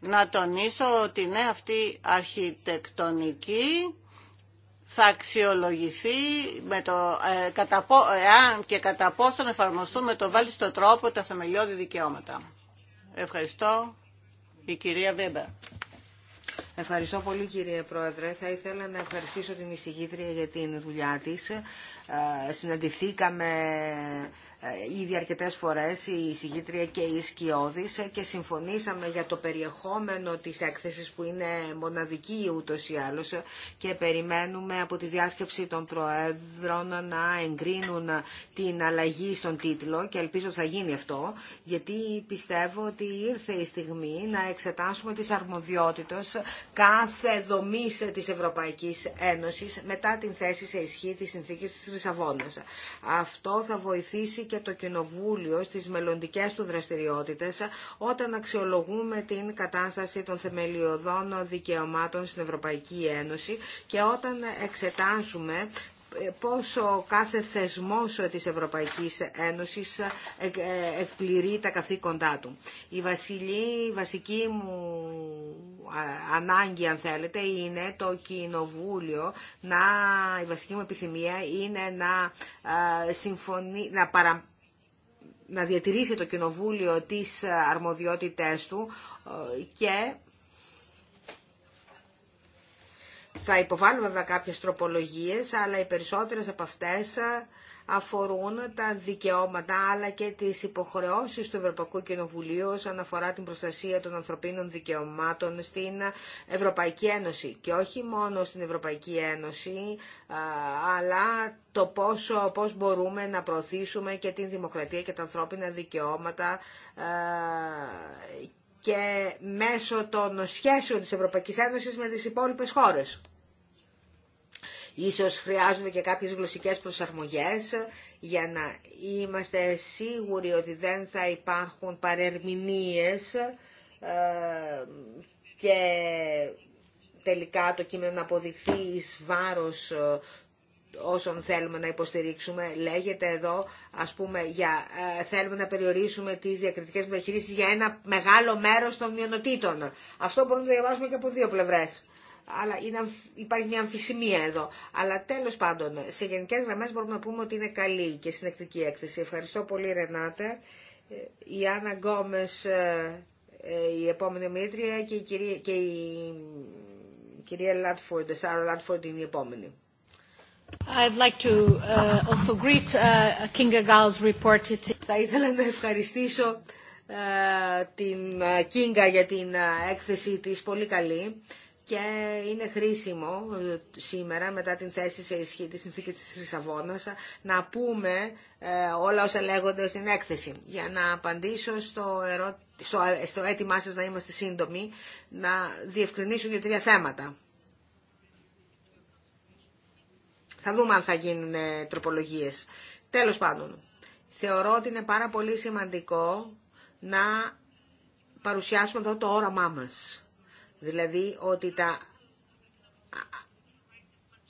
να τονίσω ότι ναι, αυτή η αρχιτεκτονική θα αξιολογηθεί με το, ε, και κατά πόσο να εφαρμοστούν με το βάλιστο τρόπο τα θεμελιώδη δικαιώματα. Ευχαριστώ. Η κυρία Βέμπερ. Ευχαριστώ πολύ κύριε Πρόεδρε. Θα ήθελα να ευχαριστήσω την εισηγήτρια για την δουλειά της. Ε, συναντηθήκαμε ε, ήδη αρκετές φορές η συγγήτρια και η Σκιώδης ε, και συμφωνήσαμε για το περιεχόμενο της έκθεσης που είναι μοναδική ούτως ή άλλως ε, και περιμένουμε από τη διάσκεψη των Προέδρων να εγκρίνουν την αλλαγή στον τίτλο και ελπίζω θα γίνει αυτό γιατί πιστεύω ότι ήρθε η στιγμή να εξετάσουμε τις αρμοδιότητες κάθε δομής της Ευρωπαϊκής Ένωσης μετά την θέση σε ισχύ της συνθήκης της Λισαβόνας. Αυτό θα βοηθήσει και το Κοινοβούλιο στις μελλοντικές του δραστηριότητες όταν αξιολογούμε την κατάσταση των θεμελιωδών δικαιωμάτων στην Ευρωπαϊκή Ένωση και όταν εξετάσουμε πόσο κάθε θεσμός της Ευρωπαϊκής Ένωσης ε, εκπληρεί τα καθήκοντά του. Η, βασιλή, βασική μου ανάγκη, αν θέλετε, είναι το Κοινοβούλιο, να, η βασική μου επιθυμία είναι να, συμφωνεί, να, παρα, να διατηρήσει το Κοινοβούλιο τις αρμοδιότητές του ε, και Θα υποβάλουμε βέβαια κάποιες τροπολογίες, αλλά οι περισσότερες από αυτές ε, αφορούν τα δικαιώματα αλλά και τις υποχρεώσεις του Ευρωπαϊκού Κοινοβουλίου όσον αφορά την προστασία των ανθρωπίνων δικαιωμάτων στην Ευρωπαϊκή Ένωση και όχι μόνο στην Ευρωπαϊκή Ένωση ε, αλλά το πόσο, πώς μπορούμε να προωθήσουμε και την δημοκρατία και τα ανθρώπινα δικαιώματα ε, και μέσω των σχέσεων της Ευρωπαϊκής Ένωσης με τις υπόλοιπες χώρες. Ίσως χρειάζονται και κάποιες γλωσσικές προσαρμογές για να είμαστε σίγουροι ότι δεν θα υπάρχουν παρερμηνίες ε, και τελικά το κείμενο να αποδειχθεί εις βάρος ε, όσων θέλουμε να υποστηρίξουμε. Λέγεται εδώ, ας πούμε, για, ε, θέλουμε να περιορίσουμε τις διακριτικές μεταχειρήσεις για ένα μεγάλο μέρος των μειονοτήτων. Αυτό μπορούμε να διαβάσουμε και από δύο πλευρές. Αλλά είναι, υπάρχει μια αμφισημία εδώ. Αλλά τέλος πάντων, σε γενικές γραμμές μπορούμε να πούμε ότι είναι καλή και συνεκτική έκθεση. Ευχαριστώ πολύ Ρενάτε. Ε, η Άννα Γκόμες, ε, η επόμενη μήτρια και η κυρία, και η, κυρία Σάρα Λάτφορντ είναι η επόμενη to uh, uh, report. Θα ήθελα να ευχαριστήσω ε, την Kinga ε, για την ε, έκθεση της πολύ καλή και είναι χρήσιμο σήμερα μετά την θέση σε ισχύ της συνθήκη της Χρυσαβόνας, να πούμε όλα όσα λέγονται στην έκθεση. Για να απαντήσω στο, στο έτοιμά σας να είμαστε σύντομοι, να διευκρινίσω για τρία θέματα. Θα δούμε αν θα γίνουν ε, τροπολογίες. Τέλος πάντων, θεωρώ ότι είναι πάρα πολύ σημαντικό να παρουσιάσουμε εδώ το όραμά μας. Δηλαδή ότι τα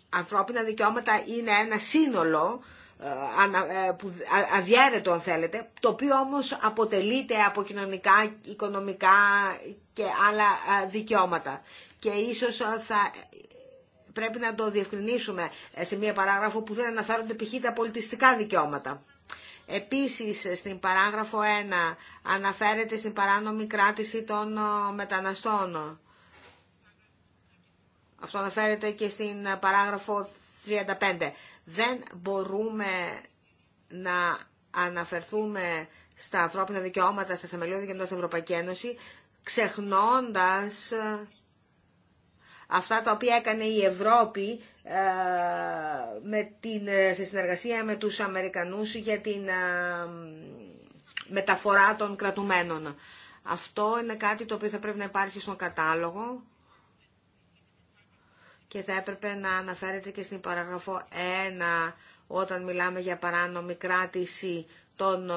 ανθρώπινα δικαιώματα είναι ένα σύνολο ε, ε, που αδιέρετο αν θέλετε, το οποίο όμως αποτελείται από κοινωνικά, οικονομικά και άλλα δικαιώματα. Και ίσως θα πρέπει να το διευκρινίσουμε ε, σε μια παράγραφο που δεν αναφέρονται π.χ. τα πολιτιστικά δικαιώματα. Επίσης στην παράγραφο 1 αναφέρεται στην παράνομη κράτηση των ε, μεταναστών. Αυτό αναφέρεται και στην παράγραφο 35. Δεν μπορούμε να αναφερθούμε στα ανθρώπινα δικαιώματα, στα θεμελιώδη και στην Ευρωπαϊκή Ένωση, ξεχνώντας ε, αυτά τα οποία έκανε η Ευρώπη ε, με την, ε, σε συνεργασία με τους Αμερικανούς για την ε, μεταφορά των κρατουμένων. Αυτό είναι κάτι το οποίο θα πρέπει να υπάρχει στον κατάλογο και θα έπρεπε να αναφέρεται και στην παραγραφό 1 όταν μιλάμε για παράνομη κράτηση των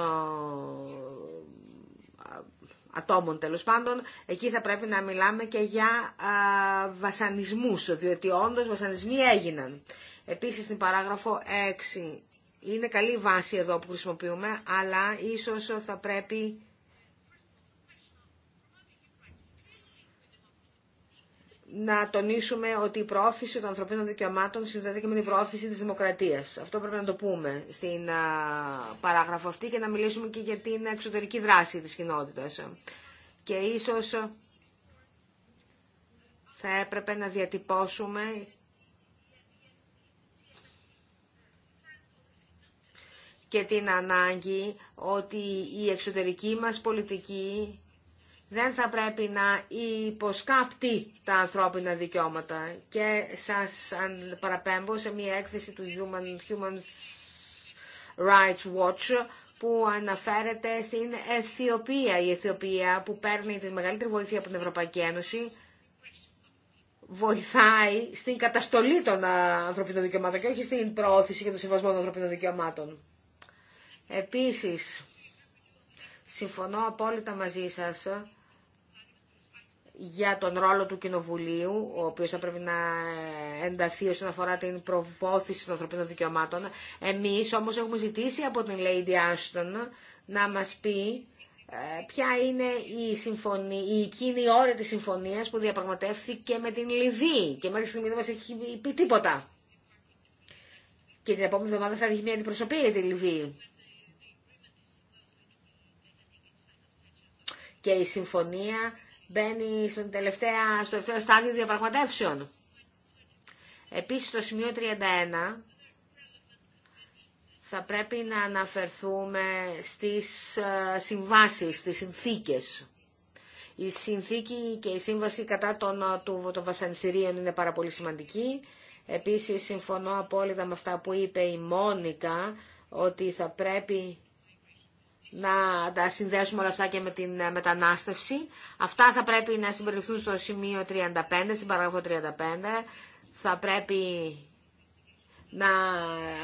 ατόμων τέλο πάντων, εκεί θα πρέπει να μιλάμε και για βασανισμούς, διότι όντως βασανισμοί έγιναν. Επίσης στην παράγραφο 6 είναι καλή βάση εδώ που χρησιμοποιούμε, αλλά ίσως θα πρέπει να τονίσουμε ότι η πρόθεση των ανθρωπίνων δικαιωμάτων συνδέεται και με την πρόθεση της δημοκρατίας. Αυτό πρέπει να το πούμε στην παράγραφο αυτή και να μιλήσουμε και για την εξωτερική δράση της κοινότητας. Και ίσως θα έπρεπε να διατυπώσουμε και την ανάγκη ότι η εξωτερική μας πολιτική δεν θα πρέπει να υποσκάπτει τα ανθρώπινα δικαιώματα. Και σας παραπέμπω σε μια έκθεση του Human, Human Rights Watch που αναφέρεται στην Αιθιοπία. Η Αιθιοπία που παίρνει τη μεγαλύτερη βοήθεια από την Ευρωπαϊκή Ένωση βοηθάει στην καταστολή των ανθρωπίνων δικαιωμάτων και όχι στην προώθηση και τον σεβασμό των ανθρωπίνων δικαιωμάτων. Επίσης, συμφωνώ απόλυτα μαζί σας για τον ρόλο του Κοινοβουλίου, ο οποίος θα πρέπει να ε, ενταθεί όσον αφορά την προβόθηση των ανθρωπίνων δικαιωμάτων. Εμείς όμως έχουμε ζητήσει από την Lady Ashton να μας πει ε, ποια είναι η, συμφωνία, η εκείνη ώρα της συμφωνίας που διαπραγματεύθηκε με την Λιβύη και μέχρι στιγμή δεν μας έχει πει τίποτα. Και την επόμενη εβδομάδα θα βγει μια αντιπροσωπεία για τη Λιβύη. Και η συμφωνία μπαίνει στον στο τελευταίο στάδιο διαπραγματεύσεων. Επίσης στο σημείο 31 θα πρέπει να αναφερθούμε στις ε, συμβάσεις, στις συνθήκες. Η συνθήκη και η σύμβαση κατά των, ε, του, των βασανιστήριων είναι πάρα πολύ σημαντική. Επίσης συμφωνώ απόλυτα με αυτά που είπε η Μόνικα, ότι θα πρέπει να τα συνδέσουμε όλα αυτά και με την ε, μετανάστευση. Αυτά θα πρέπει να συμπεριληφθούν στο σημείο 35, στην παράγραφο 35. Θα πρέπει να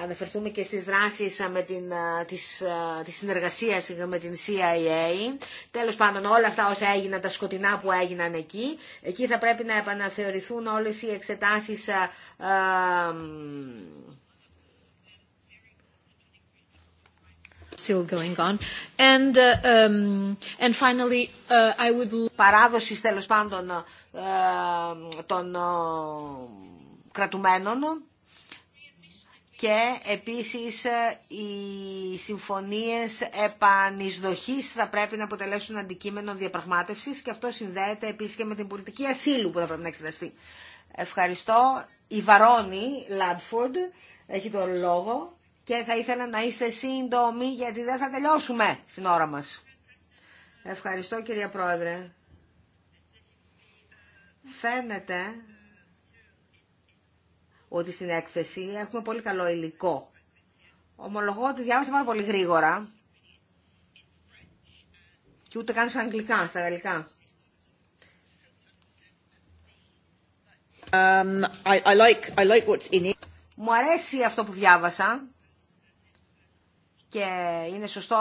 αναφερθούμε και στις δράσεις ε, με την, ε, της, της συνεργασίας με την CIA. Τέλος πάντων όλα αυτά όσα έγιναν, τα σκοτεινά που έγιναν εκεί. Εκεί θα πρέπει να επαναθεωρηθούν όλες οι εξετάσεις still going on. And, uh, um, and finally, uh, I would... Παράδοσης τέλος πάντων ε, των ε, κρατουμένων και επίσης ε, οι συμφωνίες επανεισδοχής θα πρέπει να αποτελέσουν αντικείμενο διαπραγμάτευσης και αυτό συνδέεται επίσης και με την πολιτική ασύλου που θα πρέπει να εξεταστεί. Ευχαριστώ. Η Βαρόνη Λάντφορντ έχει τον λόγο και θα ήθελα να είστε σύντομοι γιατί δεν θα τελειώσουμε στην ώρα μας. Ευχαριστώ κυρία Πρόεδρε. Φαίνεται ότι στην έκθεση έχουμε πολύ καλό υλικό. Ομολογώ ότι διάβασα πάρα πολύ γρήγορα και ούτε καν στα αγγλικά, στα γαλλικά. Um, I, I like, I like what's in it. Μου αρέσει αυτό που διάβασα και είναι σωστό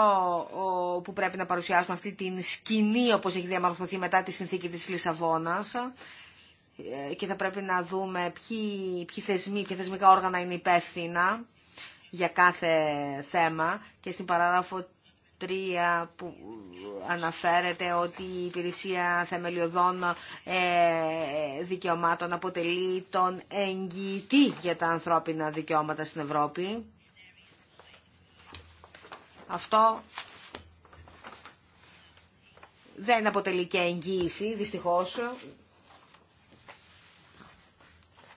που πρέπει να παρουσιάσουμε αυτή την σκηνή όπως έχει διαμορφωθεί μετά τη συνθήκη της Λισαβόνας ε, και θα πρέπει να δούμε ποιοι, ποιοι θεσμοί, ποια θεσμικά όργανα είναι υπεύθυνα για κάθε θέμα και στην παράγραφο 3 που αναφέρεται ότι η υπηρεσία θεμελιωδών ε, δικαιωμάτων αποτελεί τον εγγυητή για τα ανθρώπινα δικαιώματα στην Ευρώπη. Αυτό δεν αποτελεί και εγγύηση, δυστυχώς.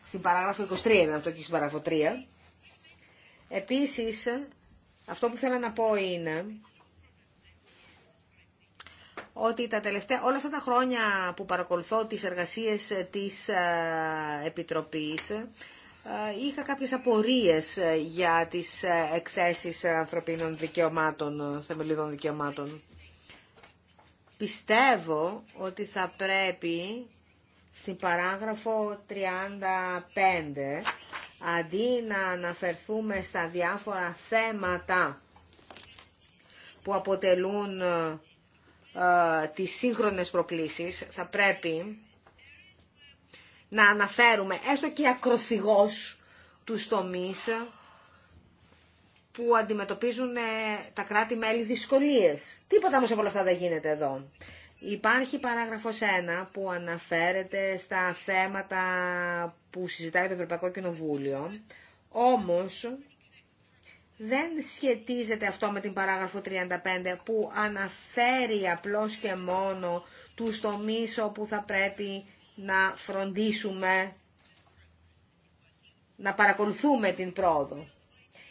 Στην παράγραφο 23 είναι αυτό και στην παράγραφο 3. Επίσης, αυτό που θέλω να πω είναι ότι τα τελευταία, όλα αυτά τα χρόνια που παρακολουθώ τις εργασίες της ε, Επιτροπής, ε, είχα κάποιες απορίες ε, για τις ε, εκθέσεις ανθρωπίνων δικαιωμάτων, θεμελιδών δικαιωμάτων. Πιστεύω ότι θα πρέπει στην παράγραφο 35, αντί να αναφερθούμε στα διάφορα θέματα που αποτελούν ε, τις σύγχρονες προκλήσεις, θα πρέπει να αναφέρουμε έστω και ακροθυγός του τομείς που αντιμετωπίζουν ε, τα κράτη-μέλη δυσκολίες. Τίποτα όμως από όλα αυτά δεν γίνεται εδώ. Υπάρχει παράγραφος 1 που αναφέρεται στα θέματα που συζητάει το Ευρωπαϊκό Κοινοβούλιο, όμως δεν σχετίζεται αυτό με την παράγραφο 35 που αναφέρει απλώς και μόνο του τομείς όπου θα πρέπει να φροντίσουμε να παρακολουθούμε την πρόοδο.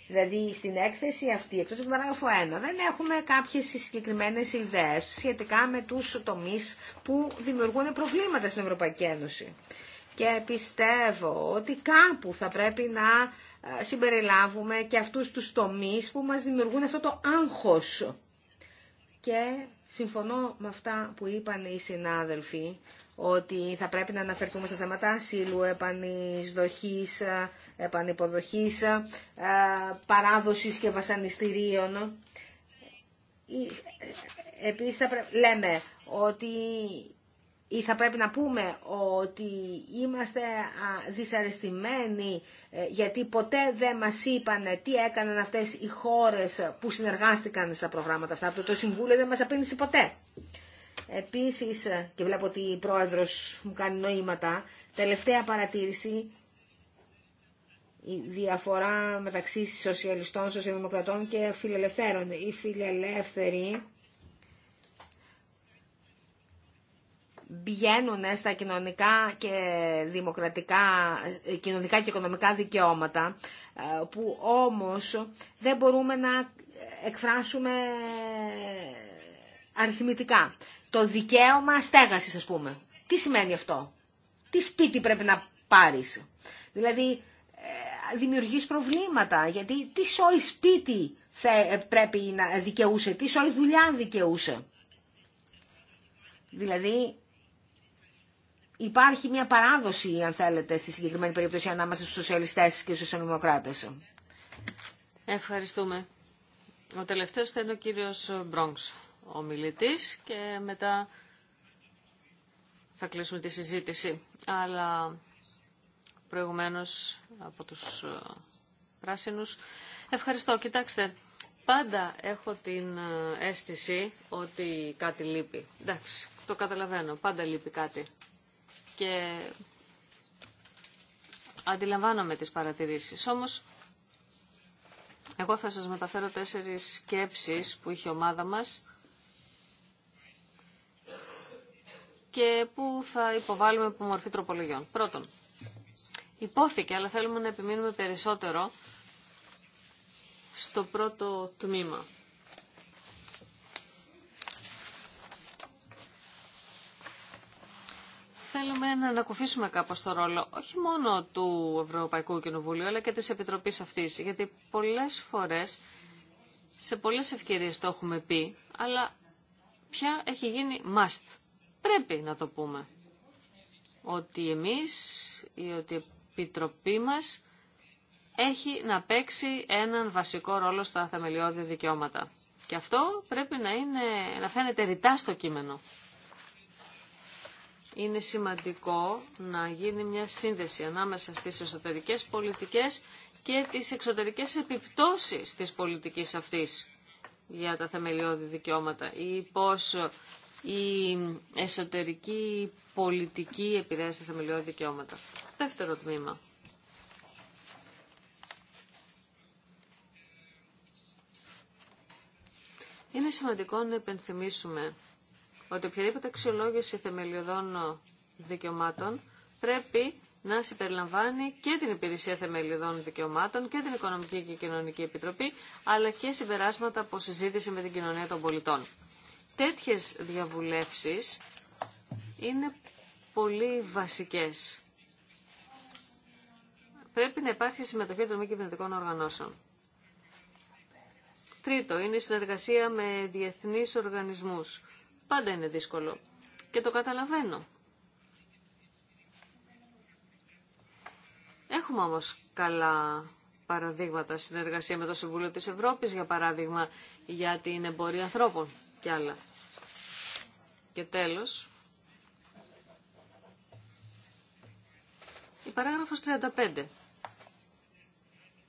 Δηλαδή στην έκθεση αυτή, εκτός του παράγραφου 1, δεν έχουμε κάποιες συγκεκριμένες ιδέες σχετικά με τους τομείς που δημιουργούν προβλήματα στην Ευρωπαϊκή Ένωση. Και πιστεύω ότι κάπου θα πρέπει να ε, συμπεριλάβουμε και αυτούς τους τομείς που μας δημιουργούν αυτό το άγχος. Και συμφωνώ με αυτά που είπαν οι συνάδελφοι ότι θα πρέπει να αναφερθούμε στα θέματα ασύλου, επανεισδοχής, ε, επανυποδοχής, ε, παράδοσης και βασανιστήριων. Ε, επίσης θα λέμε ότι ή θα πρέπει να πούμε ότι είμαστε δυσαρεστημένοι γιατί ποτέ δεν μας είπαν τι έκαναν αυτές οι χώρες που συνεργάστηκαν στα προγράμματα αυτά. Το Συμβούλιο δεν μας απήντησε ποτέ. Επίσης, και βλέπω ότι η πρόεδρος μου κάνει νοήματα, τελευταία παρατήρηση, η διαφορά μεταξύ σοσιαλιστών, σοσιαλδημοκρατών και φιλελευθέρων. Οι φιλελεύθεροι πηγαίνουν στα κοινωνικά και δημοκρατικά, κοινωνικά και οικονομικά δικαιώματα, που όμως δεν μπορούμε να εκφράσουμε αριθμητικά το δικαίωμα στέγασης, ας πούμε. Τι σημαίνει αυτό. Τι σπίτι πρέπει να πάρεις. Δηλαδή, ε, δημιουργείς προβλήματα, γιατί τι σόι σπίτι ε, πρέπει να δικαιούσε, τι σόι δουλειά δικαιούσε. Δηλαδή, υπάρχει μια παράδοση, αν θέλετε, στη συγκεκριμένη περίπτωση ανάμεσα στους σοσιαλιστές και στους σοσιαλδημοκράτες. Ευχαριστούμε. Ο τελευταίος θα είναι ο κύριος Μπρόγκς ομιλητής και μετά θα κλείσουμε τη συζήτηση. Αλλά προηγουμένως από τους ε, πράσινους. Ευχαριστώ. Κοιτάξτε, πάντα έχω την ε, αίσθηση ότι κάτι λείπει. Εντάξει, το καταλαβαίνω. Πάντα λείπει κάτι. Και αντιλαμβάνομαι τις παρατηρήσεις. Όμως, εγώ θα σας μεταφέρω τέσσερις σκέψεις που είχε η ομάδα μας και που θα υποβάλουμε από μορφή τροπολογιών. Πρώτον, υπόθηκε, αλλά θέλουμε να επιμείνουμε περισσότερο στο πρώτο τμήμα. Θέλουμε να ανακουφίσουμε κάπως το ρόλο, όχι μόνο του Ευρωπαϊκού Κοινοβουλίου, αλλά και της Επιτροπής αυτής. Γιατί πολλές φορές, σε πολλές ευκαιρίες το έχουμε πει, αλλά πια έχει γίνει must. Πρέπει να το πούμε ότι εμείς ή ότι η Επιτροπή μας έχει να παίξει έναν βασικό ρόλο στα θεμελιώδη δικαιώματα. Και αυτό πρέπει να, είναι, να φαίνεται ρητά στο κείμενο. Είναι σημαντικό να γίνει μια σύνδεση ανάμεσα στις εσωτερικές πολιτικές και τις εξωτερικές επιπτώσεις της πολιτικής αυτής για τα θεμελιώδη δικαιώματα ή πώς η εσωτερική πολιτική επηρεάζει θεμελιώδη δικαιώματα. Δεύτερο τμήμα. Είναι σημαντικό να επενθυμίσουμε ότι οποιαδήποτε αξιολόγηση θεμελιωδών δικαιωμάτων πρέπει να συμπεριλαμβάνει και την Υπηρεσία Θεμελιωδών Δικαιωμάτων και την Οικονομική και Κοινωνική Επιτροπή, αλλά και συμπεράσματα από συζήτηση με την κοινωνία των πολιτών τέτοιες διαβουλεύσεις είναι πολύ βασικές. Πρέπει να υπάρχει συμμετοχή των μη κυβερνητικών οργανώσεων. Τρίτο, είναι η συνεργασία με διεθνείς οργανισμούς. Πάντα είναι δύσκολο και το καταλαβαίνω. Έχουμε όμως καλά παραδείγματα συνεργασία με το Συμβούλιο της Ευρώπης, για παράδειγμα, για την εμπορία ανθρώπων και άλλα. τέλος, η παράγραφος 35.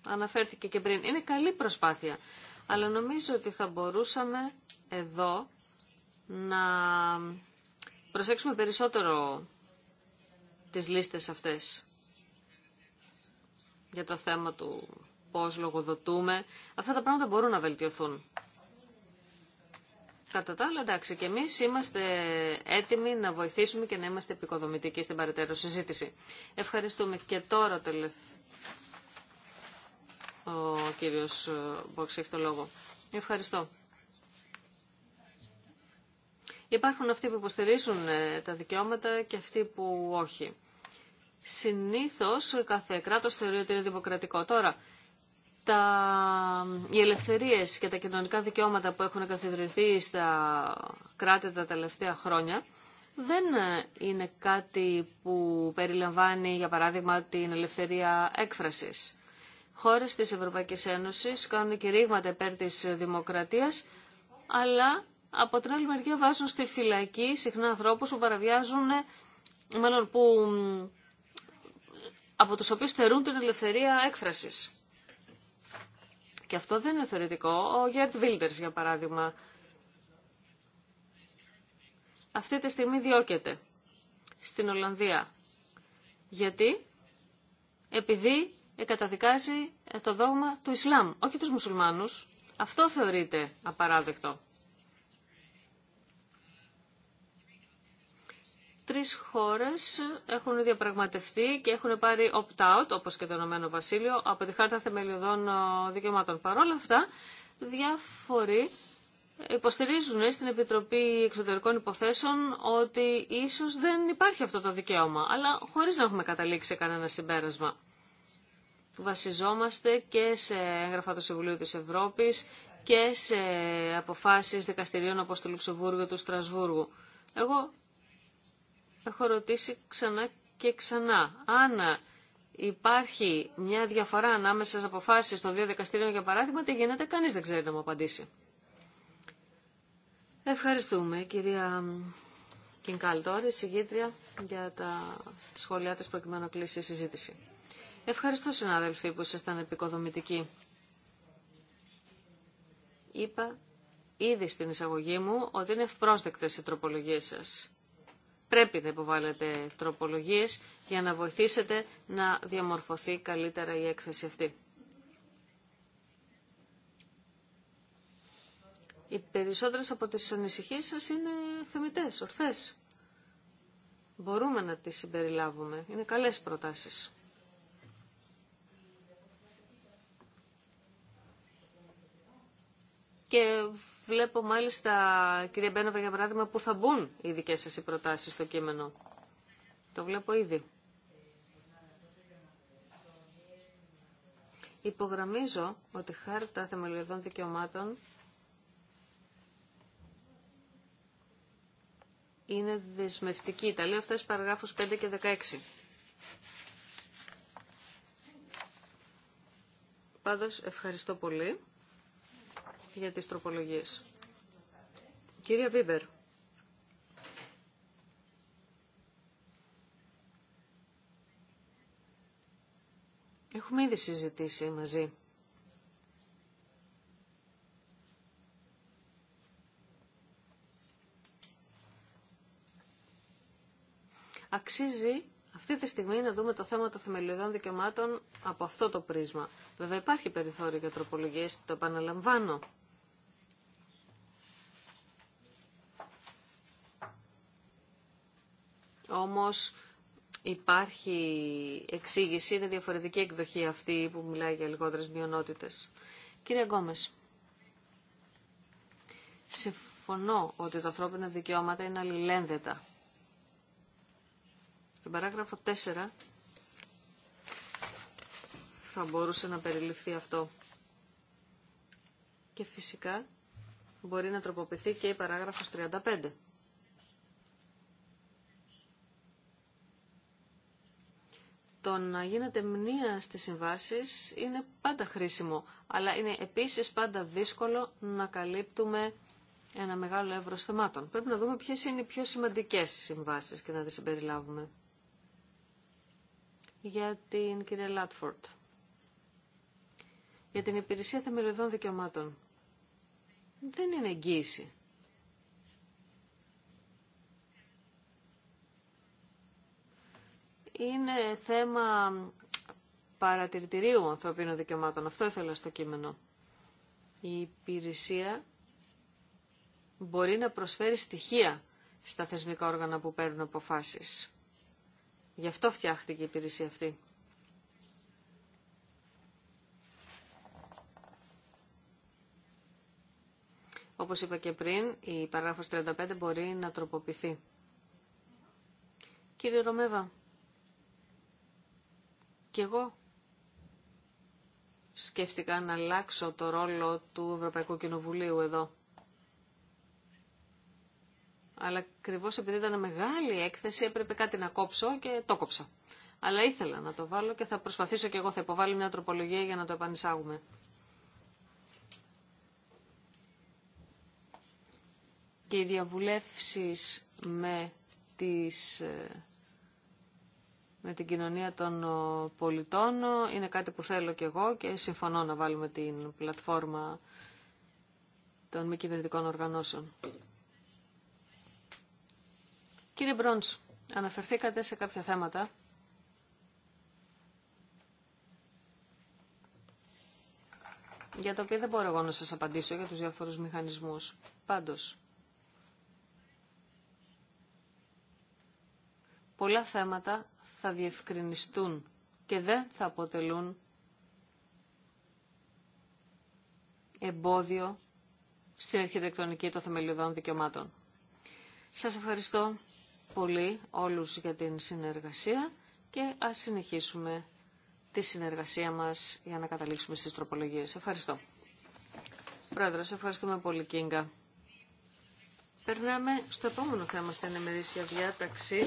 Αναφέρθηκε και πριν. Είναι καλή προσπάθεια, αλλά νομίζω ότι θα μπορούσαμε εδώ να προσέξουμε περισσότερο τις λίστες αυτές για το θέμα του πώς λογοδοτούμε. Αυτά τα πράγματα μπορούν να βελτιωθούν. Κατά τα άλλα, εντάξει, και εμεί είμαστε έτοιμοι να βοηθήσουμε και να είμαστε επικοδομητικοί στην παρετέρω συζήτηση. Ευχαριστούμε και τώρα τελευταία. Ο κύριος ε, Μπόξ έχει το λόγο. Ευχαριστώ. Υπάρχουν αυτοί που υποστηρίζουν ε, τα δικαιώματα και αυτοί που όχι. Συνήθως κάθε κράτος θεωρεί ότι είναι δημοκρατικό. Τώρα, τα, οι ελευθερίες και τα κοινωνικά δικαιώματα που έχουν καθιδρυθεί στα κράτη τα τελευταία χρόνια δεν είναι κάτι που περιλαμβάνει, για παράδειγμα, την ελευθερία έκφρασης. Χώρες της Ευρωπαϊκής Ένωσης κάνουν κηρύγματα υπέρ της δημοκρατίας, αλλά από την άλλη μεριά βάζουν στη φυλακή συχνά ανθρώπους που παραβιάζουν, μάλλον που, από τους οποίους θερούν την ελευθερία έκφρασης. Και αυτό δεν είναι θεωρητικό. Ο Γερτ Βίλτερς, για παράδειγμα, αυτή τη στιγμή διώκεται στην Ολλανδία. Γιατί? Επειδή εκαταδικάζει το δόγμα του Ισλάμ, όχι τους μουσουλμάνους. Αυτό θεωρείται απαράδεκτο. Τρεις χώρες έχουν διαπραγματευτεί και έχουν πάρει opt-out, όπως και το Ηνωμένο Βασίλειο, από τη Χάρτα Θεμελιωδών ε, Δικαιωμάτων. Παρ' όλα αυτά, διάφοροι υποστηρίζουν στην Επιτροπή Εξωτερικών Υποθέσεων ότι ίσως δεν υπάρχει αυτό το δικαίωμα, αλλά χωρίς να έχουμε καταλήξει σε κανένα συμπέρασμα. Βασιζόμαστε και σε έγγραφα του Συμβουλίου της Ευρώπης και σε αποφάσεις δικαστηρίων όπως του Λουξεμβούργου και του Στρασβούργου. Εγώ έχω ρωτήσει ξανά και ξανά. Αν υπάρχει μια διαφορά ανάμεσα στις αποφάσεις των δύο δικαστήριων για παράδειγμα, τι γίνεται, κανείς δεν ξέρει να μου απαντήσει. Ευχαριστούμε κυρία Κινκαλτόρη, συγγήτρια για τα σχόλιά της προκειμένου κλείσει η συζήτηση. Ευχαριστώ συνάδελφοι που ήσασταν επικοδομητικοί. Είπα ήδη στην εισαγωγή μου ότι είναι ευπρόσδεκτες οι τροπολογίες σας πρέπει να υποβάλλετε τροπολογίες για να βοηθήσετε να διαμορφωθεί καλύτερα η έκθεση αυτή. Οι περισσότερες από τις ανησυχίες σας είναι θεμητές, ορθές. Μπορούμε να τις συμπεριλάβουμε. Είναι καλές προτάσεις. Και βλέπω μάλιστα, κυρία Μπένοβα, για παράδειγμα, που θα μπουν οι δικές σας οι προτάσεις στο κείμενο. Το βλέπω ήδη. Υπογραμμίζω ότι η χάρτα θεμελιωδών δικαιωμάτων είναι δεσμευτική. Τα λέω αυτά στις παραγράφους 5 και 16. Πάντως ευχαριστώ πολύ για τις τροπολογίες. Κυρία Βίμπερ. Έχουμε ήδη συζητήσει μαζί. Αξίζει αυτή τη στιγμή να δούμε το θέμα των θεμελιωδών δικαιωμάτων από αυτό το πρίσμα. Βέβαια υπάρχει περιθώριο για τροπολογίες, το επαναλαμβάνω, Όμως υπάρχει εξήγηση, είναι διαφορετική εκδοχή αυτή που μιλάει για λιγότερες μειονότητες. Κύριε Γκόμες, συμφωνώ ότι τα ανθρώπινα δικαιώματα είναι αλληλένδετα. Στην παράγραφο 4 θα μπορούσε να περιληφθεί αυτό. Και φυσικά μπορεί να τροποποιηθεί και η παράγραφος 35. το να γίνεται μνήμα στις συμβάσεις είναι πάντα χρήσιμο, αλλά είναι επίσης πάντα δύσκολο να καλύπτουμε ένα μεγάλο εύρος θεμάτων. Πρέπει να δούμε ποιες είναι οι πιο σημαντικές συμβάσεις και να τις συμπεριλάβουμε. Για την κυρία Λάτφορντ. Για την υπηρεσία θεμελιωδών δικαιωμάτων. Δεν είναι εγγύηση. είναι θέμα παρατηρητηρίου ανθρωπίνων δικαιωμάτων. Αυτό ήθελα στο κείμενο. Η υπηρεσία μπορεί να προσφέρει στοιχεία στα θεσμικά όργανα που παίρνουν αποφάσεις. Γι' αυτό φτιάχτηκε η υπηρεσία αυτή. Όπως είπα και πριν, η παράγραφος 35 μπορεί να τροποποιηθεί. Κύριε Ρωμέβα, και εγώ σκέφτηκα να αλλάξω το ρόλο του Ευρωπαϊκού Κοινοβουλίου εδώ. Αλλά ακριβώ επειδή ήταν μεγάλη έκθεση έπρεπε κάτι να κόψω και το κόψα. Αλλά ήθελα να το βάλω και θα προσπαθήσω και εγώ θα υποβάλω μια τροπολογία για να το επανεισάγουμε. Και οι διαβουλεύσεις με τις ε, με την κοινωνία των πολιτών. Είναι κάτι που θέλω και εγώ και συμφωνώ να βάλουμε την πλατφόρμα των μη κυβερνητικών οργανώσεων. Κύριε Μπρόντς, αναφερθήκατε σε κάποια θέματα. για τα οποία δεν μπορώ εγώ να σας απαντήσω για τους διάφορους μηχανισμούς. Πάντως, πολλά θέματα θα διευκρινιστούν και δεν θα αποτελούν εμπόδιο στην αρχιτεκτονική των θεμελιωδών δικαιωμάτων. Σας ευχαριστώ πολύ όλους για την συνεργασία και ας συνεχίσουμε τη συνεργασία μας για να καταλήξουμε στις τροπολογίες. Ευχαριστώ. Πρόεδρε, σε ευχαριστούμε πολύ Κίνγκα. Περνάμε στο επόμενο θέμα στην ενεμερήσια διάταξη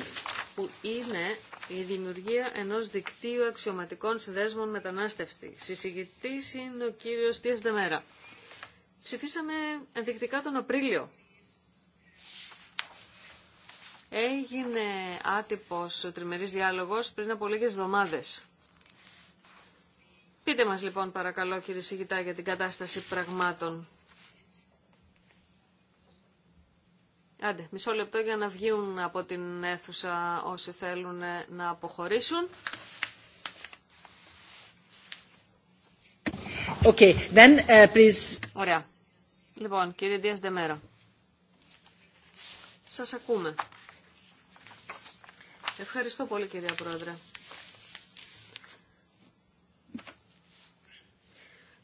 που είναι η δημιουργία ενός δικτύου αξιωματικών συνδέσμων μετανάστευση. Συσυγητής είναι ο κύριος Τίας Δεμέρα. Ψηφίσαμε ενδεικτικά τον Απρίλιο. Έγινε άτυπος ο τριμερής διάλογος πριν από λίγες εβδομάδες. Πείτε μας λοιπόν παρακαλώ κύριε Συγητά, για την κατάσταση πραγμάτων Άντε, μισό λεπτό για να βγουν από την αίθουσα όσοι θέλουν να αποχωρήσουν. Okay, then, uh, Ωραία. Λοιπόν, κύριε Δίας Δεμέρα, σας ακούμε. Ευχαριστώ πολύ κυρία Πρόεδρε.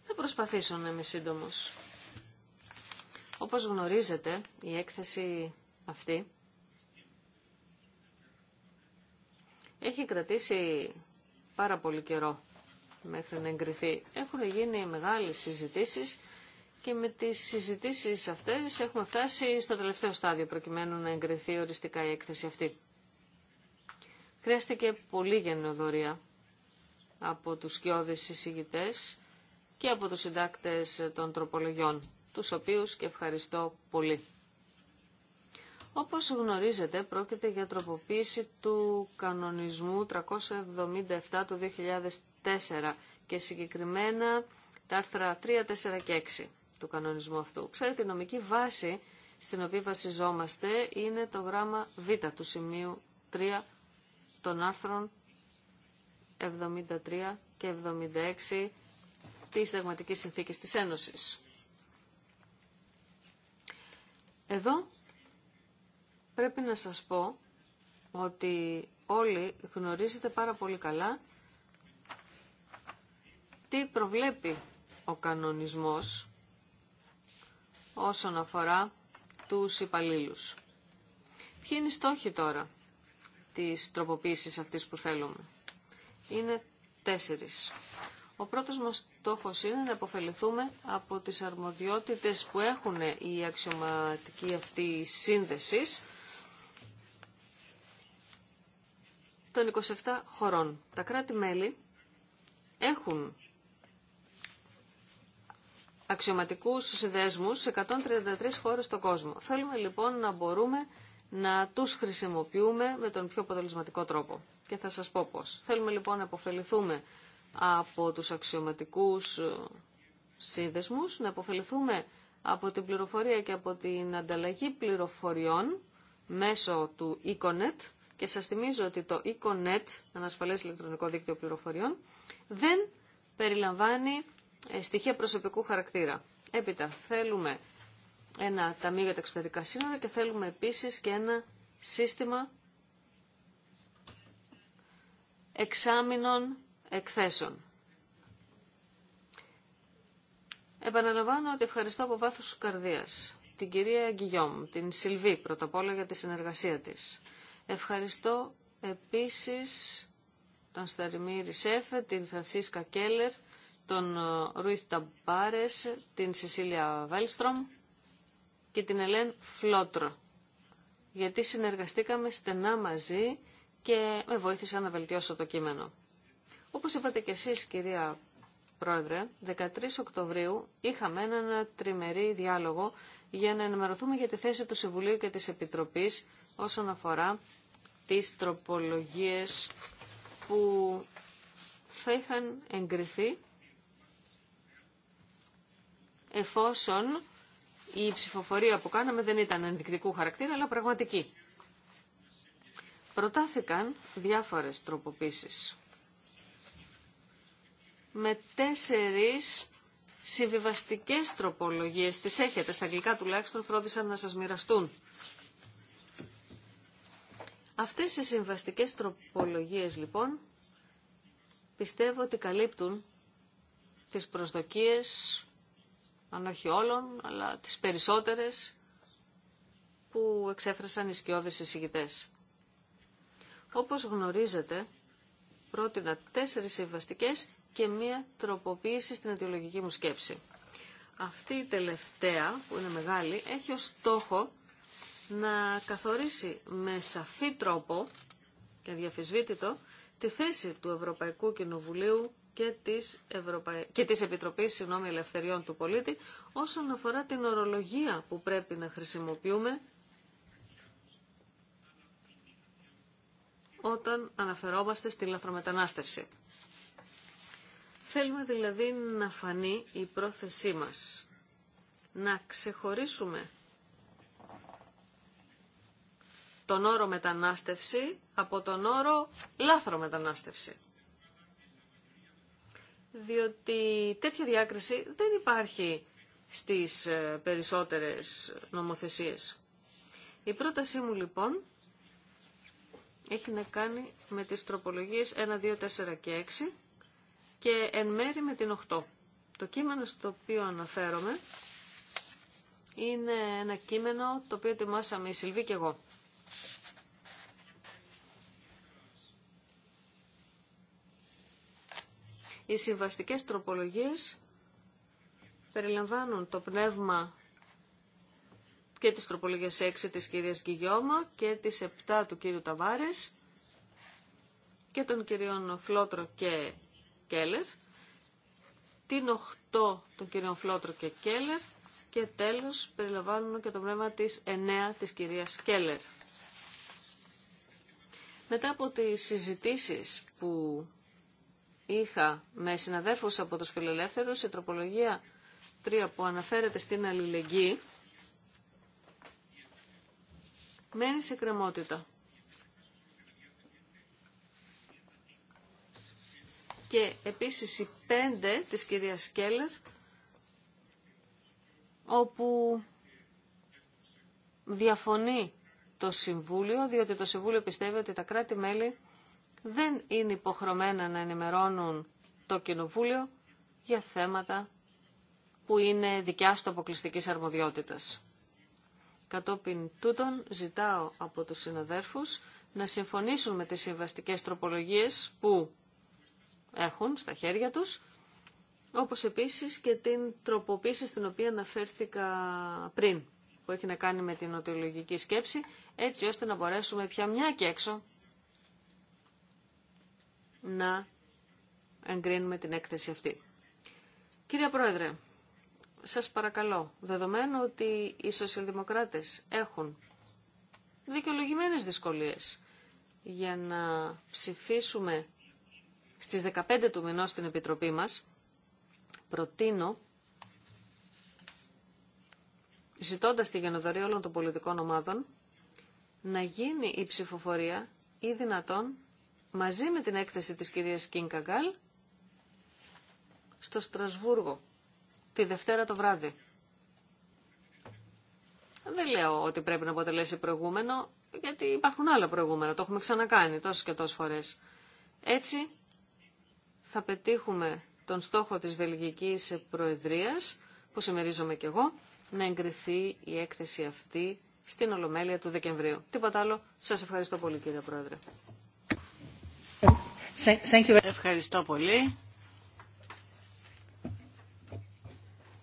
Θα προσπαθήσω να είμαι σύντομος. Όπως γνωρίζετε, η έκθεση αυτή έχει κρατήσει πάρα πολύ καιρό μέχρι να εγκριθεί. Έχουν γίνει μεγάλες συζητήσεις και με τις συζητήσεις αυτές έχουμε φτάσει στο τελευταίο στάδιο προκειμένου να εγκριθεί οριστικά η έκθεση αυτή. Χρειάστηκε πολύ γενναιοδορία από τους σκιώδεις συζητητές και από τους συντάκτες των τροπολογιών τους οποίους και ευχαριστώ πολύ. Όπως γνωρίζετε, πρόκειται για τροποποίηση του κανονισμού 377 του 2004 και συγκεκριμένα τα άρθρα 3, 4 και 6 του κανονισμού αυτού. Ξέρετε, η νομική βάση στην οποία βασιζόμαστε είναι το γράμμα Β του σημείου 3 των άρθρων 73 και 76 της Δεγματικής Συνθήκης της Ένωσης. Εδώ πρέπει να σας πω ότι όλοι γνωρίζετε πάρα πολύ καλά τι προβλέπει ο κανονισμός όσον αφορά τους υπαλλήλου. Ποιοι είναι οι στόχοι τώρα της τροποποίησης αυτής που θέλουμε. Είναι τέσσερις. Ο πρώτος μας στόχος είναι να αποφεληθούμε από τις αρμοδιότητες που έχουν οι αξιωματικοί αυτή σύνδεσης των 27 χωρών. Τα κράτη-μέλη έχουν αξιωματικούς συνδέσμους σε 133 χώρες στον κόσμο. Θέλουμε λοιπόν να μπορούμε να τους χρησιμοποιούμε με τον πιο αποτελεσματικό τρόπο. Και θα σας πω πώς. Θέλουμε λοιπόν να αποφεληθούμε από τους αξιωματικούς ε, σύνδεσμους, να υποφεληθούμε από την πληροφορία και από την ανταλλαγή πληροφοριών μέσω του Econet και σας θυμίζω ότι το Econet, ανασφαλές ηλεκτρονικό δίκτυο πληροφοριών, δεν περιλαμβάνει ε, στοιχεία προσωπικού χαρακτήρα. Έπειτα θέλουμε ένα ταμείο για τα εξωτερικά σύνορα και θέλουμε επίσης και ένα σύστημα εξάμεινων εκθέσεων. Επαναλαμβάνω ότι ευχαριστώ από βάθος καρδίας την κυρία Γκυγιόμ, την Σιλβή πρώτα απ' όλα για τη συνεργασία της. Ευχαριστώ επίσης τον σταριμίρη Σέφε, την Φρανσίσκα Κέλλερ, τον ε, Ρουίθ Ταμπάρε, την Σεσίλια Βέλστρομ και την Ελέν Φλότρο, γιατί συνεργαστήκαμε στενά μαζί και με βοήθησαν να βελτιώσω το κείμενο. Όπως είπατε και εσείς κυρία Πρόεδρε, 13 Οκτωβρίου είχαμε έναν τριμερή διάλογο για να ενημερωθούμε για τη θέση του Συμβουλίου και της Επιτροπής όσον αφορά τις τροπολογίες που θα είχαν εγκριθεί εφόσον η ψηφοφορία που κάναμε δεν ήταν ενδεικτικού χαρακτήρα, αλλά πραγματική. Προτάθηκαν διάφορες τροποποίησεις με τέσσερις συμβιβαστικές τροπολογίες. Τις έχετε, στα αγγλικά τουλάχιστον φρόντισαν να σας μοιραστούν. Αυτές οι συμβαστικές τροπολογίες λοιπόν πιστεύω ότι καλύπτουν τις προσδοκίες, αν όχι όλων, αλλά τις περισσότερες που εξέφρασαν οι σκιώδες εισηγητές. Όπως γνωρίζετε, πρότεινα τέσσερις συμβαστικές και μία τροποποίηση στην αιτιολογική μου σκέψη. Αυτή η τελευταία, που είναι μεγάλη, έχει ως στόχο να καθορίσει με σαφή τρόπο και διαφυσβήτητο τη θέση του Ευρωπαϊκού Κοινοβουλίου και της, Ευρωπα... και της Επιτροπής Συνόμη Ελευθεριών του Πολίτη όσον αφορά την ορολογία που πρέπει να χρησιμοποιούμε όταν αναφερόμαστε στην λαθρομετανάστευση. Θέλουμε δηλαδή να φανεί η πρόθεσή μας. Να ξεχωρίσουμε τον όρο μετανάστευση από τον όρο λάθρο μετανάστευση. Διότι τέτοια διάκριση δεν υπάρχει στις ε, περισσότερες νομοθεσίες. Η πρότασή μου λοιπόν έχει να κάνει με τις τροπολογίες 1, 2, 4 και 6 και εν μέρη με την 8. Το κείμενο στο οποίο αναφέρομαι είναι ένα κείμενο το οποίο ετοιμάσαμε η Σιλβή και εγώ. Οι συμβαστικές τροπολογίες περιλαμβάνουν το πνεύμα και τις τροπολογίες 6 της κυρίας Γκυγιώμα και της 7 του κύριου Ταβάρες και των κυρίων Φλότρο και Κέλλερ, την 8 των κυρίων Φλότρο και Κέλλερ και τέλος περιλαμβάνουν και το πνεύμα της 9 της κυρίας Κέλλερ. Μετά από τις συζητήσεις που είχα με συναδέρφους από τους φιλελεύθερους, η τροπολογία 3 που αναφέρεται στην αλληλεγγύη μένει σε κρεμότητα. και επίσης οι πέντε της κυρίας Σκέλερ, όπου διαφωνεί το Συμβούλιο, διότι το Συμβούλιο πιστεύει ότι τα κράτη-μέλη δεν είναι υποχρεωμένα να ενημερώνουν το Κοινοβούλιο για θέματα που είναι δικιά του αποκλειστική αρμοδιότητας. Κατόπιν τούτων ζητάω από τους συναδέρφους να συμφωνήσουν με τις συμβαστικές τροπολογίες που έχουν στα χέρια τους, όπως επίσης και την τροποποίηση στην οποία αναφέρθηκα πριν, που έχει να κάνει με την οτιολογική σκέψη, έτσι ώστε να μπορέσουμε πια μια και έξω να εγκρίνουμε την έκθεση αυτή. Κύριε Πρόεδρε, σας παρακαλώ, δεδομένου ότι οι σοσιαλδημοκράτες έχουν δικαιολογημένες δυσκολίες για να ψηφίσουμε στις 15 του μηνός στην Επιτροπή μας προτείνω, ζητώντας τη γενοδορία όλων των πολιτικών ομάδων, να γίνει η ψηφοφορία ή δυνατόν μαζί με την έκθεση της κυρίας Κίνκαγκάλ στο Στρασβούργο τη Δευτέρα το βράδυ. Δεν λέω ότι πρέπει να αποτελέσει προηγούμενο, γιατί υπάρχουν άλλα προηγούμενα, το έχουμε ξανακάνει τόσες και τόσες φορές. Έτσι θα πετύχουμε τον στόχο της Βελγικής Προεδρίας, που συμμερίζομαι κι εγώ, να εγκριθεί η έκθεση αυτή στην Ολομέλεια του Δεκεμβρίου. Τίποτα άλλο. Σας ευχαριστώ πολύ κύριε Πρόεδρε. Ευχαριστώ πολύ.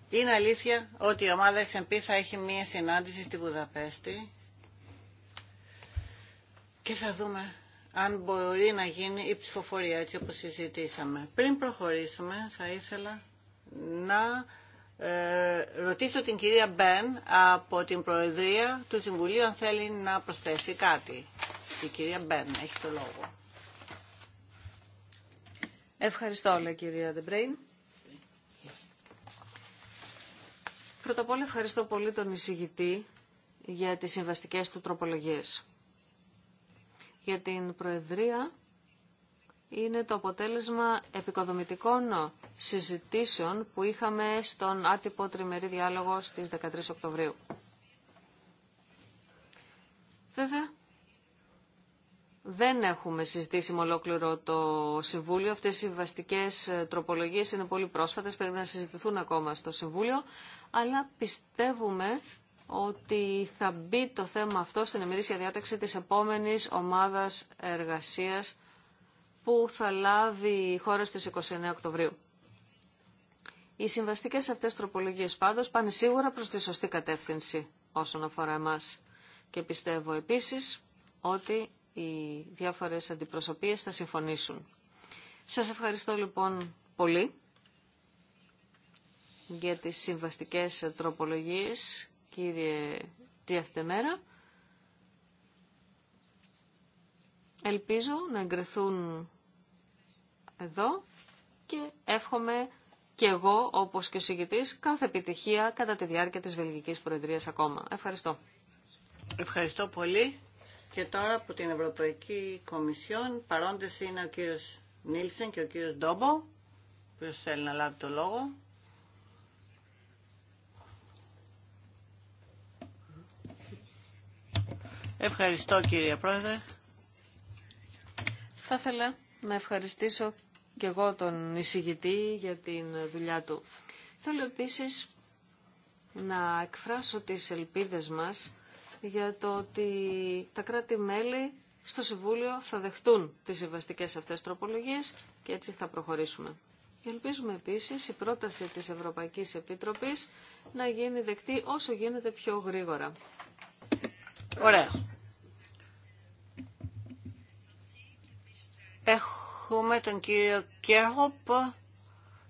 Είναι αλήθεια ότι η ομάδα SMP θα έχει μία συνάντηση στη Βουδαπέστη και θα δούμε αν μπορεί να γίνει η ψηφοφορία έτσι όπως συζητήσαμε. Πριν προχωρήσουμε θα ήθελα να ε, ρωτήσω την κυρία Μπεν από την Προεδρία του Συμβουλίου αν θέλει να προσθέσει κάτι. Η κυρία Μπεν έχει το λόγο. Ευχαριστώ, λέει κυρία Δεμπρέιν. Πρώτα απ' όλα ευχαριστώ πολύ τον εισηγητή για τις συμβαστικές του τροπολογίες για την Προεδρία είναι το αποτέλεσμα επικοδομητικών συζητήσεων που είχαμε στον άτυπο τριμερή διάλογο στις 13 Οκτωβρίου. Βέβαια, δεν έχουμε συζητήσει με ολόκληρο το Συμβούλιο. Αυτές οι βαστικές ε, τροπολογίες είναι πολύ πρόσφατες, πρέπει να συζητηθούν ακόμα στο Συμβούλιο, αλλά πιστεύουμε ότι θα μπει το θέμα αυτό στην εμερήσια διάταξη της επόμενης ομάδας εργασίας που θα λάβει η χώρα στις 29 Οκτωβρίου. Οι συμβαστικές αυτές τροπολογίες πάντως πάνε σίγουρα προς τη σωστή κατεύθυνση όσον αφορά εμάς. Και πιστεύω επίσης ότι οι διάφορες αντιπροσωπείες θα συμφωνήσουν. Σας ευχαριστώ λοιπόν πολύ για τις συμβαστικές τροπολογίες κύριε Μέρα. Ελπίζω να εγκρεθούν εδώ και εύχομαι και εγώ, όπως και ο συγκητής, κάθε επιτυχία κατά τη διάρκεια της Βελγικής Προεδρίας ακόμα. Ευχαριστώ. Ευχαριστώ πολύ. Και τώρα από την Ευρωπαϊκή Κομισιόν παρόντες είναι ο κύριος Νίλσεν και ο κύριος Ντόμπο, που θέλει να λάβει το λόγο. Ευχαριστώ κύριε Πρόεδρε. Θα ήθελα να ευχαριστήσω και εγώ τον εισηγητή για την δουλειά του. Θέλω επίσης να εκφράσω τις ελπίδες μας για το ότι τα κράτη-μέλη στο Συμβούλιο θα δεχτούν τις συμβαστικές αυτές τροπολογίες και έτσι θα προχωρήσουμε. Ελπίζουμε επίσης η πρόταση της Ευρωπαϊκής Επιτροπής να γίνει δεκτή όσο γίνεται πιο γρήγορα. Ωραία. Έχουμε τον κύριο Κέροπ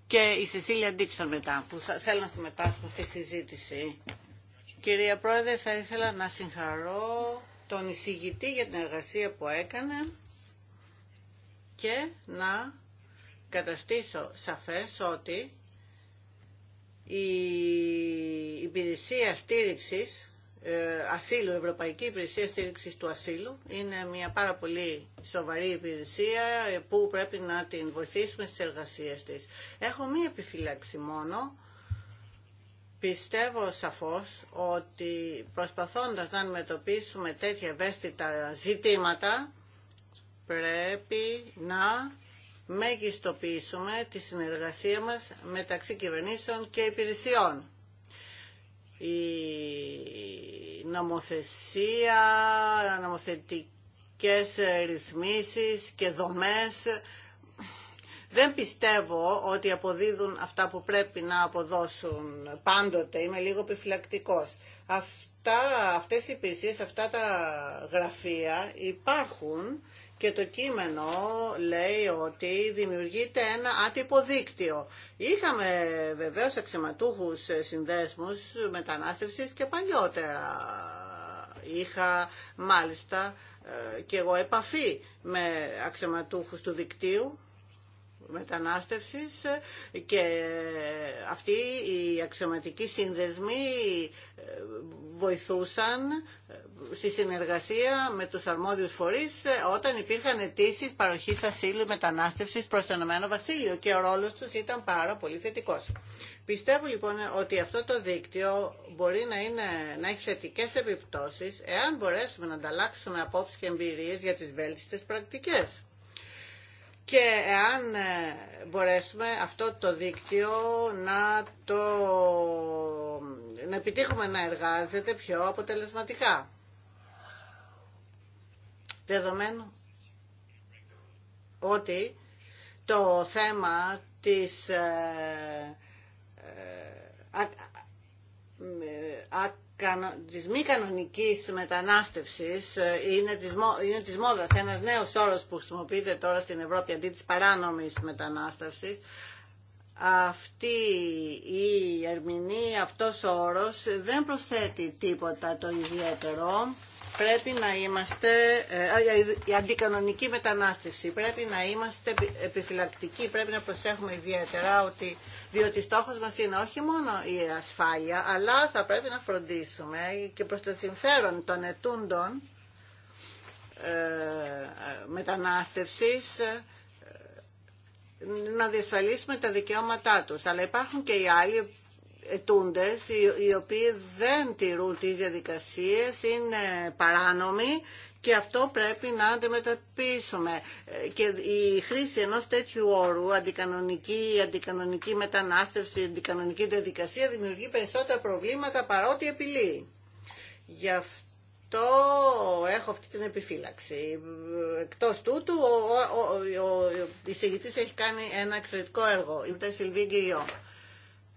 και η Σεσίλια Ντίξον μετά, που θέλουν να συμμετάσχω στη συζήτηση. Κυρία Πρόεδρε, θα ήθελα να συγχαρώ τον εισηγητή για την εργασία που έκανε και να καταστήσω σαφές ότι η υπηρεσία στήριξης ε, ασύλου, Ευρωπαϊκή Υπηρεσία Στήριξη του Ασύλου. Είναι μια πάρα πολύ σοβαρή υπηρεσία που πρέπει να την βοηθήσουμε στι εργασίε της. Έχω μία επιφύλαξη μόνο. Πιστεύω σαφώς ότι προσπαθώντας να αντιμετωπίσουμε τέτοια ευαίσθητα ζητήματα πρέπει να μεγιστοποιήσουμε τη συνεργασία μας μεταξύ κυβερνήσεων και υπηρεσιών η νομοθεσία, νομοθετικές ρυθμίσεις και δομές δεν πιστεύω ότι αποδίδουν αυτά που πρέπει να αποδώσουν πάντοτε. Είμαι λίγο επιφυλακτικό. Αυτά, αυτές οι υπηρεσίες, αυτά τα γραφεία υπάρχουν και το κείμενο λέει ότι δημιουργείται ένα άτυπο δίκτυο. Είχαμε βεβαίως αξιωματούχους συνδέσμους μετανάστευσης και παλιότερα είχα μάλιστα ε, και εγώ επαφή με αξιωματούχους του δικτύου μετανάστευσης και αυτοί οι αξιωματικοί σύνδεσμοι ε, βοηθούσαν ε, στη συνεργασία με τους αρμόδιους φορείς ε, όταν υπήρχαν αιτήσει παροχής ασύλου μετανάστευσης προς το Ηνωμένο Βασίλειο και ο ρόλος τους ήταν πάρα πολύ θετικός. Πιστεύω λοιπόν ότι αυτό το δίκτυο μπορεί να, είναι, να έχει θετικές επιπτώσεις εάν μπορέσουμε να ανταλλάξουμε απόψεις και εμπειρίες για τις βέλτιστες πρακτικές και εάν ε, μπορέσουμε αυτό το δίκτυο να το να επιτύχουμε να εργάζεται πιο αποτελεσματικά. Δεδομένου ότι το θέμα της ε, ε, της μη κανονικής μετανάστευσης ε, είναι της, είναι της μόδας. Ένας νέος όρος που χρησιμοποιείται τώρα στην Ευρώπη αντί της παράνομης μετανάστευσης. Αυτή η ερμηνεία, αυτός ο όρος δεν προσθέτει τίποτα το ιδιαίτερο πρέπει να είμαστε, ε, η αντικανονική μετανάστευση, πρέπει να είμαστε επιφυλακτικοί, πρέπει να προσέχουμε ιδιαίτερα ότι, διότι στόχος μας είναι όχι μόνο η ασφάλεια, αλλά θα πρέπει να φροντίσουμε και προς το συμφέρον των ετούντων ε, μετανάστευσης, ε, να διασφαλίσουμε τα δικαιώματά τους. Αλλά υπάρχουν και οι άλλοι οι οποίοι δεν τηρούν τις διαδικασίες, είναι παράνομοι και αυτό πρέπει να αντιμετωπίσουμε. Και η χρήση ενός τέτοιου όρου, αντικανονική, αντικανονική μετανάστευση, αντικανονική διαδικασία, δημιουργεί περισσότερα προβλήματα παρότι επιλύει. Γι' αυτό έχω αυτή την επιφύλαξη. Εκτός τούτου, ο, ο, ο, ο έχει κάνει ένα εξαιρετικό έργο. η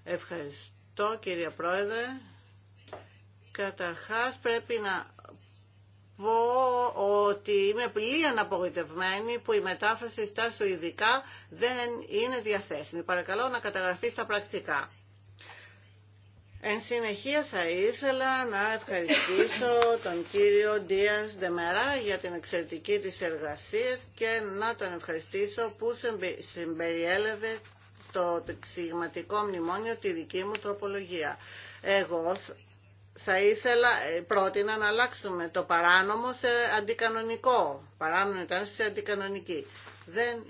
Ευχαριστώ. Το κύριε Πρόεδρε. Καταρχάς πρέπει να πω ότι είμαι πλήρω αναπογοητευμένη που η μετάφραση στα σουηδικά δεν είναι διαθέσιμη. Παρακαλώ να καταγραφεί στα πρακτικά. Εν συνεχεία θα ήθελα να ευχαριστήσω τον κύριο Ντίας Δεμερά για την εξαιρετική της εργασία και να τον ευχαριστήσω που συμπεριέλευε στο εξηγηματικό μνημόνιο τη δική μου τροπολογία. Εγώ θα ήθελα, ε, πρότεινα να αλλάξουμε το παράνομο σε αντικανονικό. Παράνομο ήταν σε αντικανονική. Δεν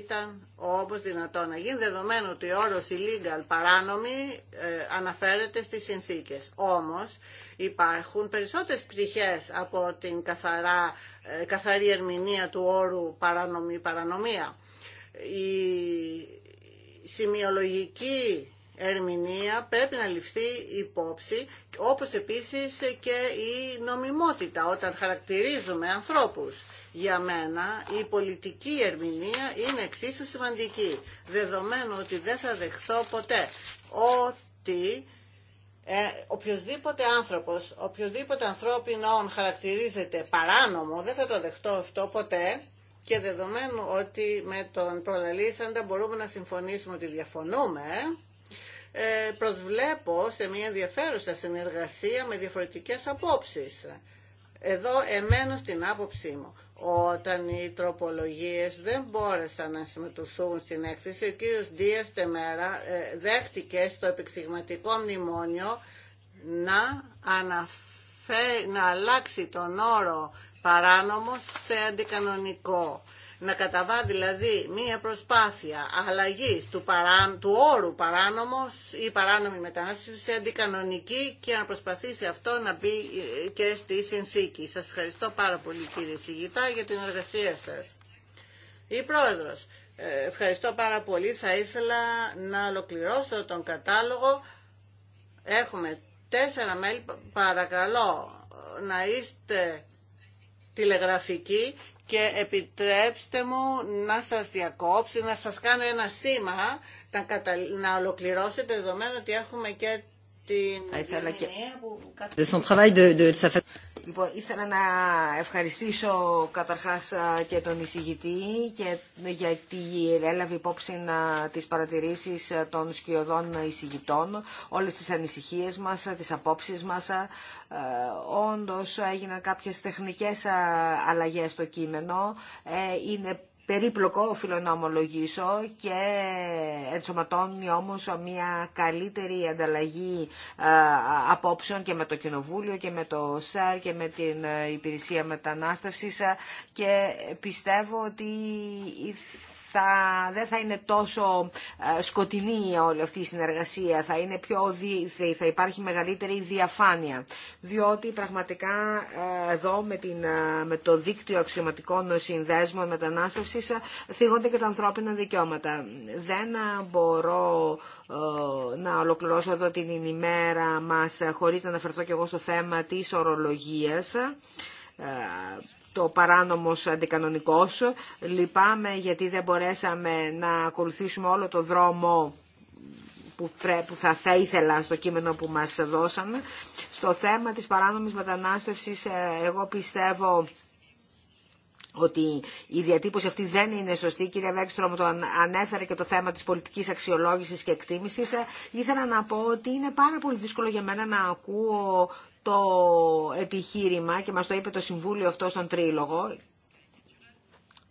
ήταν όπως δυνατόν να γίνει, δεδομένου ότι ο όρος illegal παράνομη ε, αναφέρεται στις συνθήκες. Όμως υπάρχουν περισσότερες πτυχές από την καθαρά, ε, καθαρή ερμηνεία του όρου παράνομη παρανομία σημειολογική ερμηνεία πρέπει να ληφθεί υπόψη, όπως επίσης και η νομιμότητα όταν χαρακτηρίζουμε ανθρώπους. Για μένα η πολιτική ερμηνεία είναι εξίσου σημαντική, δεδομένου ότι δεν θα δεχθώ ποτέ ότι ε, οποιοδήποτε άνθρωπος, οποιοδήποτε ανθρώπινο χαρακτηρίζεται παράνομο, δεν θα το δεχτώ αυτό ποτέ, και δεδομένου ότι με τον προλαλήσαντα μπορούμε να συμφωνήσουμε ότι διαφωνούμε, ε, προσβλέπω σε μια ενδιαφέρουσα συνεργασία με διαφορετικές απόψεις. Εδώ εμένω στην άποψή μου. Όταν οι τροπολογίες δεν μπόρεσαν να συμμετουθούν στην έκθεση, ο κύριος Δίας Τεμέρα ε, δέχτηκε στο επεξηγματικό μνημόνιο να, να αλλάξει τον όρο παράνομο σε αντικανονικό. Να καταβά δηλαδή μία προσπάθεια αλλαγής του, του όρου παράνομος ή παράνομη μετανάστευση σε αντικανονική και να προσπαθήσει αυτό να μπει ε, και στη συνθήκη. Σας ευχαριστώ πάρα πολύ κύριε Σιγητά για την εργασία σας. Η Πρόεδρος, ε, ευχαριστώ πάρα πολύ. Θα ήθελα να ολοκληρώσω τον κατάλογο. Έχουμε τέσσερα μέλη. Παρακαλώ να είστε τηλεγραφική και επιτρέψτε μου να σας διακόψω, να σας κάνω ένα σήμα να, να ολοκληρώσετε δεδομένου ότι έχουμε και θα ήθελα λοιπόν, ήθελα να ευχαριστήσω καταρχάς και τον εισηγητή και ε, γιατί έλαβε υπόψη τις παρατηρήσεις των σκιωδών εισηγητών, όλε τις ανησυχίες μας, τις απόψεις μας. Ε, όντως έγιναν κάποιες τεχνικές αλλαγέ στο κείμενο. Ε, είναι περίπλοκο, οφείλω να ομολογήσω, και ενσωματώνει όμως μια καλύτερη ανταλλαγή απόψεων και με το Κοινοβούλιο και με το ΣΑΡ και με την ε, Υπηρεσία Μετανάστευσης ε, και πιστεύω ότι θα, δεν θα είναι τόσο ε, σκοτεινή όλη αυτή η συνεργασία, θα, είναι πιο, θα υπάρχει μεγαλύτερη διαφάνεια. Διότι πραγματικά ε, εδώ με, την, ε, με το δίκτυο αξιωματικών συνδέσμων μετανάστευσης θίγονται και τα ανθρώπινα δικαιώματα. Δεν μπορώ να ολοκληρώσω εδώ την ημέρα μας χωρίς να αναφερθώ και εγώ στο θέμα της ορολογίας το παράνομος αντικανονικός. Λυπάμαι γιατί δεν μπορέσαμε να ακολουθήσουμε όλο το δρόμο που, θα, θα ήθελα στο κείμενο που μας δώσαμε. Στο θέμα της παράνομης μετανάστευσης ε, εγώ πιστεύω ότι η διατύπωση αυτή δεν είναι σωστή. Η κυρία μου το ανέφερε και το θέμα της πολιτικής αξιολόγησης και εκτίμησης. Ε, ήθελα να πω ότι είναι πάρα πολύ δύσκολο για μένα να ακούω το επιχείρημα και μας το είπε το Συμβούλιο αυτό στον Τρίλογο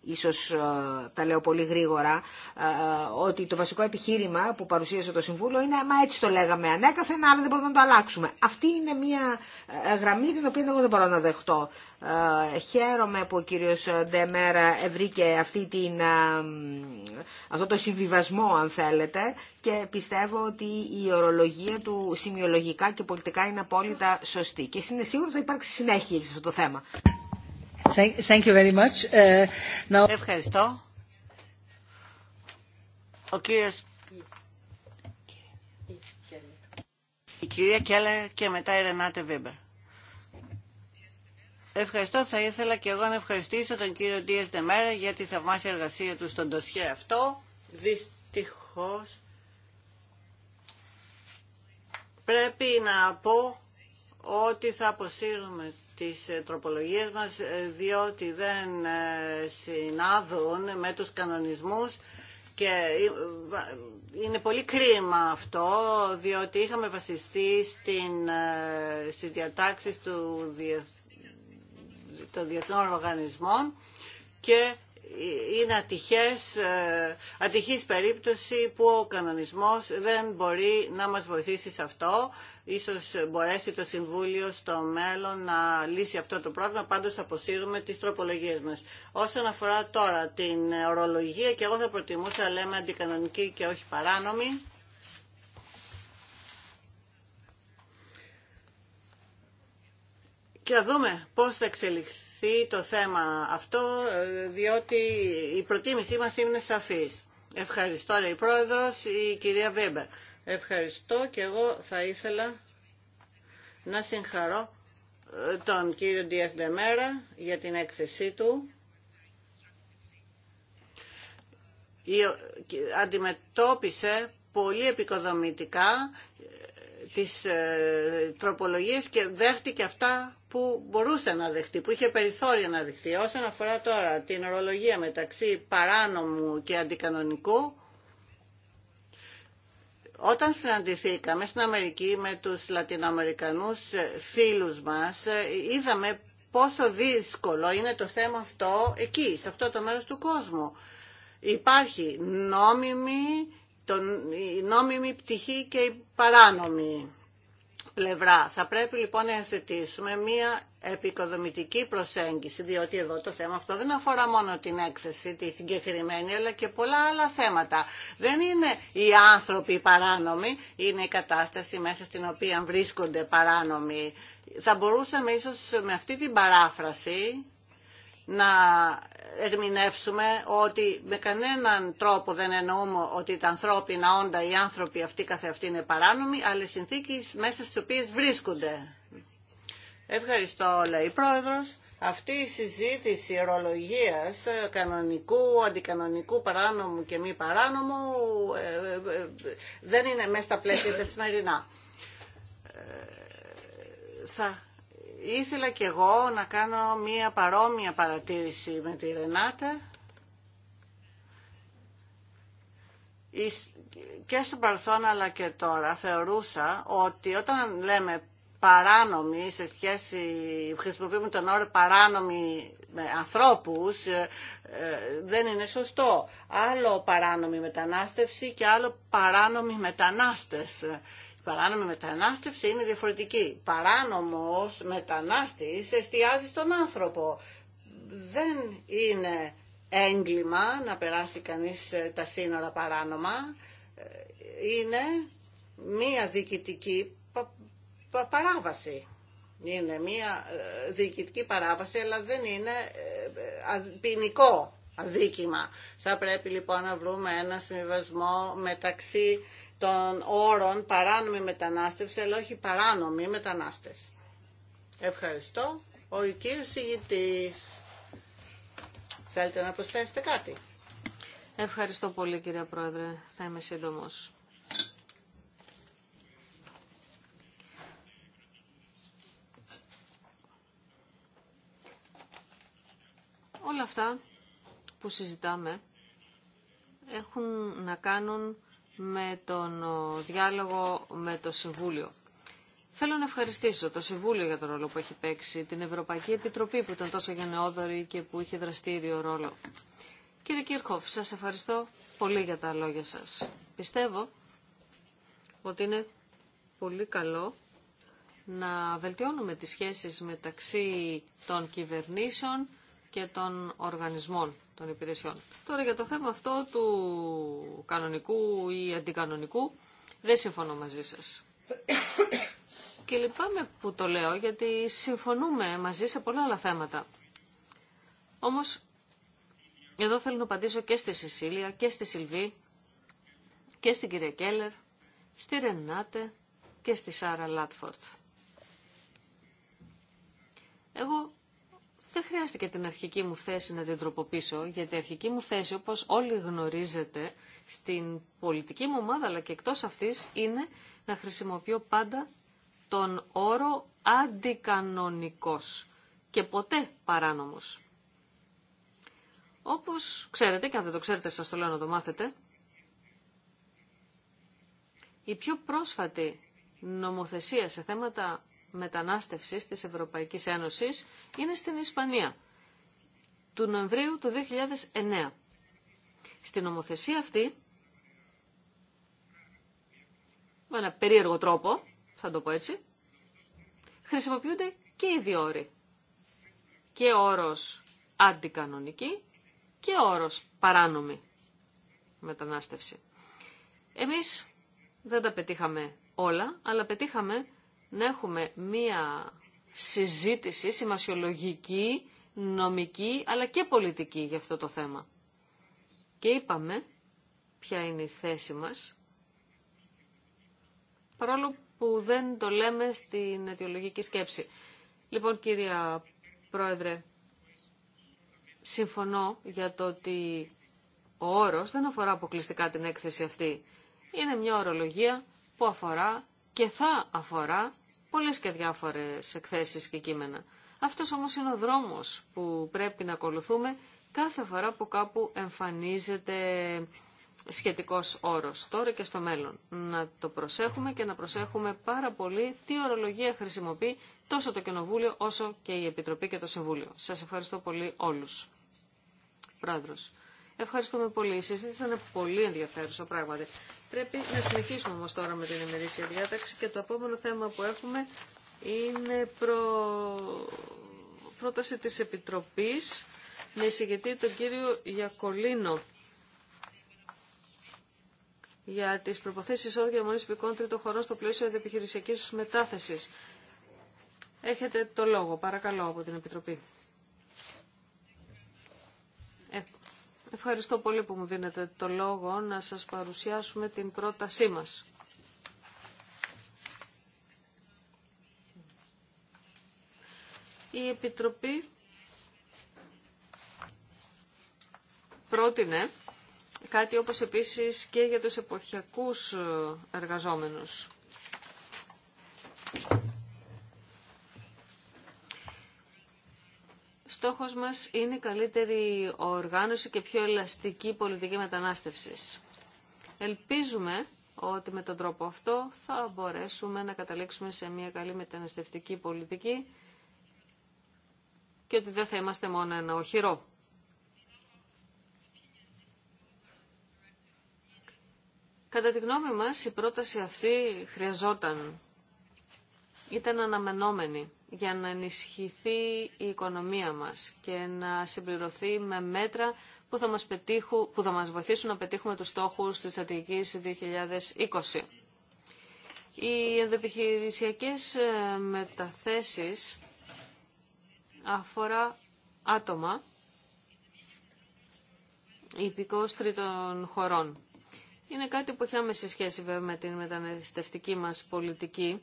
ίσως ε, τα λέω πολύ γρήγορα, ε, ε, ότι το βασικό επιχείρημα που παρουσίασε το Συμβούλιο είναι «Μα έτσι το λέγαμε ανέκαθεν, άρα δεν μπορούμε να το αλλάξουμε». Αυτή είναι μια γραμμή την οποία εγώ δεν μπορώ να δεχτώ. Χαίρομαι που ο κύριος Ντεμέρα ευρήκε αυτή την, αυτό το συμβιβασμό, αν θέλετε, και πιστεύω ότι η ορολογία του σημειολογικά και πολιτικά είναι απόλυτα σωστή. Και είναι σίγουρο ότι θα υπάρξει συνέχεια σε αυτό το θέμα. Thank uh, Ευχαριστώ. Ο κύριος... Η κυρία Κέλλερ και μετά η Ρενάτε Βίμπερ. Ευχαριστώ. Θα ήθελα και εγώ να ευχαριστήσω τον κύριο Ντίες Δεμέρα για τη θαυμάσια εργασία του στον τοσχέ αυτό. Δυστυχώς πρέπει να πω ότι θα αποσύρουμε τις ε, τροπολογίες μας ε, διότι δεν ε, συνάδουν με τους κανονισμούς και είναι πολύ κρίμα αυτό διότι είχαμε βασιστεί στην, στις διατάξεις του, των διεθνών οργανισμών και είναι ατυχές, ατυχής περίπτωση που ο κανονισμός δεν μπορεί να μας βοηθήσει σε αυτό Ίσως μπορέσει το Συμβούλιο στο μέλλον να λύσει αυτό το πρόβλημα, πάντως αποσύρουμε τις τροπολογίες μας. Όσον αφορά τώρα την ορολογία, και εγώ θα προτιμούσα λέμε αντικανονική και όχι παράνομη. Και θα δούμε πώς θα εξελιχθεί το θέμα αυτό, διότι η προτίμησή μας είναι σαφής. Ευχαριστώ, λέει η Πρόεδρος, η κυρία Βέμπερ. Ευχαριστώ και εγώ θα ήθελα να συγχαρώ ε, τον κύριο Ντίας Ντεμέρα για την έκθεσή του. Αντιμετώπισε πολύ επικοδομητικά ε, τις ε, τροπολογίες και δέχτηκε αυτά που μπορούσε να δεχτεί, που είχε περιθώρια να δεχτεί. Όσον αφορά τώρα την ορολογία μεταξύ παράνομου και αντικανονικού, όταν συναντηθήκαμε στην Αμερική με τους Λατινοαμερικανούς φίλους μας, είδαμε πόσο δύσκολο είναι το θέμα αυτό εκεί, σε αυτό το μέρος του κόσμου. Υπάρχει νόμιμη, η νόμιμη πτυχή και η παράνομη πλευρά. Θα πρέπει λοιπόν να ενθετήσουμε μία επικοδομητική προσέγγιση, διότι εδώ το θέμα αυτό δεν αφορά μόνο την έκθεση, τη συγκεκριμένη, αλλά και πολλά άλλα θέματα. Δεν είναι οι άνθρωποι παράνομοι, είναι η κατάσταση μέσα στην οποία βρίσκονται παράνομοι. Θα μπορούσαμε ίσως με αυτή την παράφραση να ερμηνεύσουμε ότι με κανέναν τρόπο δεν εννοούμε ότι τα ανθρώπινα όντα, οι άνθρωποι αυτοί καθεαυτοί είναι παράνομοι, αλλά οι συνθήκες μέσα στις οποίες βρίσκονται. Ευχαριστώ, όλα η Πρόεδρος. Αυτή η συζήτηση ρολογίας ε, κανονικού, αντικανονικού, παράνομου και μη παράνομου ε, ε, δεν είναι μέσα στα πλαίσια τα σημερινά ήθελα και εγώ να κάνω μία παρόμοια παρατήρηση με τη Ρενάτα. Και στο παρελθόν αλλά και τώρα θεωρούσα ότι όταν λέμε παράνομη σε σχέση, χρησιμοποιούμε τον όρο παράνομοι με ανθρώπους, ε, ε, δεν είναι σωστό. Άλλο παράνομη μετανάστευση και άλλο παράνομοι μετανάστες παράνομη μετανάστευση είναι διαφορετική. Παράνομος μετανάστης εστιάζει στον άνθρωπο. Δεν είναι έγκλημα να περάσει κανείς ε, τα σύνορα παράνομα. Ε, είναι μία διοικητική παράβαση. Είναι μία ε, διοικητική παράβαση, αλλά δεν είναι ποινικό αδίκημα. Θα πρέπει λοιπόν να βρούμε ένα συμβιβασμό μεταξύ των όρων παράνομη μετανάστευση, αλλά όχι παράνομη μετανάστες. Ευχαριστώ. Ο κύριος ηγητής. Θέλετε να προσθέσετε κάτι. Ευχαριστώ πολύ κύριε Πρόεδρε. Θα είμαι σύντομος. Όλα αυτά που συζητάμε έχουν να κάνουν με τον διάλογο με το Συμβούλιο. Θέλω να ευχαριστήσω το Συμβούλιο για τον ρόλο που έχει παίξει, την Ευρωπαϊκή Επιτροπή που ήταν τόσο γενναιόδορη και που είχε δραστήριο ρόλο. Κύριε Κύρχοφ, σας ευχαριστώ πολύ για τα λόγια σας. Πιστεύω ότι είναι πολύ καλό να βελτιώνουμε τις σχέσεις μεταξύ των κυβερνήσεων και των οργανισμών των υπηρεσιών. Τώρα για το θέμα αυτό του κανονικού ή αντικανονικού δεν συμφωνώ μαζί σας. Και λυπάμαι που το λέω γιατί συμφωνούμε μαζί σε πολλά άλλα θέματα. Όμως εδώ θέλω να απαντήσω και στη Σεσίλια και στη Σιλβή και στην κυρία Κέλλερ, στη Ρενάτε και στη Σάρα Λάτφορτ. Εγώ δεν χρειάστηκε την αρχική μου θέση να την τροποποιήσω, γιατί η αρχική μου θέση, όπως όλοι γνωρίζετε, στην πολιτική μου ομάδα, αλλά και εκτός αυτής, είναι να χρησιμοποιώ πάντα τον όρο αντικανονικός και ποτέ παράνομος. Όπως ξέρετε, και αν δεν το ξέρετε σας το λέω να το μάθετε, η πιο πρόσφατη νομοθεσία σε θέματα μετανάστευσης της Ευρωπαϊκής Ένωσης είναι στην Ισπανία του Νοεμβρίου του 2009. Στην ομοθεσία αυτή, με ένα περίεργο τρόπο, θα το πω έτσι, χρησιμοποιούνται και οι δύο όροι. Και όρος αντικανονική και όρος παράνομη μετανάστευση. Εμείς δεν τα πετύχαμε όλα, αλλά πετύχαμε να έχουμε μία συζήτηση σημασιολογική, νομική, αλλά και πολιτική για αυτό το θέμα. Και είπαμε ποια είναι η θέση μας, παρόλο που δεν το λέμε στην αιτιολογική σκέψη. Λοιπόν, κυρία Πρόεδρε, συμφωνώ για το ότι ο όρος δεν αφορά αποκλειστικά την έκθεση αυτή. Είναι μια ορολογία που αφορά και θα αφορά πολλές και διάφορες εκθέσεις και κείμενα. Αυτός όμως είναι ο δρόμος που πρέπει να ακολουθούμε κάθε φορά που κάπου εμφανίζεται σχετικός όρος, τώρα και στο μέλλον. Να το προσέχουμε και να προσέχουμε πάρα πολύ τι ορολογία χρησιμοποιεί τόσο το Κοινοβούλιο όσο και η Επιτροπή και το Συμβούλιο. Σας ευχαριστώ πολύ όλους. Ευχαριστούμε πολύ. Η συζήτηση ήταν πολύ ενδιαφέρουσα πράγματι. Πρέπει να συνεχίσουμε όμως τώρα με την ημερήσια διάταξη και το επόμενο θέμα που έχουμε είναι προ... πρόταση της Επιτροπής με εισηγητή τον κύριο Γιακολίνο για τις προποθέσεις εισόδου μόλις πικών τρίτων χωρών στο πλαίσιο επιχειρησιακής μετάθεσης. Έχετε το λόγο, παρακαλώ, από την Επιτροπή. Ε, Ευχαριστώ πολύ που μου δίνετε το λόγο να σας παρουσιάσουμε την πρότασή μας. Η Επιτροπή πρότεινε κάτι όπως επίσης και για τους εποχιακούς εργαζόμενους. Στόχος μας είναι καλύτερη οργάνωση και πιο ελαστική πολιτική μετανάστευσης. Ελπίζουμε ότι με τον τρόπο αυτό θα μπορέσουμε να καταλήξουμε σε μια καλή μεταναστευτική πολιτική και ότι δεν θα είμαστε μόνο ένα οχυρό. Κατά τη γνώμη μας η πρόταση αυτή χρειαζόταν ήταν αναμενόμενη για να ενισχυθεί η οικονομία μας και να συμπληρωθεί με μέτρα που θα μας, που θα μας βοηθήσουν να πετύχουμε τους στόχους της στρατηγικής 2020. Οι ενδεπιχειρησιακές ε, μεταθέσεις αφορά άτομα υπηκός τρίτων χωρών. Είναι κάτι που έχει άμεση σχέση βέβαια με την μεταναστευτική μας πολιτική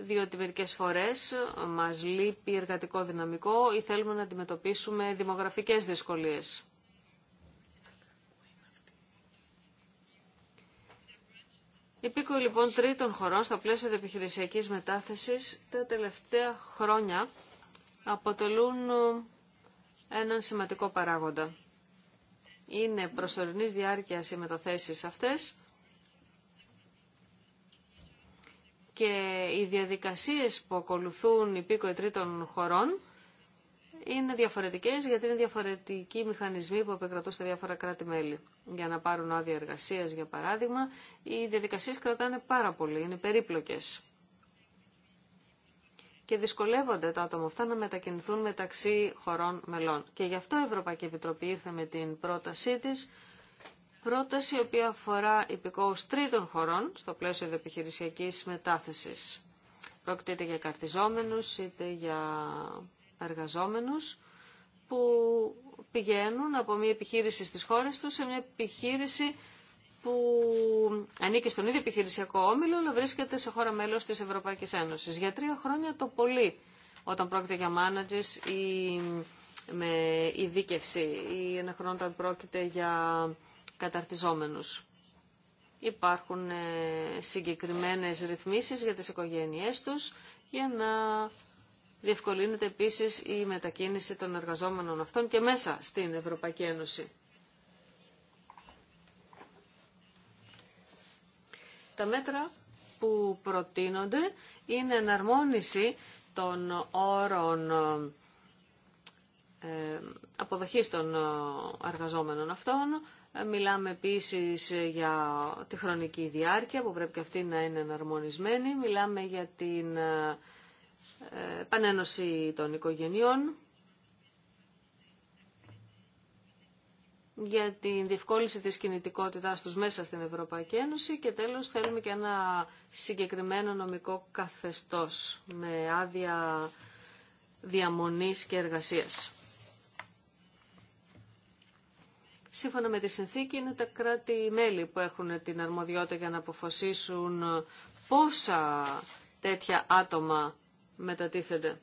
διότι μερικές φορές μας λείπει εργατικό δυναμικό ή θέλουμε να αντιμετωπίσουμε δημογραφικές δυσκολίες. Υπήκο λοιπόν τρίτων χωρών στα πλαίσιο της επιχειρησιακής μετάθεσης τα τελευταία χρόνια αποτελούν ε, έναν σημαντικό παράγοντα. Είναι προσωρινής διάρκεια οι μεταθέσεις αυτές και οι διαδικασίες που ακολουθούν οι πίκοοι τρίτων χωρών είναι διαφορετικές γιατί είναι διαφορετικοί μηχανισμοί που επικρατούν στα διάφορα κράτη-μέλη. Για να πάρουν άδεια εργασία, για παράδειγμα, οι διαδικασίες κρατάνε πάρα πολύ, είναι περίπλοκες. Και δυσκολεύονται τα άτομα αυτά να μετακινηθούν μεταξύ χωρών μελών. Και γι' αυτό η Ευρωπαϊκή Επιτροπή ήρθε με την πρότασή της πρόταση η οποία αφορά υπηκόους τρίτων χωρών στο πλαίσιο επιχειρησιακής μετάθεσης. Πρόκειται είτε για καρτιζόμενους είτε για εργαζόμενους που πηγαίνουν από μια επιχείρηση στις χώρες τους σε μια επιχείρηση που ανήκει στον ίδιο επιχειρησιακό όμιλο αλλά βρίσκεται σε χώρα μέλος της Ευρωπαϊκής Ένωσης. Για τρία χρόνια το πολύ όταν πρόκειται για managers ή με ειδίκευση ή ένα χρόνο όταν πρόκειται για καταρτιζόμενους. Υπάρχουν ε, συγκεκριμένες ρυθμίσεις για τις οικογένειές τους για να διευκολύνεται επίσης η μετακίνηση των εργαζόμενων αυτών και μέσα στην Ευρωπαϊκή Ένωση. Τα μέτρα που προτείνονται είναι εναρμόνιση των όρων ε, αποδοχής των ε, εργαζόμενων αυτών Μιλάμε επίσης για τη χρονική διάρκεια που πρέπει και αυτή να είναι εναρμονισμένη. Μιλάμε για την ε, πανένωση των οικογενειών, για την διευκόλυνση της κινητικότητάς τους μέσα στην Ευρωπαϊκή Ένωση και τέλος θέλουμε και ένα συγκεκριμένο νομικό καθεστώς με άδεια διαμονής και εργασίας. Σύμφωνα με τη συνθήκη είναι τα κράτη-μέλη που έχουν την αρμοδιότητα για να αποφασίσουν ε, πόσα τέτοια άτομα μετατίθενται.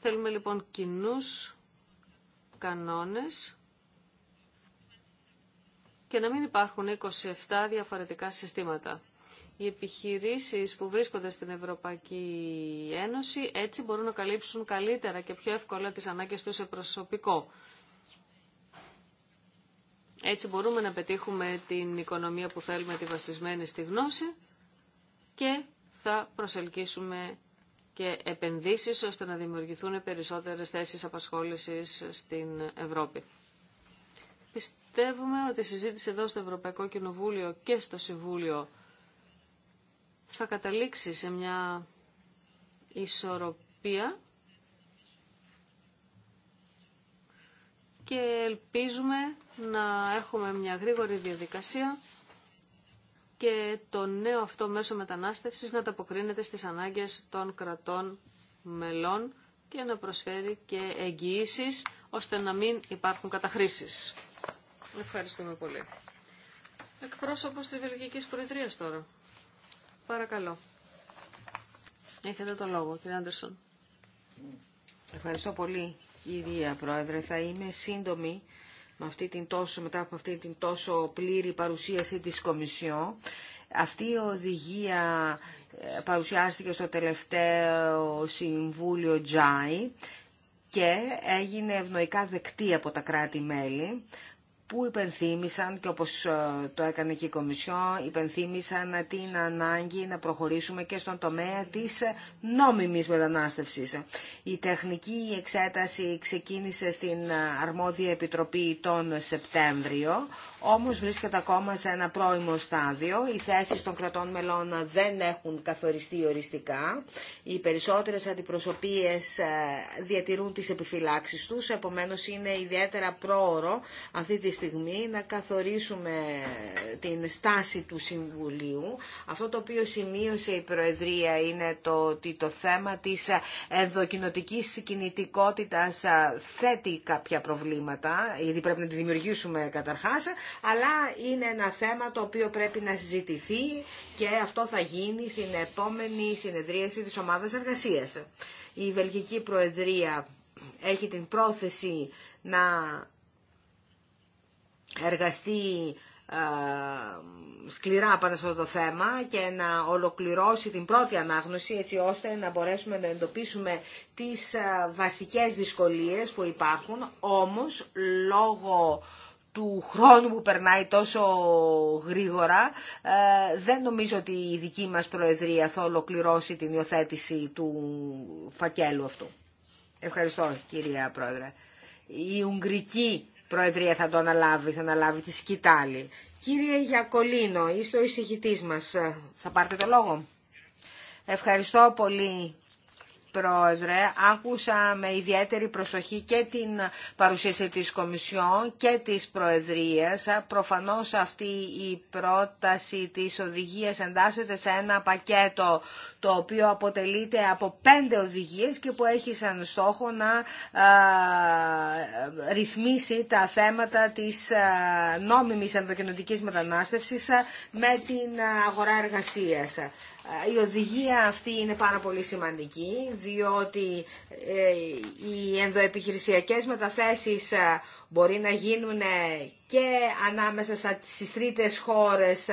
Θέλουμε λοιπόν κοινού κανόνες και να μην υπάρχουν 27 διαφορετικά συστήματα. Οι επιχειρήσεις που βρίσκονται στην Ευρωπαϊκή Ένωση έτσι μπορούν να καλύψουν καλύτερα και πιο εύκολα τις ανάγκες τους σε προσωπικό. Έτσι μπορούμε να πετύχουμε την οικονομία που θέλουμε τη βασισμένη στη γνώση και θα προσελκύσουμε και επενδύσεις ώστε να δημιουργηθούν περισσότερες θέσεις απασχόλησης στην Ευρώπη. Πιστεύουμε ότι η συζήτηση εδώ στο Ευρωπαϊκό Κοινοβούλιο και στο Συμβούλιο θα καταλήξει σε μια ισορροπία και ελπίζουμε να έχουμε μια γρήγορη διαδικασία και το νέο αυτό μέσο μετανάστευσης να ταποκρίνεται στις ανάγκες των κρατών μελών και να προσφέρει και εγγυήσει ώστε να μην υπάρχουν καταχρήσεις. Ευχαριστούμε πολύ. Εκπρόσωπος της Βελγικής Προεδρίας τώρα. Παρακαλώ. Έχετε το λόγο, κύριε Άντερσον. Ευχαριστώ πολύ, Κυρία Πρόεδρε, θα είμαι σύντομη με αυτή την τόσο, μετά από αυτή την τόσο πλήρη παρουσίαση της Κομισιό. Αυτή η οδηγία ε, παρουσιάστηκε στο τελευταίο Συμβούλιο Τζάι και έγινε ευνοϊκά δεκτή από τα κράτη-μέλη που υπενθύμησαν και όπως ε, το έκανε και η Κομισιό, υπενθύμησαν την ανάγκη να προχωρήσουμε και στον τομέα της ε, νόμιμης μετανάστευσης. Η τεχνική εξέταση ξεκίνησε στην ε, Αρμόδια Επιτροπή τον Σεπτέμβριο όμως βρίσκεται ακόμα σε ένα πρώιμο στάδιο. Οι θέσει των κρατών μελών δεν έχουν καθοριστεί οριστικά. Οι περισσότερες αντιπροσωπείε ε, διατηρούν τι επιφυλάξει τους, επομένως είναι ιδιαίτερα πρόωρο αυτή τη στιγμή να καθορίσουμε την στάση του Συμβουλίου. Αυτό το οποίο σημείωσε η Προεδρία είναι το ότι το θέμα τη ενδοκοινοτική κινητικότητα ε, θέτει κάποια προβλήματα, γιατί πρέπει να τη δημιουργήσουμε καταρχά αλλά είναι ένα θέμα το οποίο πρέπει να συζητηθεί και αυτό θα γίνει στην επόμενη συνεδρίαση της ομάδας εργασίας. Η Βελγική Προεδρία έχει την πρόθεση να εργαστεί ε, σκληρά πάνω σε αυτό το θέμα και να ολοκληρώσει την πρώτη ανάγνωση έτσι ώστε να μπορέσουμε να εντοπίσουμε τις ε, βασικές δυσκολίες που υπάρχουν όμως λόγω του χρόνου που περνάει τόσο γρήγορα, ε, δεν νομίζω ότι η δική μας Προεδρία θα ολοκληρώσει την υιοθέτηση του φακέλου αυτού. Ευχαριστώ κυρία Πρόεδρε. Η Ουγγρική Προεδρία θα το αναλάβει, θα αναλάβει τη σκητάλη. Κύριε Γιακολίνο, είστε ο εισηγητής μας. Ε, θα πάρετε το λόγο. Ευχαριστώ πολύ Πρόεδρε, άκουσα με ιδιαίτερη προσοχή και την παρουσίαση της Κομισιόν και της Προεδρίας. Προφανώς αυτή η πρόταση της οδηγίας εντάσσεται σε ένα πακέτο το οποίο αποτελείται από πέντε οδηγίες και που έχει σαν στόχο να ε, ρυθμίσει τα θέματα της ε, νόμιμης ενδοκινοτικής μετανάστευσης με την αγορά εργασίας. Ε, η οδηγία αυτή είναι πάρα πολύ σημαντική, διότι ε, οι ενδοεπιχειρησιακές μεταθέσεις ε, μπορεί να γίνουν και ανάμεσα στις τρίτες χώρες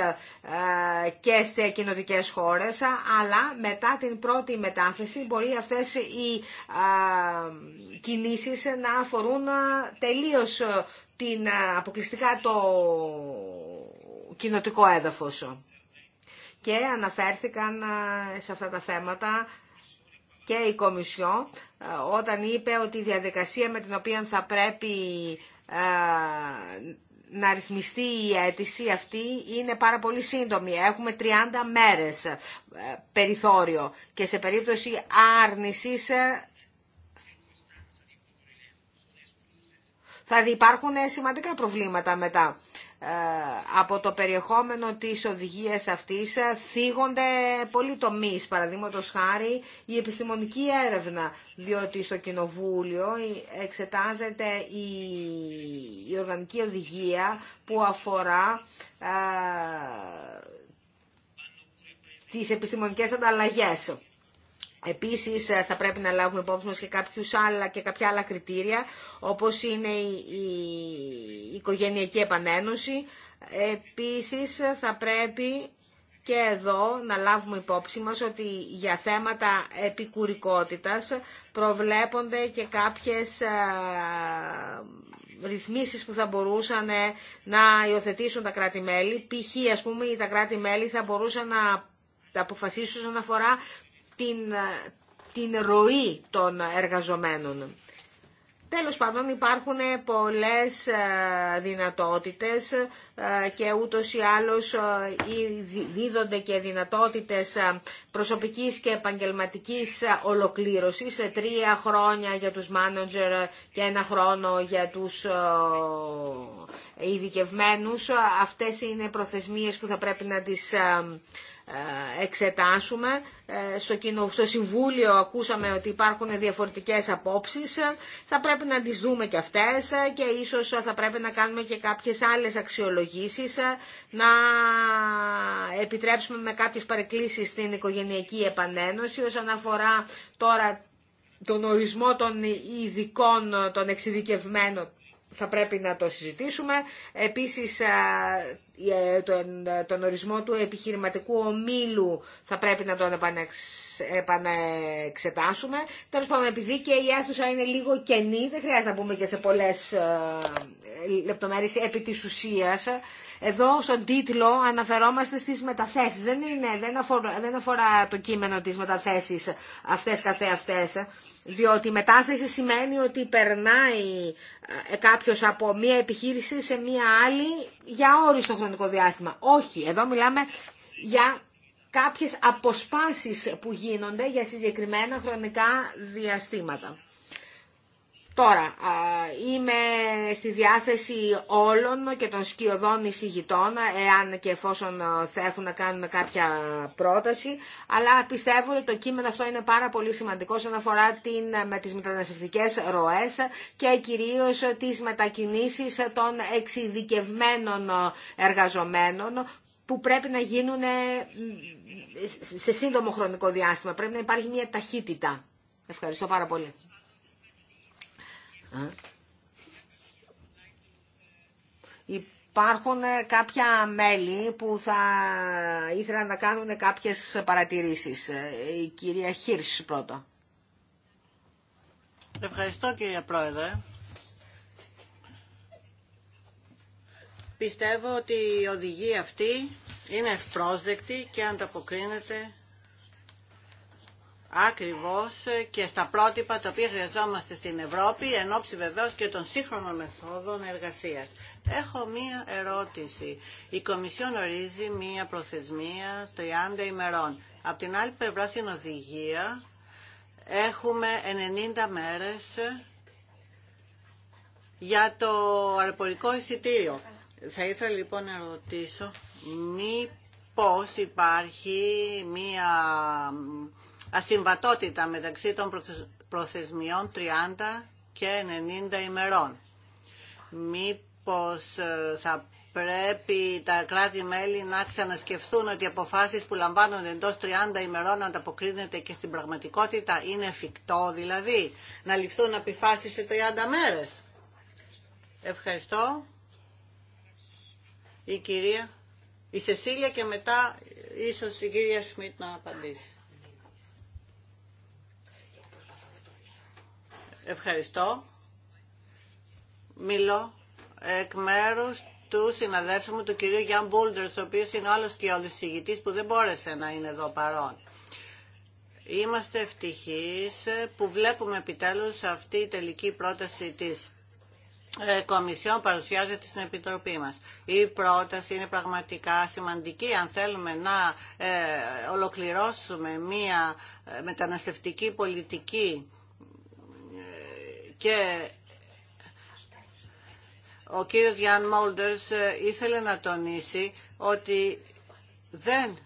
και στις κοινωτικές χώρες, αλλά μετά την πρώτη μετάθεση μπορεί αυτές οι κινήσεις να αφορούν τελείως την, αποκλειστικά το κοινοτικό έδαφος και αναφέρθηκαν σε αυτά τα θέματα και η Κομισιό όταν είπε ότι η διαδικασία με την οποία θα πρέπει να ρυθμιστεί η αίτηση αυτή είναι πάρα πολύ σύντομη. Έχουμε 30 μέρες περιθώριο και σε περίπτωση άρνησης θα υπάρχουν σημαντικά προβλήματα μετά. Ε, από το περιεχόμενο της οδηγίας αυτής ε, θίγονται πολλοί τομείς, παραδείγματος χάρη η επιστημονική έρευνα, διότι στο Κοινοβούλιο εξετάζεται η, η οργανική οδηγία που αφορά α, ε, τις επιστημονικές ανταλλαγές. Επίσης ε, θα πρέπει να λάβουμε υπόψη μας και, άλλα, και κάποια άλλα κριτήρια, όπως είναι η, οικογενειακή επανένωση. Επίσης θα πρέπει και εδώ να λάβουμε υπόψη μας ότι για θέματα επικουρικότητας προβλέπονται και κάποιες ε, ρυθμίσεις που θα μπορούσαν ε, να υιοθετήσουν τα κράτη-μέλη. Π.χ. ας πούμε τα κράτη-μέλη θα μπορούσαν να αποφασίσουν όσον αφορά την, την ροή των εργαζομένων. Τέλος πάντων υπάρχουν πολλές ε, δυνατότητες ε, και ούτως ή άλλως ε, δίδονται και δυνατότητες προσωπικής και επαγγελματικής ολοκλήρωσης, τρία χρόνια για τους μάνατζερ και ένα χρόνο για τους ειδικευμένους. Αυτές είναι προθεσμίες που θα πρέπει να τις ε, εξετάσουμε. Ε, στο Συμβούλιο ακούσαμε ότι υπάρχουν διαφορετικές απόψεις. Θα πρέπει να τις δούμε και αυτές και ίσως θα πρέπει να κάνουμε και κάποιες άλλες αξιολογήσεις, να επιτρέψουμε με κάποιες παρεκκλήσεις στην οικογενειακή επανένωση όσον αφορά τώρα τον ορισμό των ειδικών, των εξειδικευμένων θα πρέπει να το συζητήσουμε. Επίσης, ε, τον ορισμό του επιχειρηματικού ομίλου θα πρέπει να τον επανεξετάσουμε. Τέλος πάντων, επειδή και η αίθουσα είναι λίγο κενή, δεν χρειάζεται να πούμε και σε πολλές ε, λεπτομέρειες επί της ουσίας. Εδώ στον τίτλο αναφερόμαστε στις μεταθέσεις. Δεν, είναι, δεν, αφορά, δεν αφορά το κείμενο της μεταθέσεις αυτές καθεαυτές, διότι η μετάθεση σημαίνει ότι περνάει ε, κάποιος από μία επιχείρηση σε μία άλλη για όριστο χρονικό διάστημα. Όχι, εδώ μιλάμε για κάποιες αποσπάσεις που γίνονται για συγκεκριμένα χρονικά διαστήματα. Τώρα, είμαι στη διάθεση όλων και των σκιωδών εισηγητών, εάν και εφόσον θα έχουν να κάνουν κάποια πρόταση, αλλά πιστεύω ότι το κείμενο αυτό είναι πάρα πολύ σημαντικό σε αφορά την, με τις μεταναστευτικές ροές και κυρίως τις μετακινήσεις των εξειδικευμένων εργαζομένων που πρέπει να γίνουν ε, σε σύντομο χρονικό διάστημα. Πρέπει να υπάρχει μια ταχύτητα. Ευχαριστώ πάρα πολύ. Υπάρχουν ε, κάποια μέλη που θα ήθελαν να κάνουν κάποιες παρατηρήσεις. Ε, η κυρία Χίρς πρώτα. Ευχαριστώ κύριε Πρόεδρε. Πιστεύω ότι η οδηγία αυτή είναι ευπρόσδεκτη και ανταποκρίνεται ακριβώς και στα πρότυπα τα οποία χρειαζόμαστε στην Ευρώπη εν ώψη βεβαίως και των σύγχρονων μεθόδων εργασίας. Έχω μία ερώτηση. Η Κομισιόν ορίζει μία προθεσμία 30 ημερών. Από την άλλη πλευρά στην οδηγία έχουμε 90 μέρες για το αεροπορικό εισιτήριο. Θα ήθελα λοιπόν να ρωτήσω μήπως υπάρχει μία ασυμβατότητα μεταξύ των προθεσμιών 30 και 90 ημερών. Μήπως ε, θα πρέπει τα κράτη-μέλη να ξανασκεφτούν ότι οι αποφάσεις που λαμβάνονται εντός 30 ημερών να ανταποκρίνεται και στην πραγματικότητα είναι εφικτό δηλαδή να ληφθούν επιφάσεις σε 30 μέρες. Ευχαριστώ. Η κυρία, η Σεσίλια και μετά ίσως η κυρία Σμιτ να απαντήσει. Ευχαριστώ. Μιλώ εκ μέρους του συναδέλφου μου, του κυρίου Γιάν ο οποίος είναι άλλος και ηγητή που δεν μπόρεσε να είναι εδώ παρόν. Είμαστε ευτυχεί που βλέπουμε επιτέλους αυτή η τελική πρόταση της ε, Κομισιόν παρουσιάζεται στην Επιτροπή μας. Η πρόταση είναι πραγματικά σημαντική αν θέλουμε να ε, ολοκληρώσουμε μία ε, μεταναστευτική πολιτική και ο κύριος Γιάν Μόλτερς ε, ήθελε να τονίσει ότι δεν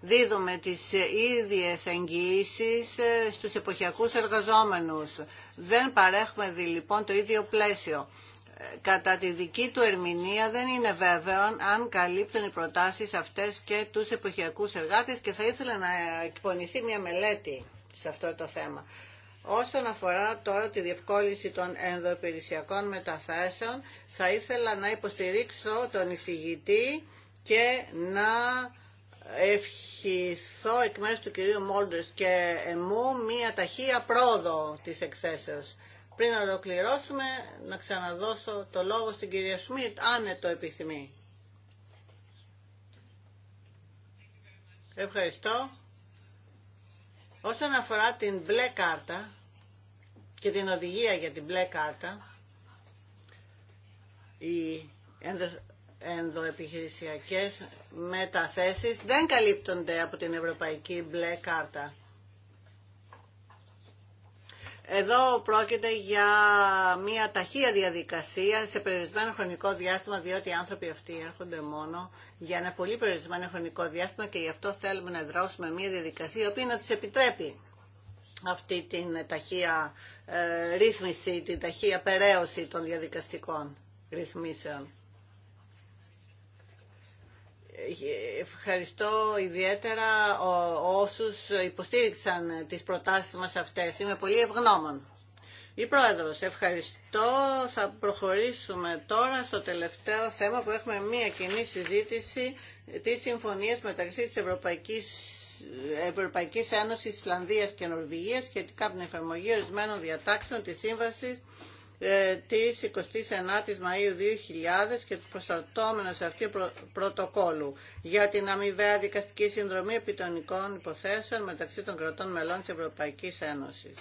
δίδουμε τις ε, ίδιες εγγυήσει ε, στους εποχιακούς εργαζόμενους. Δεν παρέχουμε λοιπόν το ίδιο πλαίσιο. Κατά τη δική του ερμηνεία δεν είναι βέβαιο αν καλύπτουν οι προτάσεις αυτές και τους εποχιακούς εργάτες και θα ήθελα να εκπονηθεί μια μελέτη σε αυτό το θέμα. Όσον αφορά τώρα τη διευκόλυνση των ενδοεπηρεσιακών μεταθέσεων, θα ήθελα να υποστηρίξω τον εισηγητή και να ευχηθώ εκ μέρους του κυρίου Μόλντερς και εμού μία ταχεία πρόοδο της εξέσεως. Πριν ολοκληρώσουμε, να ξαναδώσω το λόγο στην κυρία Σμιτ, άνετο το επιθυμεί. Ευχαριστώ. Όσον αφορά την μπλε κάρτα και την οδηγία για την μπλε κάρτα, οι ενδοεπιχειρησιακές μετασέσεις δεν καλύπτονται από την Ευρωπαϊκή Μπλε Κάρτα. Εδώ πρόκειται για μια ταχεία διαδικασία σε περιορισμένο χρονικό διάστημα, διότι οι άνθρωποι αυτοί έρχονται μόνο για ένα πολύ περιορισμένο χρονικό διάστημα και γι' αυτό θέλουμε να δράσουμε μια διαδικασία η οποία να του επιτρέπει αυτή την ταχεία ε, ρύθμιση, την ταχεία περαίωση των διαδικαστικών ρυθμίσεων ευχαριστώ ιδιαίτερα όσους υποστήριξαν τις προτάσεις μας αυτές. Είμαι πολύ ευγνώμων. Η Πρόεδρος, ευχαριστώ. Θα προχωρήσουμε τώρα στο τελευταίο θέμα που έχουμε μία κοινή συζήτηση της συμφωνίας μεταξύ της Ευρωπαϊκής Ευρωπαϊκής Ένωσης Ισλανδίας και Νορβηγίας σχετικά με την εφαρμογή ορισμένων διατάξεων της Σύμβασης ε, της 29ης Μαΐου 2000 και του προστατώμενου σε αυτή πρωτοκόλλου για την αμοιβαία δικαστική συνδρομή επιτονικών υποθέσεων μεταξύ των κρατών μελών της Ευρωπαϊκής Ένωσης.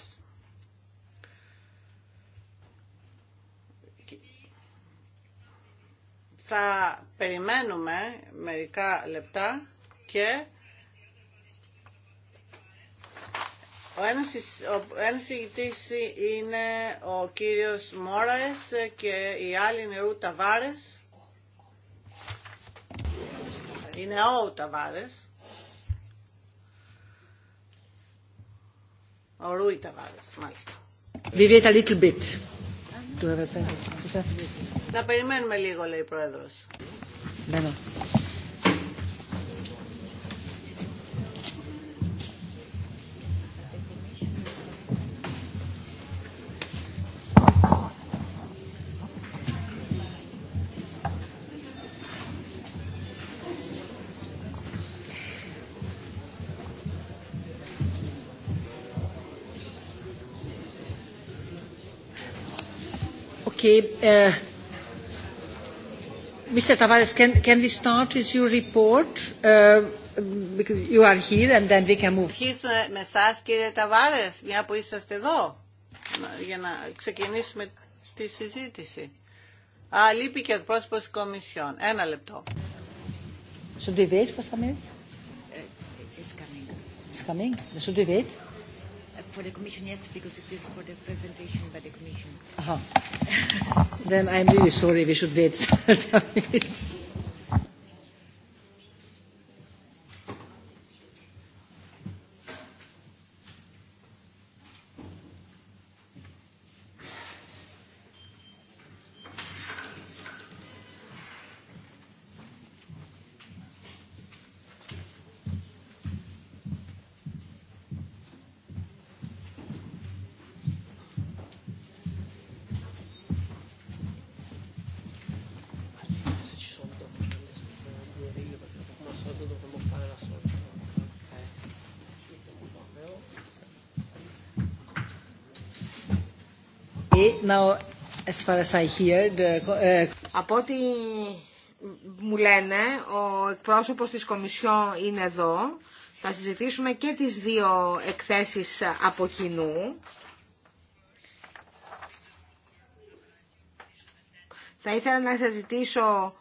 Θα περιμένουμε μερικά λεπτά και Ο ένας, ο ένας είναι ο κύριος Μόραες και η άλλη είναι ο Ταβάρες. Είναι ο Ταβάρες. Ο Ρούι Ταβάρες, μάλιστα. Θα little Να περιμένουμε λίγο, λέει η Πρόεδρος. Ναι, ναι. Okay. Mr. Tavares, can, we start your report? you are here and then we can move. με κύριε Ταβάρες, μια εδώ, για να ξεκινήσουμε τη συζήτηση. και ο Ένα λεπτό. for some minutes? It's coming. For the Commission, yes, because it is for the presentation by the Commission. Then I'm really sorry. We should wait some Uh, από ό,τι μου λένε, ο εκπρόσωπος της Κομισιόν είναι εδώ. Θα συζητήσουμε και τις δύο εκθέσεις από κοινού. Θα ήθελα να σας ζητήσω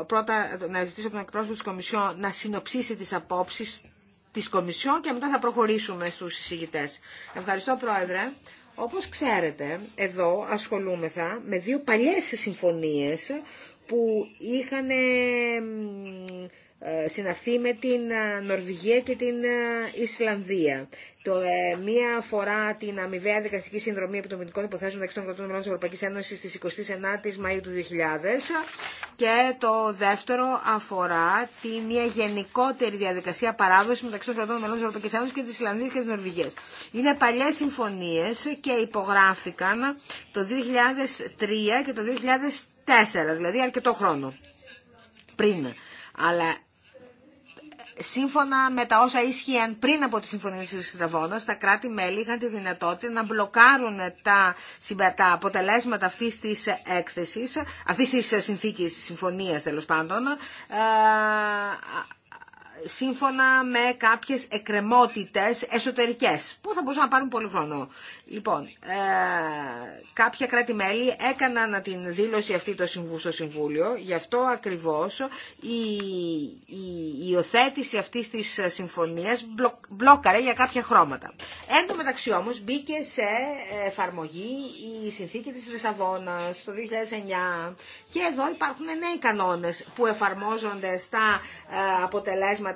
ε, πρώτα να ζητήσω τον εκπρόσωπο της Κομισιόν να συνοψίσει τις απόψεις της Κομισιόν και μετά θα προχωρήσουμε στους συζητητές. Ευχαριστώ Πρόεδρε. Όπως ξέρετε, εδώ ασχολούμεθα με δύο παλιές συμφωνίες που είχαν συναφή με την ε, Νορβηγία και την ε, Ισλανδία. Το, ε, μία αφορά την αμοιβαία δικαστική συνδρομή από το υποθέσεων μεταξύ των κρατών μελών τη Ευρωπαϊκή Ένωση στις 29η Μαου του 2000. Και το δεύτερο αφορά τη, μια γενικότερη διαδικασία παράδοση μεταξύ των κρατών μελών τη Ευρωπαϊκή Ένωση και τη Ισλανδία και τη Νορβηγία. Είναι παλιέ συμφωνίε και υπογράφηκαν το 2003 και το 2004, δηλαδή αρκετό χρόνο πριν. Αλλά σύμφωνα με τα όσα ίσχυαν πριν από τη Συμφωνία της Συνταβόνα, τα κράτη-μέλη είχαν τη δυνατότητα να μπλοκάρουν τα, τα αποτελέσματα αυτής της έκθεση, αυτής της συνθήκης, τη συμφωνίας τέλος πάντων, ε, σύμφωνα με κάποιες εκκρεμότητες εσωτερικές, που θα μπορούσαν να πάρουν πολύ χρόνο. Λοιπόν, ε, κάποια κράτη-μέλη έκαναν την δήλωση αυτή το στο Συμβούλιο, γι' αυτό ακριβώς η, η, υιοθέτηση αυτής της συμφωνίας μπλοκ, μπλόκαρε για κάποια χρώματα. Εν τω μεταξύ όμως μπήκε σε εφαρμογή η συνθήκη της Ρεσαβόνας το 2009 και εδώ υπάρχουν νέοι κανόνες που εφαρμόζονται στα ε, αποτελέσματα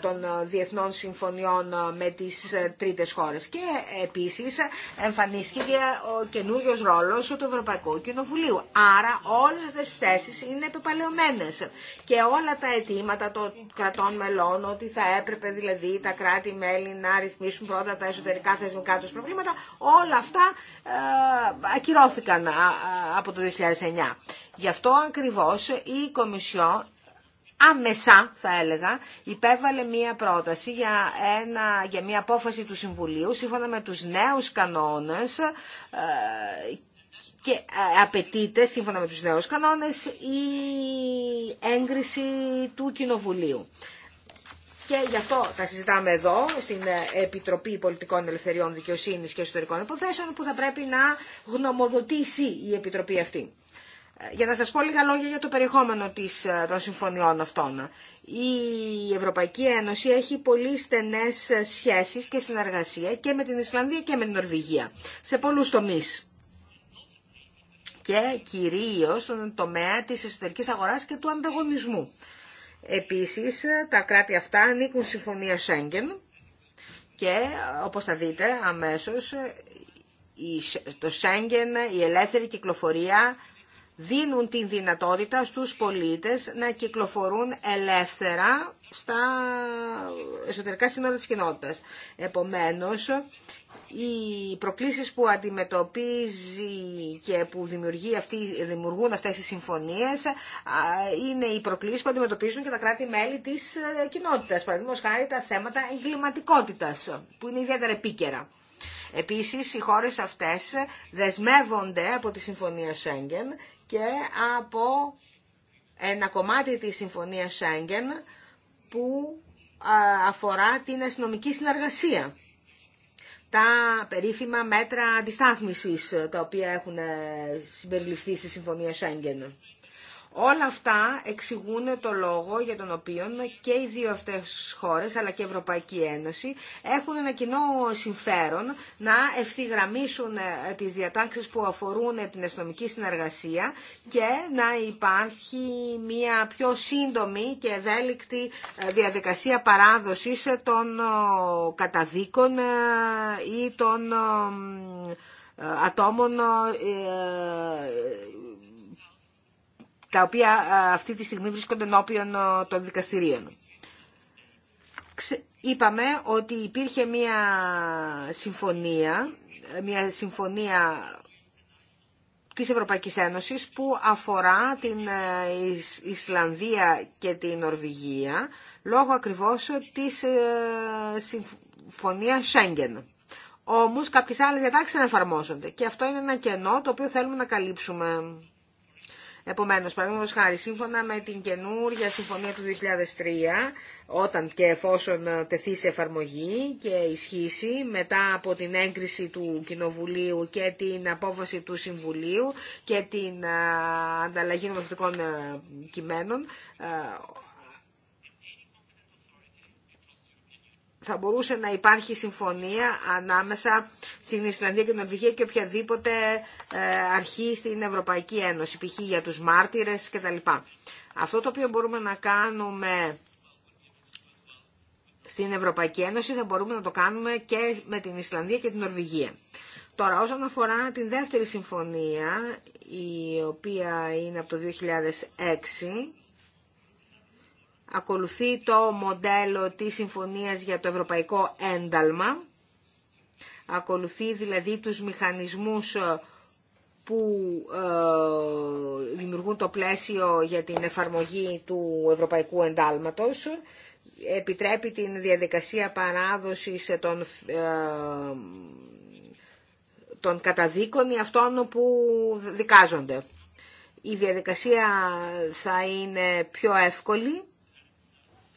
των ε, διεθνών συμφωνιών ε, με τις ε, τρίτες χώρες. Και επίσης εμφανίστηκε ο καινούριο ρόλος του Ευρωπαϊκού Κοινοβουλίου. Άρα όλες αυτές τις θέσεις είναι επιπαλαιωμένες. και όλα τα αιτήματα των κρατών μελών ότι θα έπρεπε δηλαδή τα κράτη-μέλη να ρυθμίσουν πρώτα τα εσωτερικά θεσμικά τους προβλήματα, όλα αυτά ακυρώθηκαν από το 2009. Γι' αυτό ακριβώς η Κομισιόν άμεσα θα έλεγα υπέβαλε μία πρόταση για, ένα, για μία απόφαση του Συμβουλίου σύμφωνα με τους νέους κανόνες ε, και ε, απαιτείται σύμφωνα με τους νέους κανόνες η έγκριση του Κοινοβουλίου. Και γι' αυτό θα συζητάμε εδώ, στην Επιτροπή Πολιτικών Ελευθεριών Δικαιοσύνης και Ιστορικών Υποθέσεων, που θα πρέπει να γνωμοδοτήσει η Επιτροπή αυτή για να σας πω λίγα λόγια για το περιεχόμενο της, ε, των συμφωνιών αυτών. Η Ευρωπαϊκή Ένωση έχει πολύ στενές ε, σχέσεις και συνεργασία και με την Ισλανδία και με την Νορβηγία, σε πολλούς τομείς. Και κυρίως στον τομέα της εσωτερικής αγοράς και του ανταγωνισμού. Επίσης, ε, τα κράτη αυτά ανήκουν συμφωνία Σέγγεν και, όπως θα δείτε, αμέσως το Σέγγεν, η ελεύθερη κυκλοφορία δίνουν την δυνατότητα στους πολίτες να κυκλοφορούν ελεύθερα στα εσωτερικά σύνορα της κοινότητας. Επομένως, οι προκλήσεις που αντιμετωπίζει και που δημιουργεί αυτή, δημιουργούν αυτές οι συμφωνίες είναι οι προκλήσεις που αντιμετωπίζουν και τα κράτη-μέλη της ε, κοινότητας. Παραδείγματο χάρη τα θέματα εγκληματικότητας, που είναι ιδιαίτερα επίκαιρα. Επίσης, οι χώρες αυτές δεσμεύονται από τη Συμφωνία Σέγγεν και από ένα κομμάτι της Συμφωνίας Σέγγεν που ε, αφορά την αστυνομική συνεργασία. Τα περίφημα μέτρα αντιστάθμισης ε, τα οποία έχουν ε, συμπεριληφθεί στη Συμφωνία Σέγγεν. Όλα αυτά εξηγούν το λόγο για τον οποίο και οι δύο αυτές χώρες αλλά και η Ευρωπαϊκή Ένωση έχουν ένα κοινό συμφέρον να ευθυγραμμίσουν ε, τις διατάξεις που αφορούν την αστυνομική συνεργασία και να υπάρχει μια πιο σύντομη και ευέλικτη ε, διαδικασία παράδοσης των ε, καταδίκων ή των ατόμων τα οποία αυτή τη στιγμή βρίσκονται ενώπιον των δικαστηρίων. Είπαμε ότι υπήρχε μια συμφωνία, μια συμφωνία της Ευρωπαϊκής Ένωσης που αφορά την ε, Ισλανδία και την Νορβηγία λόγω ακριβώς της ε, συμφωνίας Σέγγεν. Όμως κάποιες άλλες διατάξεις δεν εφαρμόζονται και αυτό είναι ένα κενό το οποίο θέλουμε να καλύψουμε. Επομένω, παραδείγματο χάρη, σύμφωνα με την καινούργια συμφωνία του 2003, όταν και εφόσον ε, τεθεί σε εφαρμογή και ισχύσει, μετά από την έγκριση του Κοινοβουλίου και την απόφαση του Συμβουλίου και την ε, ανταλλαγή νομοθετικών ε, κειμένων, θα μπορούσε να υπάρχει συμφωνία ανάμεσα στην Ισλανδία και την Νορβηγία και οποιαδήποτε ε, αρχή στην Ευρωπαϊκή Ένωση, π.χ. για τους μάρτυρες κτλ. Αυτό το οποίο μπορούμε να κάνουμε στην Ευρωπαϊκή Ένωση θα μπορούμε να το κάνουμε και με την Ισλανδία και την Νορβηγία. Τώρα, όσον αφορά την δεύτερη συμφωνία, η οποία είναι από το 2006, ακολουθεί το μοντέλο της Συμφωνίας για το Ευρωπαϊκό Ένταλμα, ακολουθεί δηλαδή τους μηχανισμούς ε, που ε, δημιουργούν το πλαίσιο για την εφαρμογή του Ευρωπαϊκού Εντάλματος, επιτρέπει την διαδικασία παράδοσης των, ε, των καταδίκων ή αυτών που δικάζονται. Η διαδικασία θα είναι πιο εύκολη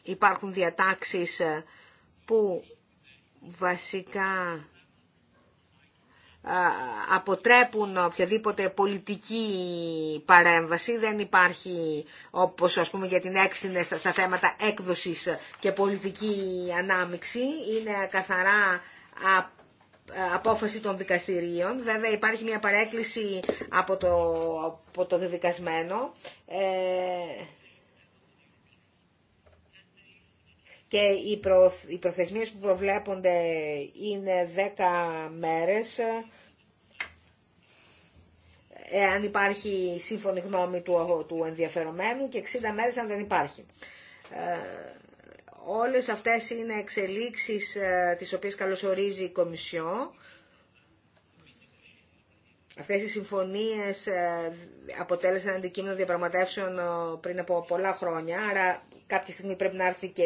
υπάρχουν διατάξεις ε, που βασικά ε, αποτρέπουν οποιαδήποτε πολιτική παρέμβαση. Δεν υπάρχει, όπως ας πούμε για την έξινε στα θέματα έκδοσης και πολιτική ανάμιξη, είναι καθαρά απόφαση των δικαστηρίων. Βέβαια υπάρχει μια παρέκκληση από το, από το δεδικασμένο. Ε, και οι προθεσμίες που προβλέπονται είναι 10 μέρες ...αν υπάρχει σύμφωνη γνώμη του, του ενδιαφερομένου και 60 μέρες αν δεν υπάρχει. Ε, όλες αυτές είναι εξελίξεις ε, τις οποίες καλωσορίζει η Κομισιό. Αυτές οι συμφωνίες ε, αποτέλεσαν αντικείμενο διαπραγματεύσεων ε, πριν από πολλά χρόνια, άρα κάποια στιγμή πρέπει να, έρθει και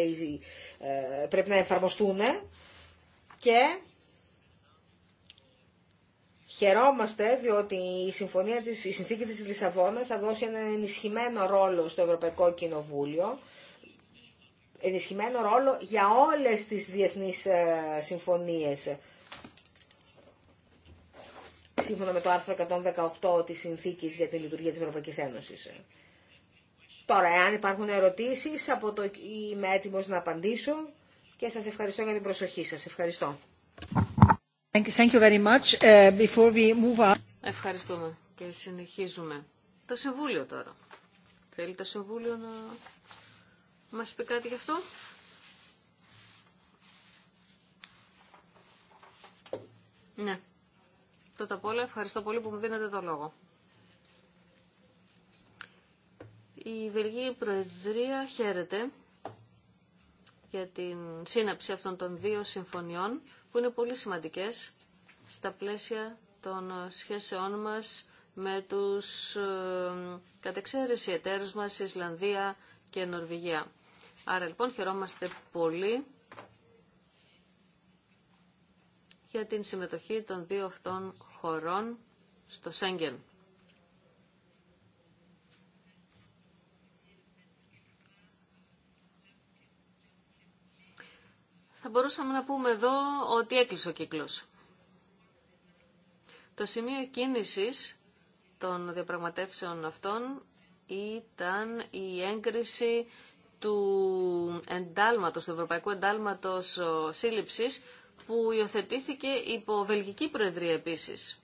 ε, πρέπει να εφαρμοστούν και Χαιρόμαστε διότι η, συμφωνία της, η συνθήκη της Λισαβόνας θα δώσει ένα ενισχυμένο ρόλο στο Ευρωπαϊκό Κοινοβούλιο, ενισχυμένο ρόλο για όλες τις διεθνείς ε, συμφωνίες. Σύμφωνα με το άρθρο 118 της Συνθήκης για τη Λειτουργία της Ευρωπαϊκής Ένωσης. Τώρα, εάν υπάρχουν ερωτήσεις, από το είμαι έτοιμος να απαντήσω και σας ευχαριστώ για την προσοχή σας. Ευχαριστώ. Thank you very much. Uh, before we move on... Ευχαριστούμε και συνεχίζουμε. Το Συμβούλιο τώρα. Θέλει το Συμβούλιο να μας πει κάτι γι' αυτό. Ναι. Πρώτα απ' όλα ευχαριστώ πολύ που μου δίνετε το λόγο. Η Βελγική Προεδρία χαίρεται για την σύναψη αυτών των δύο συμφωνιών που είναι πολύ σημαντικές στα πλαίσια των σχέσεών μας με τους κατεξαίρεση εταίρους μας Ισλανδία και Νορβηγία. Άρα λοιπόν χαιρόμαστε πολύ για την συμμετοχή των δύο αυτών χωρών στο Σέγγεν. θα μπορούσαμε να πούμε εδώ ότι έκλεισε ο κύκλος. Το σημείο κίνησης των διαπραγματεύσεων αυτών ήταν η έγκριση του εντάλματος, του Ευρωπαϊκού Εντάλματος Σύλληψης, που υιοθετήθηκε υπό Βελγική Προεδρία επίσης.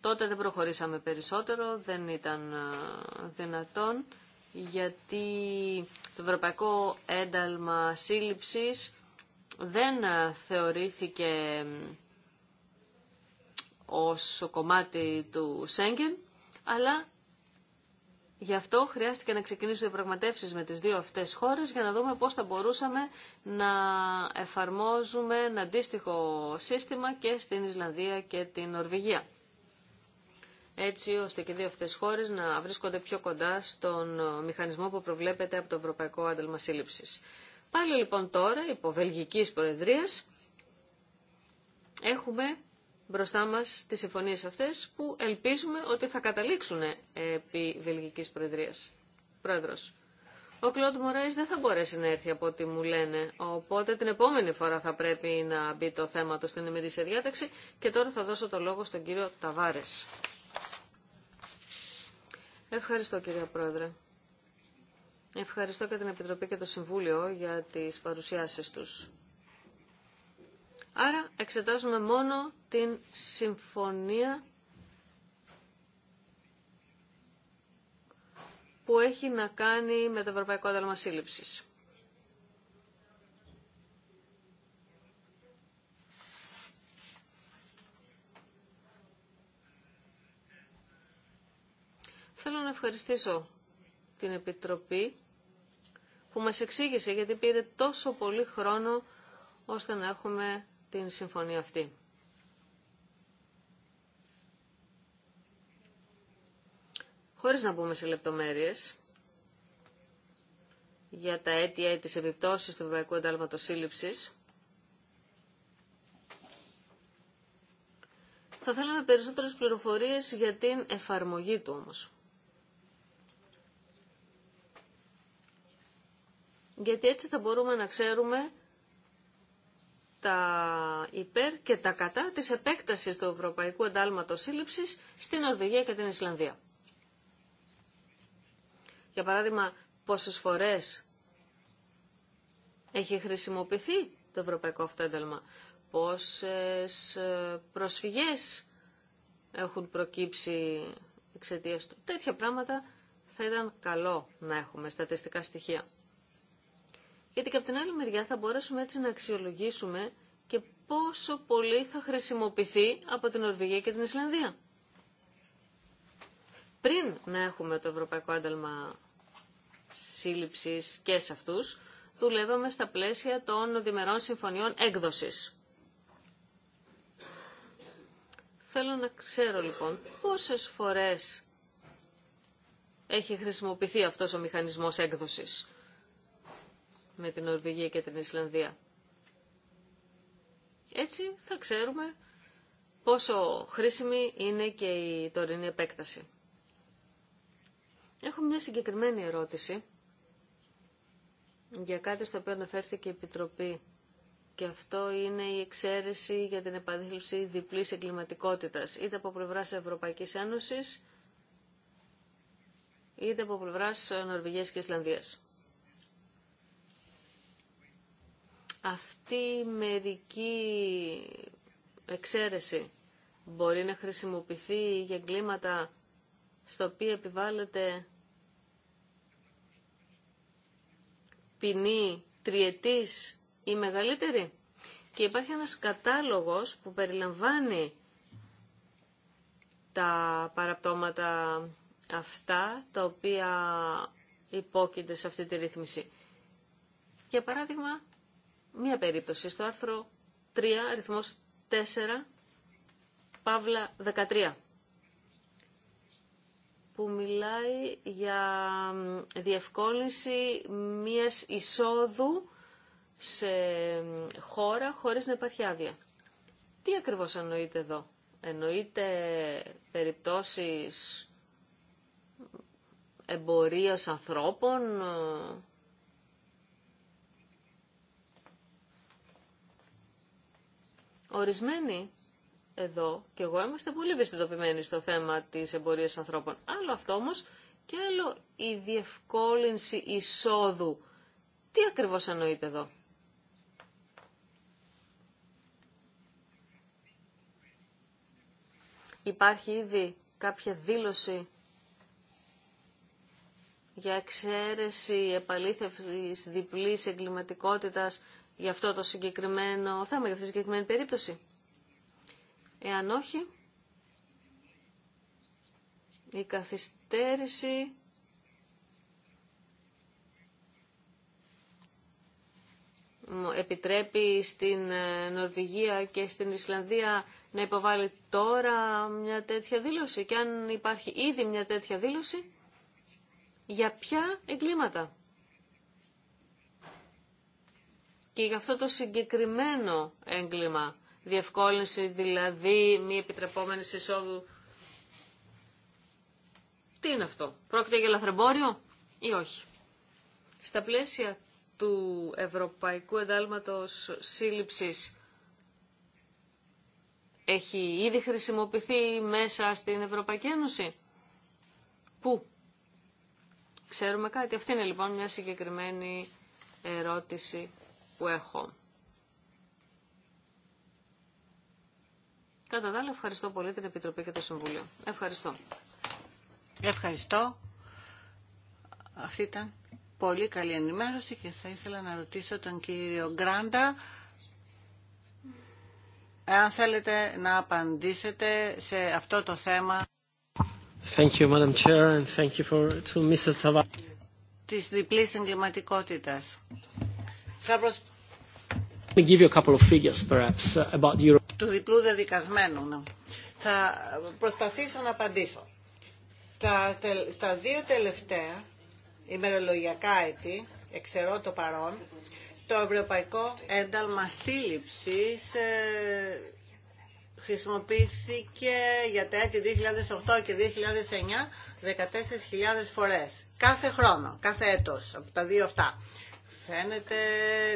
Τότε δεν προχωρήσαμε περισσότερο, δεν ήταν ε, δυνατόν γιατί το Ευρωπαϊκό Ένταλμα Σύλληψης δεν θεωρήθηκε ως κομμάτι του Σέγγεν, αλλά γι' αυτό χρειάστηκε να ξεκινήσουν οι πραγματεύσεις με τις δύο αυτές χώρες για να δούμε πώς θα μπορούσαμε να εφαρμόζουμε ένα αντίστοιχο σύστημα και στην Ισλανδία και την Νορβηγία έτσι ώστε και δύο αυτές χώρες να βρίσκονται πιο κοντά στον ε, μηχανισμό που προβλέπεται από το Ευρωπαϊκό Άντελμα Σύλληψης. Πάλι λοιπόν τώρα, υπό Βελγικής Προεδρίας, έχουμε μπροστά μας τις συμφωνίες αυτές που ελπίζουμε ότι θα καταλήξουν επί Βελγικής Προεδρίας. Πρόεδρος. Ο Κλοντ Μωράης δεν θα μπορέσει να έρθει από ό,τι μου λένε, οπότε την επόμενη φορά θα πρέπει να μπει το θέμα του στην ημερήσια διάταξη και τώρα θα δώσω το λόγο στον κύριο Ταβάρες. Ευχαριστώ κυρία Πρόεδρε. Ευχαριστώ και την Επιτροπή και το Συμβούλιο για τις παρουσιάσεις τους. Άρα εξετάζουμε μόνο την συμφωνία που έχει να κάνει με το Ευρωπαϊκό Ένταλμα Σύλληψης. Θέλω να ευχαριστήσω την Επιτροπή που μας εξήγησε γιατί πήρε τόσο πολύ χρόνο ώστε να έχουμε την συμφωνία αυτή. Χωρίς να μπούμε σε λεπτομέρειες για τα αίτια ή τις επιπτώσεις του Ευρωπαϊκού Εντάλματος Σύλληψης, θα θέλαμε περισσότερες πληροφορίες για την εφαρμογή του όμως. γιατί έτσι θα μπορούμε να ξέρουμε τα υπέρ και τα κατά της επέκτασης του Ευρωπαϊκού Εντάλματος Σύλληψης στην Ορβηγία και την Ισλανδία. Για παράδειγμα, πόσες φορές έχει χρησιμοποιηθεί το Ευρωπαϊκό αυτό ένταλμα, πόσες ε, προσφυγές έχουν προκύψει εξαιτίας του. Τέτοια πράγματα θα ήταν καλό να έχουμε στατιστικά στοιχεία γιατί και από την άλλη μεριά θα μπορέσουμε έτσι να αξιολογήσουμε και πόσο πολύ θα χρησιμοποιηθεί από την Ορβηγία και την Ισλανδία. Πριν να έχουμε το Ευρωπαϊκό Άνταλμα Σύλληψης και σε αυτούς, δουλεύαμε στα πλαίσια των διμερών συμφωνιών έκδοσης. Θέλω να ξέρω λοιπόν πόσες φορές έχει χρησιμοποιηθεί αυτός ο μηχανισμός έκδοσης με την Νορβηγία και την Ισλανδία. Έτσι θα ξέρουμε πόσο χρήσιμη είναι και η τωρινή επέκταση. Έχω μια συγκεκριμένη ερώτηση για κάτι στο οποίο αναφέρθηκε η Επιτροπή και αυτό είναι η εξαίρεση για την επανήλυση διπλής εγκληματικότητας, είτε από πλευράς Ευρωπαϊκής Ένωσης, είτε από πλευράς Νορβηγίας και Ισλανδίας. Αυτή η μερική εξαίρεση μπορεί να χρησιμοποιηθεί για εγκλήματα στο οποίο επιβάλλεται ποινή τριετής ή μεγαλύτερη. Και υπάρχει ένας κατάλογος που περιλαμβάνει τα παραπτώματα αυτά τα οποία υπόκειται σε αυτή τη ρύθμιση. Για παράδειγμα, μία περίπτωση στο άρθρο 3, αριθμός 4, Παύλα 13 που μιλάει για διευκόλυνση μίας εισόδου σε χώρα χωρίς να υπάρχει άδεια. Τι ακριβώς εννοείται εδώ. Εννοείται περιπτώσεις εμπορίας ανθρώπων, Ορισμένοι εδώ και εγώ είμαστε πολύ ευαισθητοποιημένοι στο θέμα της εμπορίας ανθρώπων. Άλλο αυτό όμως και άλλο η διευκόλυνση εισόδου. Τι ακριβώς εννοείται εδώ. Υπάρχει ήδη κάποια δήλωση για εξαίρεση επαλήθευσης διπλής εγκληματικότητας για αυτό το συγκεκριμένο θέμα, για αυτή τη συγκεκριμένη περίπτωση. Εάν όχι, η καθυστέρηση επιτρέπει στην ε, Νορβηγία και στην Ισλανδία να υποβάλει τώρα μια τέτοια δήλωση και αν υπάρχει ήδη μια τέτοια δήλωση, για ποια εγκλήματα. και για αυτό το συγκεκριμένο έγκλημα, διευκόλυνση δηλαδή μη επιτρεπόμενη εισόδου. Τι είναι αυτό, πρόκειται για λαθρεμπόριο ή όχι. Στα πλαίσια του Ευρωπαϊκού Εντάλματος Σύλληψης έχει ήδη χρησιμοποιηθεί μέσα στην Ευρωπαϊκή Ένωση. Πού. Ξέρουμε κάτι. Αυτή είναι λοιπόν μια συγκεκριμένη ερώτηση που έχω. Κατά τα άλλα, ευχαριστώ πολύ την Επιτροπή και το Συμβούλιο. Ευχαριστώ. Ευχαριστώ. Αυτή ήταν πολύ καλή ενημέρωση και θα ήθελα να ρωτήσω τον κύριο Γκράντα εάν θέλετε να απαντήσετε σε αυτό το θέμα. Thank you, Madam Chair, and thank Της διπλής εγκληματικότητας. Του διπλού δεδικασμένου. Ναι. Θα προσπαθήσω να απαντήσω. Τα, στα δύο τελευταία ημερολογιακά έτη, εξαιρώ το παρόν, το Ευρωπαϊκό Ένταλμα Σύλληψης ε, χρησιμοποιήθηκε για τα έτη 2008 και 2009 14.000 φορές. Κάθε χρόνο, κάθε έτος από τα δύο αυτά φαίνεται,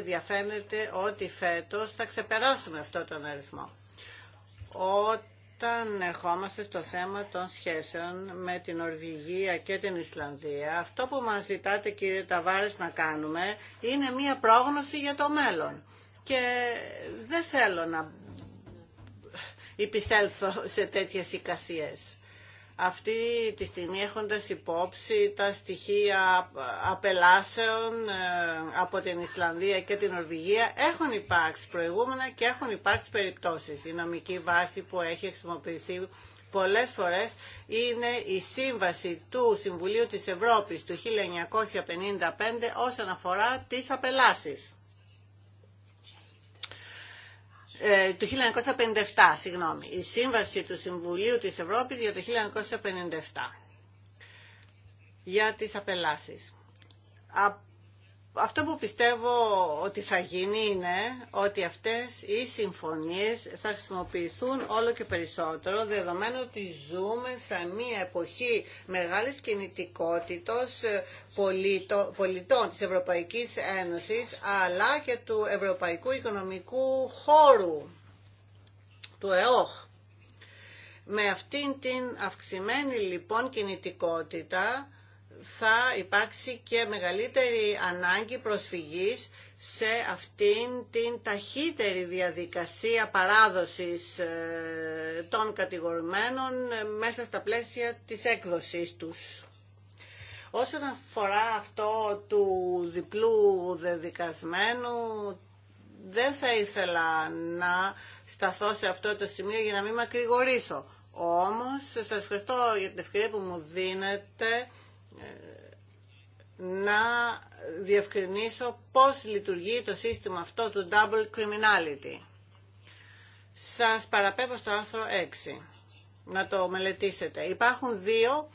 διαφαίνεται ότι φέτος θα ξεπεράσουμε αυτό τον αριθμό. Όταν ερχόμαστε στο θέμα των σχέσεων με την Ορβηγία και την Ισλανδία, αυτό που μας ζητάτε κύριε Ταβάρες να κάνουμε είναι μία πρόγνωση για το μέλλον. Και δεν θέλω να υπησέλθω σε τέτοιες εικασίες αυτή τη στιγμή έχοντας υπόψη τα στοιχεία απελάσεων ε, από την Ισλανδία και την Νορβηγία έχουν υπάρξει προηγούμενα και έχουν υπάρξει περιπτώσεις. Η νομική βάση που έχει χρησιμοποιηθεί πολλές φορές είναι η σύμβαση του Συμβουλίου της Ευρώπης του 1955 όσον αφορά τις απελάσεις. Ε, το 1957, συγγνώμη, η Σύμβαση του Συμβουλίου της Ευρώπης για το 1957 για τις απελάσεις αυτό που πιστεύω ότι θα γίνει είναι ότι αυτές οι συμφωνίες θα χρησιμοποιηθούν όλο και περισσότερο δεδομένου ότι ζούμε σε μια εποχή μεγάλης κινητικότητας πολιτών της Ευρωπαϊκής Ένωσης αλλά και του Ευρωπαϊκού Οικονομικού Χώρου, του ΕΟΧ. Με αυτήν την αυξημένη λοιπόν κινητικότητα θα υπάρξει και μεγαλύτερη ανάγκη προσφυγής σε αυτήν την ταχύτερη διαδικασία παράδοσης ε, των κατηγορουμένων ε, μέσα στα πλαίσια της έκδοσης τους. Όσον αφορά αυτό του διπλού δεδικασμένου, δεν θα ήθελα να σταθώ σε αυτό το σημείο για να μην μακρηγορήσω. Όμως, σας ευχαριστώ για την ευκαιρία που μου δίνετε να διευκρινίσω πώς λειτουργεί το σύστημα αυτό του double criminality. Σας παραπέμπω στο άρθρο 6 να το μελετήσετε. Υπάρχουν δύο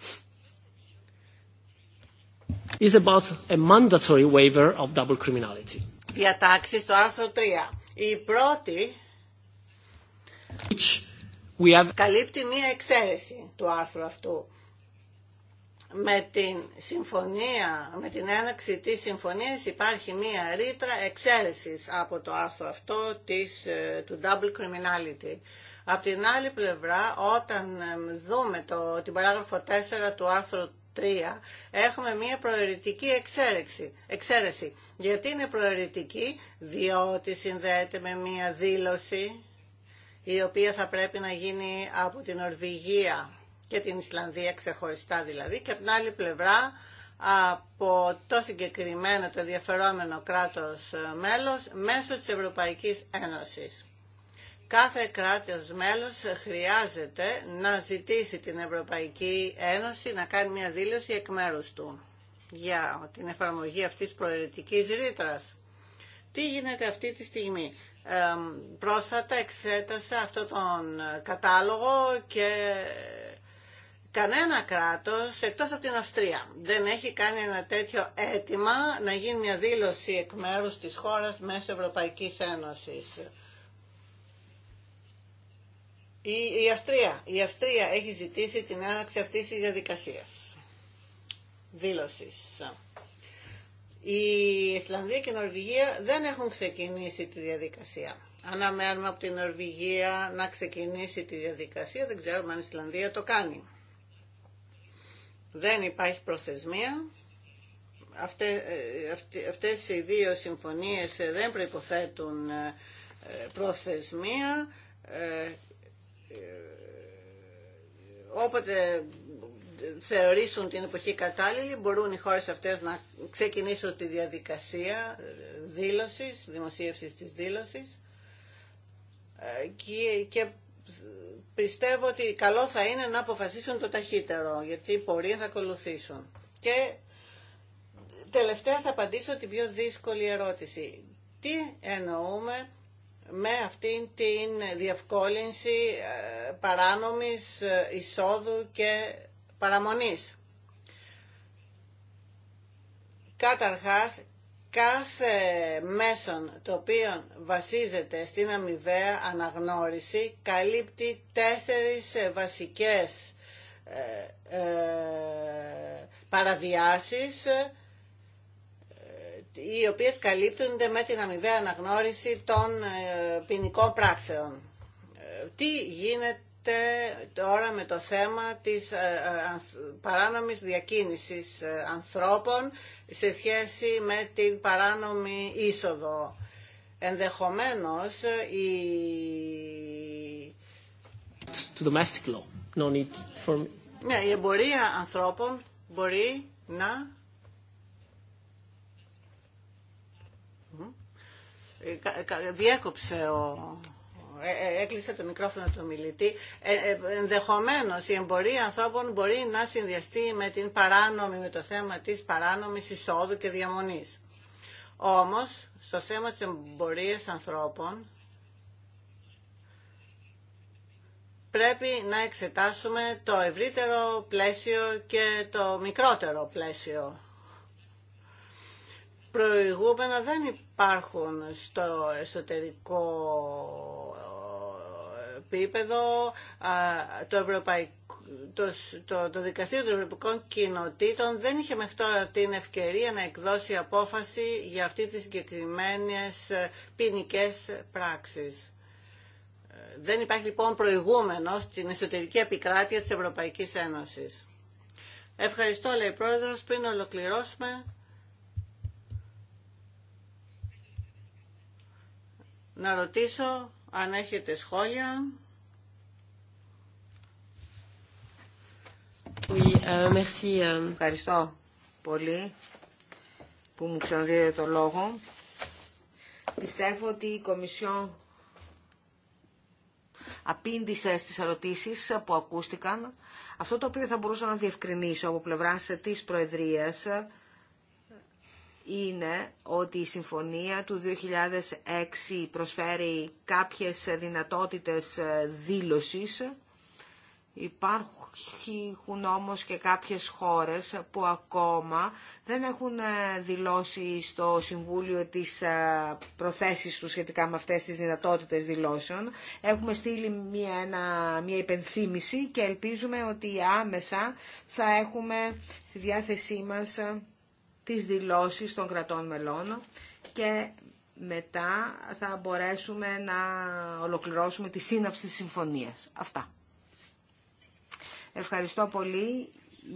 Is about a mandatory waiver of double criminality. Διατάξεις στο άρθρο 3. Η πρώτη Which we have... καλύπτει μία εξαίρεση του άρθρου αυτού με την συμφωνία, με την έναξη της συμφωνίας υπάρχει μία ρήτρα εξαίρεσης από το άρθρο αυτό της, ε, του double criminality. Απ' την άλλη πλευρά, όταν ε, δούμε το, την παράγραφο 4 του άρθρου 3, έχουμε μία προαιρετική εξαίρεση, εξαίρεση. Γιατί είναι προαιρετική, διότι συνδέεται με μία δήλωση η οποία θα πρέπει να γίνει από την Ορβηγία και την Ισλανδία ξεχωριστά δηλαδή και από την άλλη πλευρά από το συγκεκριμένο το ενδιαφερόμενο κράτος ε, μέλος μέσω της Ευρωπαϊκής Ένωσης. Κάθε κράτος μέλος χρειάζεται να ζητήσει την Ευρωπαϊκή Ένωση να κάνει μια δήλωση εκ μέρους του για την εφαρμογή αυτής της προαιρετικής ρήτρας. Τι γίνεται αυτή τη στιγμή. πρόσφατα εξέτασα αυτό τον κατάλογο και Κανένα κράτος, εκτός από την Αυστρία, δεν έχει κάνει ένα τέτοιο αίτημα να γίνει μια δήλωση εκ μέρους της χώρας μέσω Ευρωπαϊκής Ένωσης. Η, Αυστρία, η Αυστρία έχει ζητήσει την έναρξη αυτής της διαδικασίας δήλωσης. Η Ισλανδία και η Νορβηγία δεν έχουν ξεκινήσει τη διαδικασία. Αναμένουμε από την Νορβηγία να ξεκινήσει τη διαδικασία, δεν ξέρουμε αν η Ισλανδία το κάνει δεν υπάρχει προθεσμία. Αυτέ, ε, αυτές οι δύο συμφωνίες ε, δεν προϋποθέτουν ε, προθεσμία. Όποτε θεωρήσουν την εποχή κατάλληλη, μπορούν οι χώρες αυτές να ξεκινήσουν τη διαδικασία δήλωσης, δημοσίευσης της δήλωσης και πιστεύω ότι καλό θα είναι να αποφασίσουν το ταχύτερο, γιατί οι πορείες θα ακολουθήσουν. Και τελευταία θα απαντήσω την πιο δύσκολη ερώτηση. Τι εννοούμε με αυτήν την διευκόλυνση ε, παράνομης ε, εισόδου και παραμονής. Καταρχάς, κάθε μέσον το οποίο βασίζεται στην αμοιβαία αναγνώριση καλύπτει τέσσερις βασικές ε, ε παραβιάσεις ε, οι οποίες καλύπτονται με την αμοιβαία αναγνώριση των ε, ποινικών πράξεων. Τι γίνεται τώρα με το θέμα της ε, ε, παράνομης διακίνησης ε, ανθρώπων σε σχέση με την παράνομη είσοδο. Ενδεχομένως η... domestic law. No need for... Ναι, η εμπορία ανθρώπων μπορεί να διέκοψε ο ε, ε, έκλεισε το μικρόφωνο του μιλητή. Ε, ενδεχομένως η εμπορία ανθρώπων μπορεί να συνδυαστεί με, την παράνομη, με το θέμα της παράνομης εισόδου και διαμονής. Όμως, στο θέμα της εμπορίας ανθρώπων, πρέπει να εξετάσουμε το ευρύτερο πλαίσιο και το μικρότερο πλαίσιο. Προηγούμενα δεν υπάρχουν στο εσωτερικό επίπεδο το, ευρωπαϊκό το, το, το Δικαστήριο των Ευρωπαϊκών Κοινοτήτων δεν είχε μέχρι τώρα την ευκαιρία να εκδώσει απόφαση για αυτή τις συγκεκριμένε ε, ποινικέ πράξεις. Δεν υπάρχει λοιπόν προηγούμενο στην εσωτερική επικράτεια της Ευρωπαϊκής Ένωσης. Ευχαριστώ, λέει Πρόεδρος, πριν ολοκληρώσουμε. Να ρωτήσω αν έχετε σχόλια. Oui, euh, merci. Euh. Ευχαριστώ πολύ που μου ξαναδίδετε το λόγο. Πιστεύω ότι η Κομισιό απήντησε στις ερωτήσεις που ακούστηκαν. Αυτό το οποίο θα μπορούσα να διευκρινίσω από πλευράς της Προεδρίας είναι ότι η συμφωνία του 2006 προσφέρει κάποιες δυνατότητες ε, δήλωσης. Υπάρχουν όμως και κάποιες χώρες που ακόμα δεν έχουν ε, δηλώσει στο Συμβούλιο τις ε, προθέσεις του σχετικά με αυτές τις δυνατότητες δηλώσεων. Έχουμε στείλει μια, μια υπενθύμηση και ελπίζουμε ότι άμεσα θα έχουμε στη διάθεσή μας τις δηλώσεις των κρατών μελών και μετά θα μπορέσουμε να ολοκληρώσουμε τη σύναψη της συμφωνίας. Αυτά. Ευχαριστώ πολύ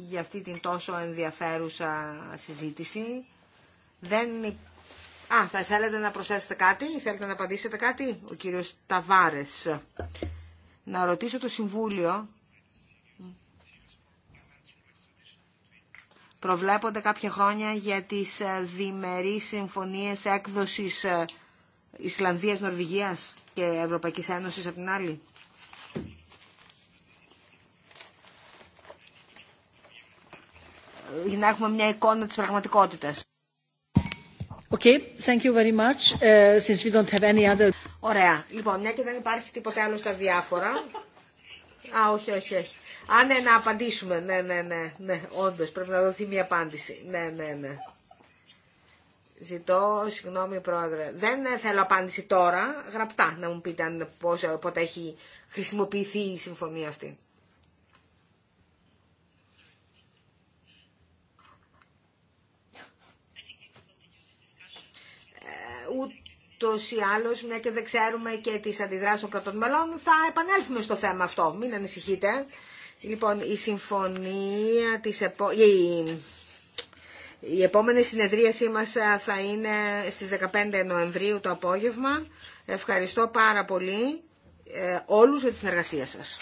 για αυτή την τόσο ενδιαφέρουσα συζήτηση. Δεν... Α, θα θέλετε να προσθέσετε κάτι, θέλετε να απαντήσετε κάτι, ο κύριος Ταβάρες. Να ρωτήσω το Συμβούλιο προβλέπονται κάποια χρόνια για τις ε, διμερείς συμφωνίες έκδοσης ε, Ισλανδίας, Νορβηγίας και Ευρωπαϊκής Ένωσης από την άλλη. Ε, για να έχουμε μια εικόνα της πραγματικότητας. Okay, thank you very much. Since we don't have any other... Ωραία. Λοιπόν, μια και δεν υπάρχει τίποτα άλλο στα διάφορα. Α, όχι, όχι, όχι. Α, ναι, να απαντήσουμε. Ναι, ναι, ναι, ναι. Όντως, πρέπει να δοθεί μια απάντηση. Ναι, ναι, ναι. Ζητώ, συγγνώμη πρόεδρε. Δεν θέλω απάντηση τώρα, γραπτά, να μου πείτε αν, πότε έχει χρησιμοποιηθεί η συμφωνία αυτή. Ε, ούτως ή άλλως, μια και δεν ξέρουμε και τις αντιδράσεις των κρατών μελών, θα επανέλθουμε στο θέμα αυτό. Μην ανησυχείτε. Λοιπόν, η συμφωνία της επο... η... η επόμενη συνεδρίασή μας ε, θα είναι στις 15 Νοεμβρίου το απόγευμα. Ευχαριστώ πάρα πολύ ε, όλους για τη συνεργασία σας.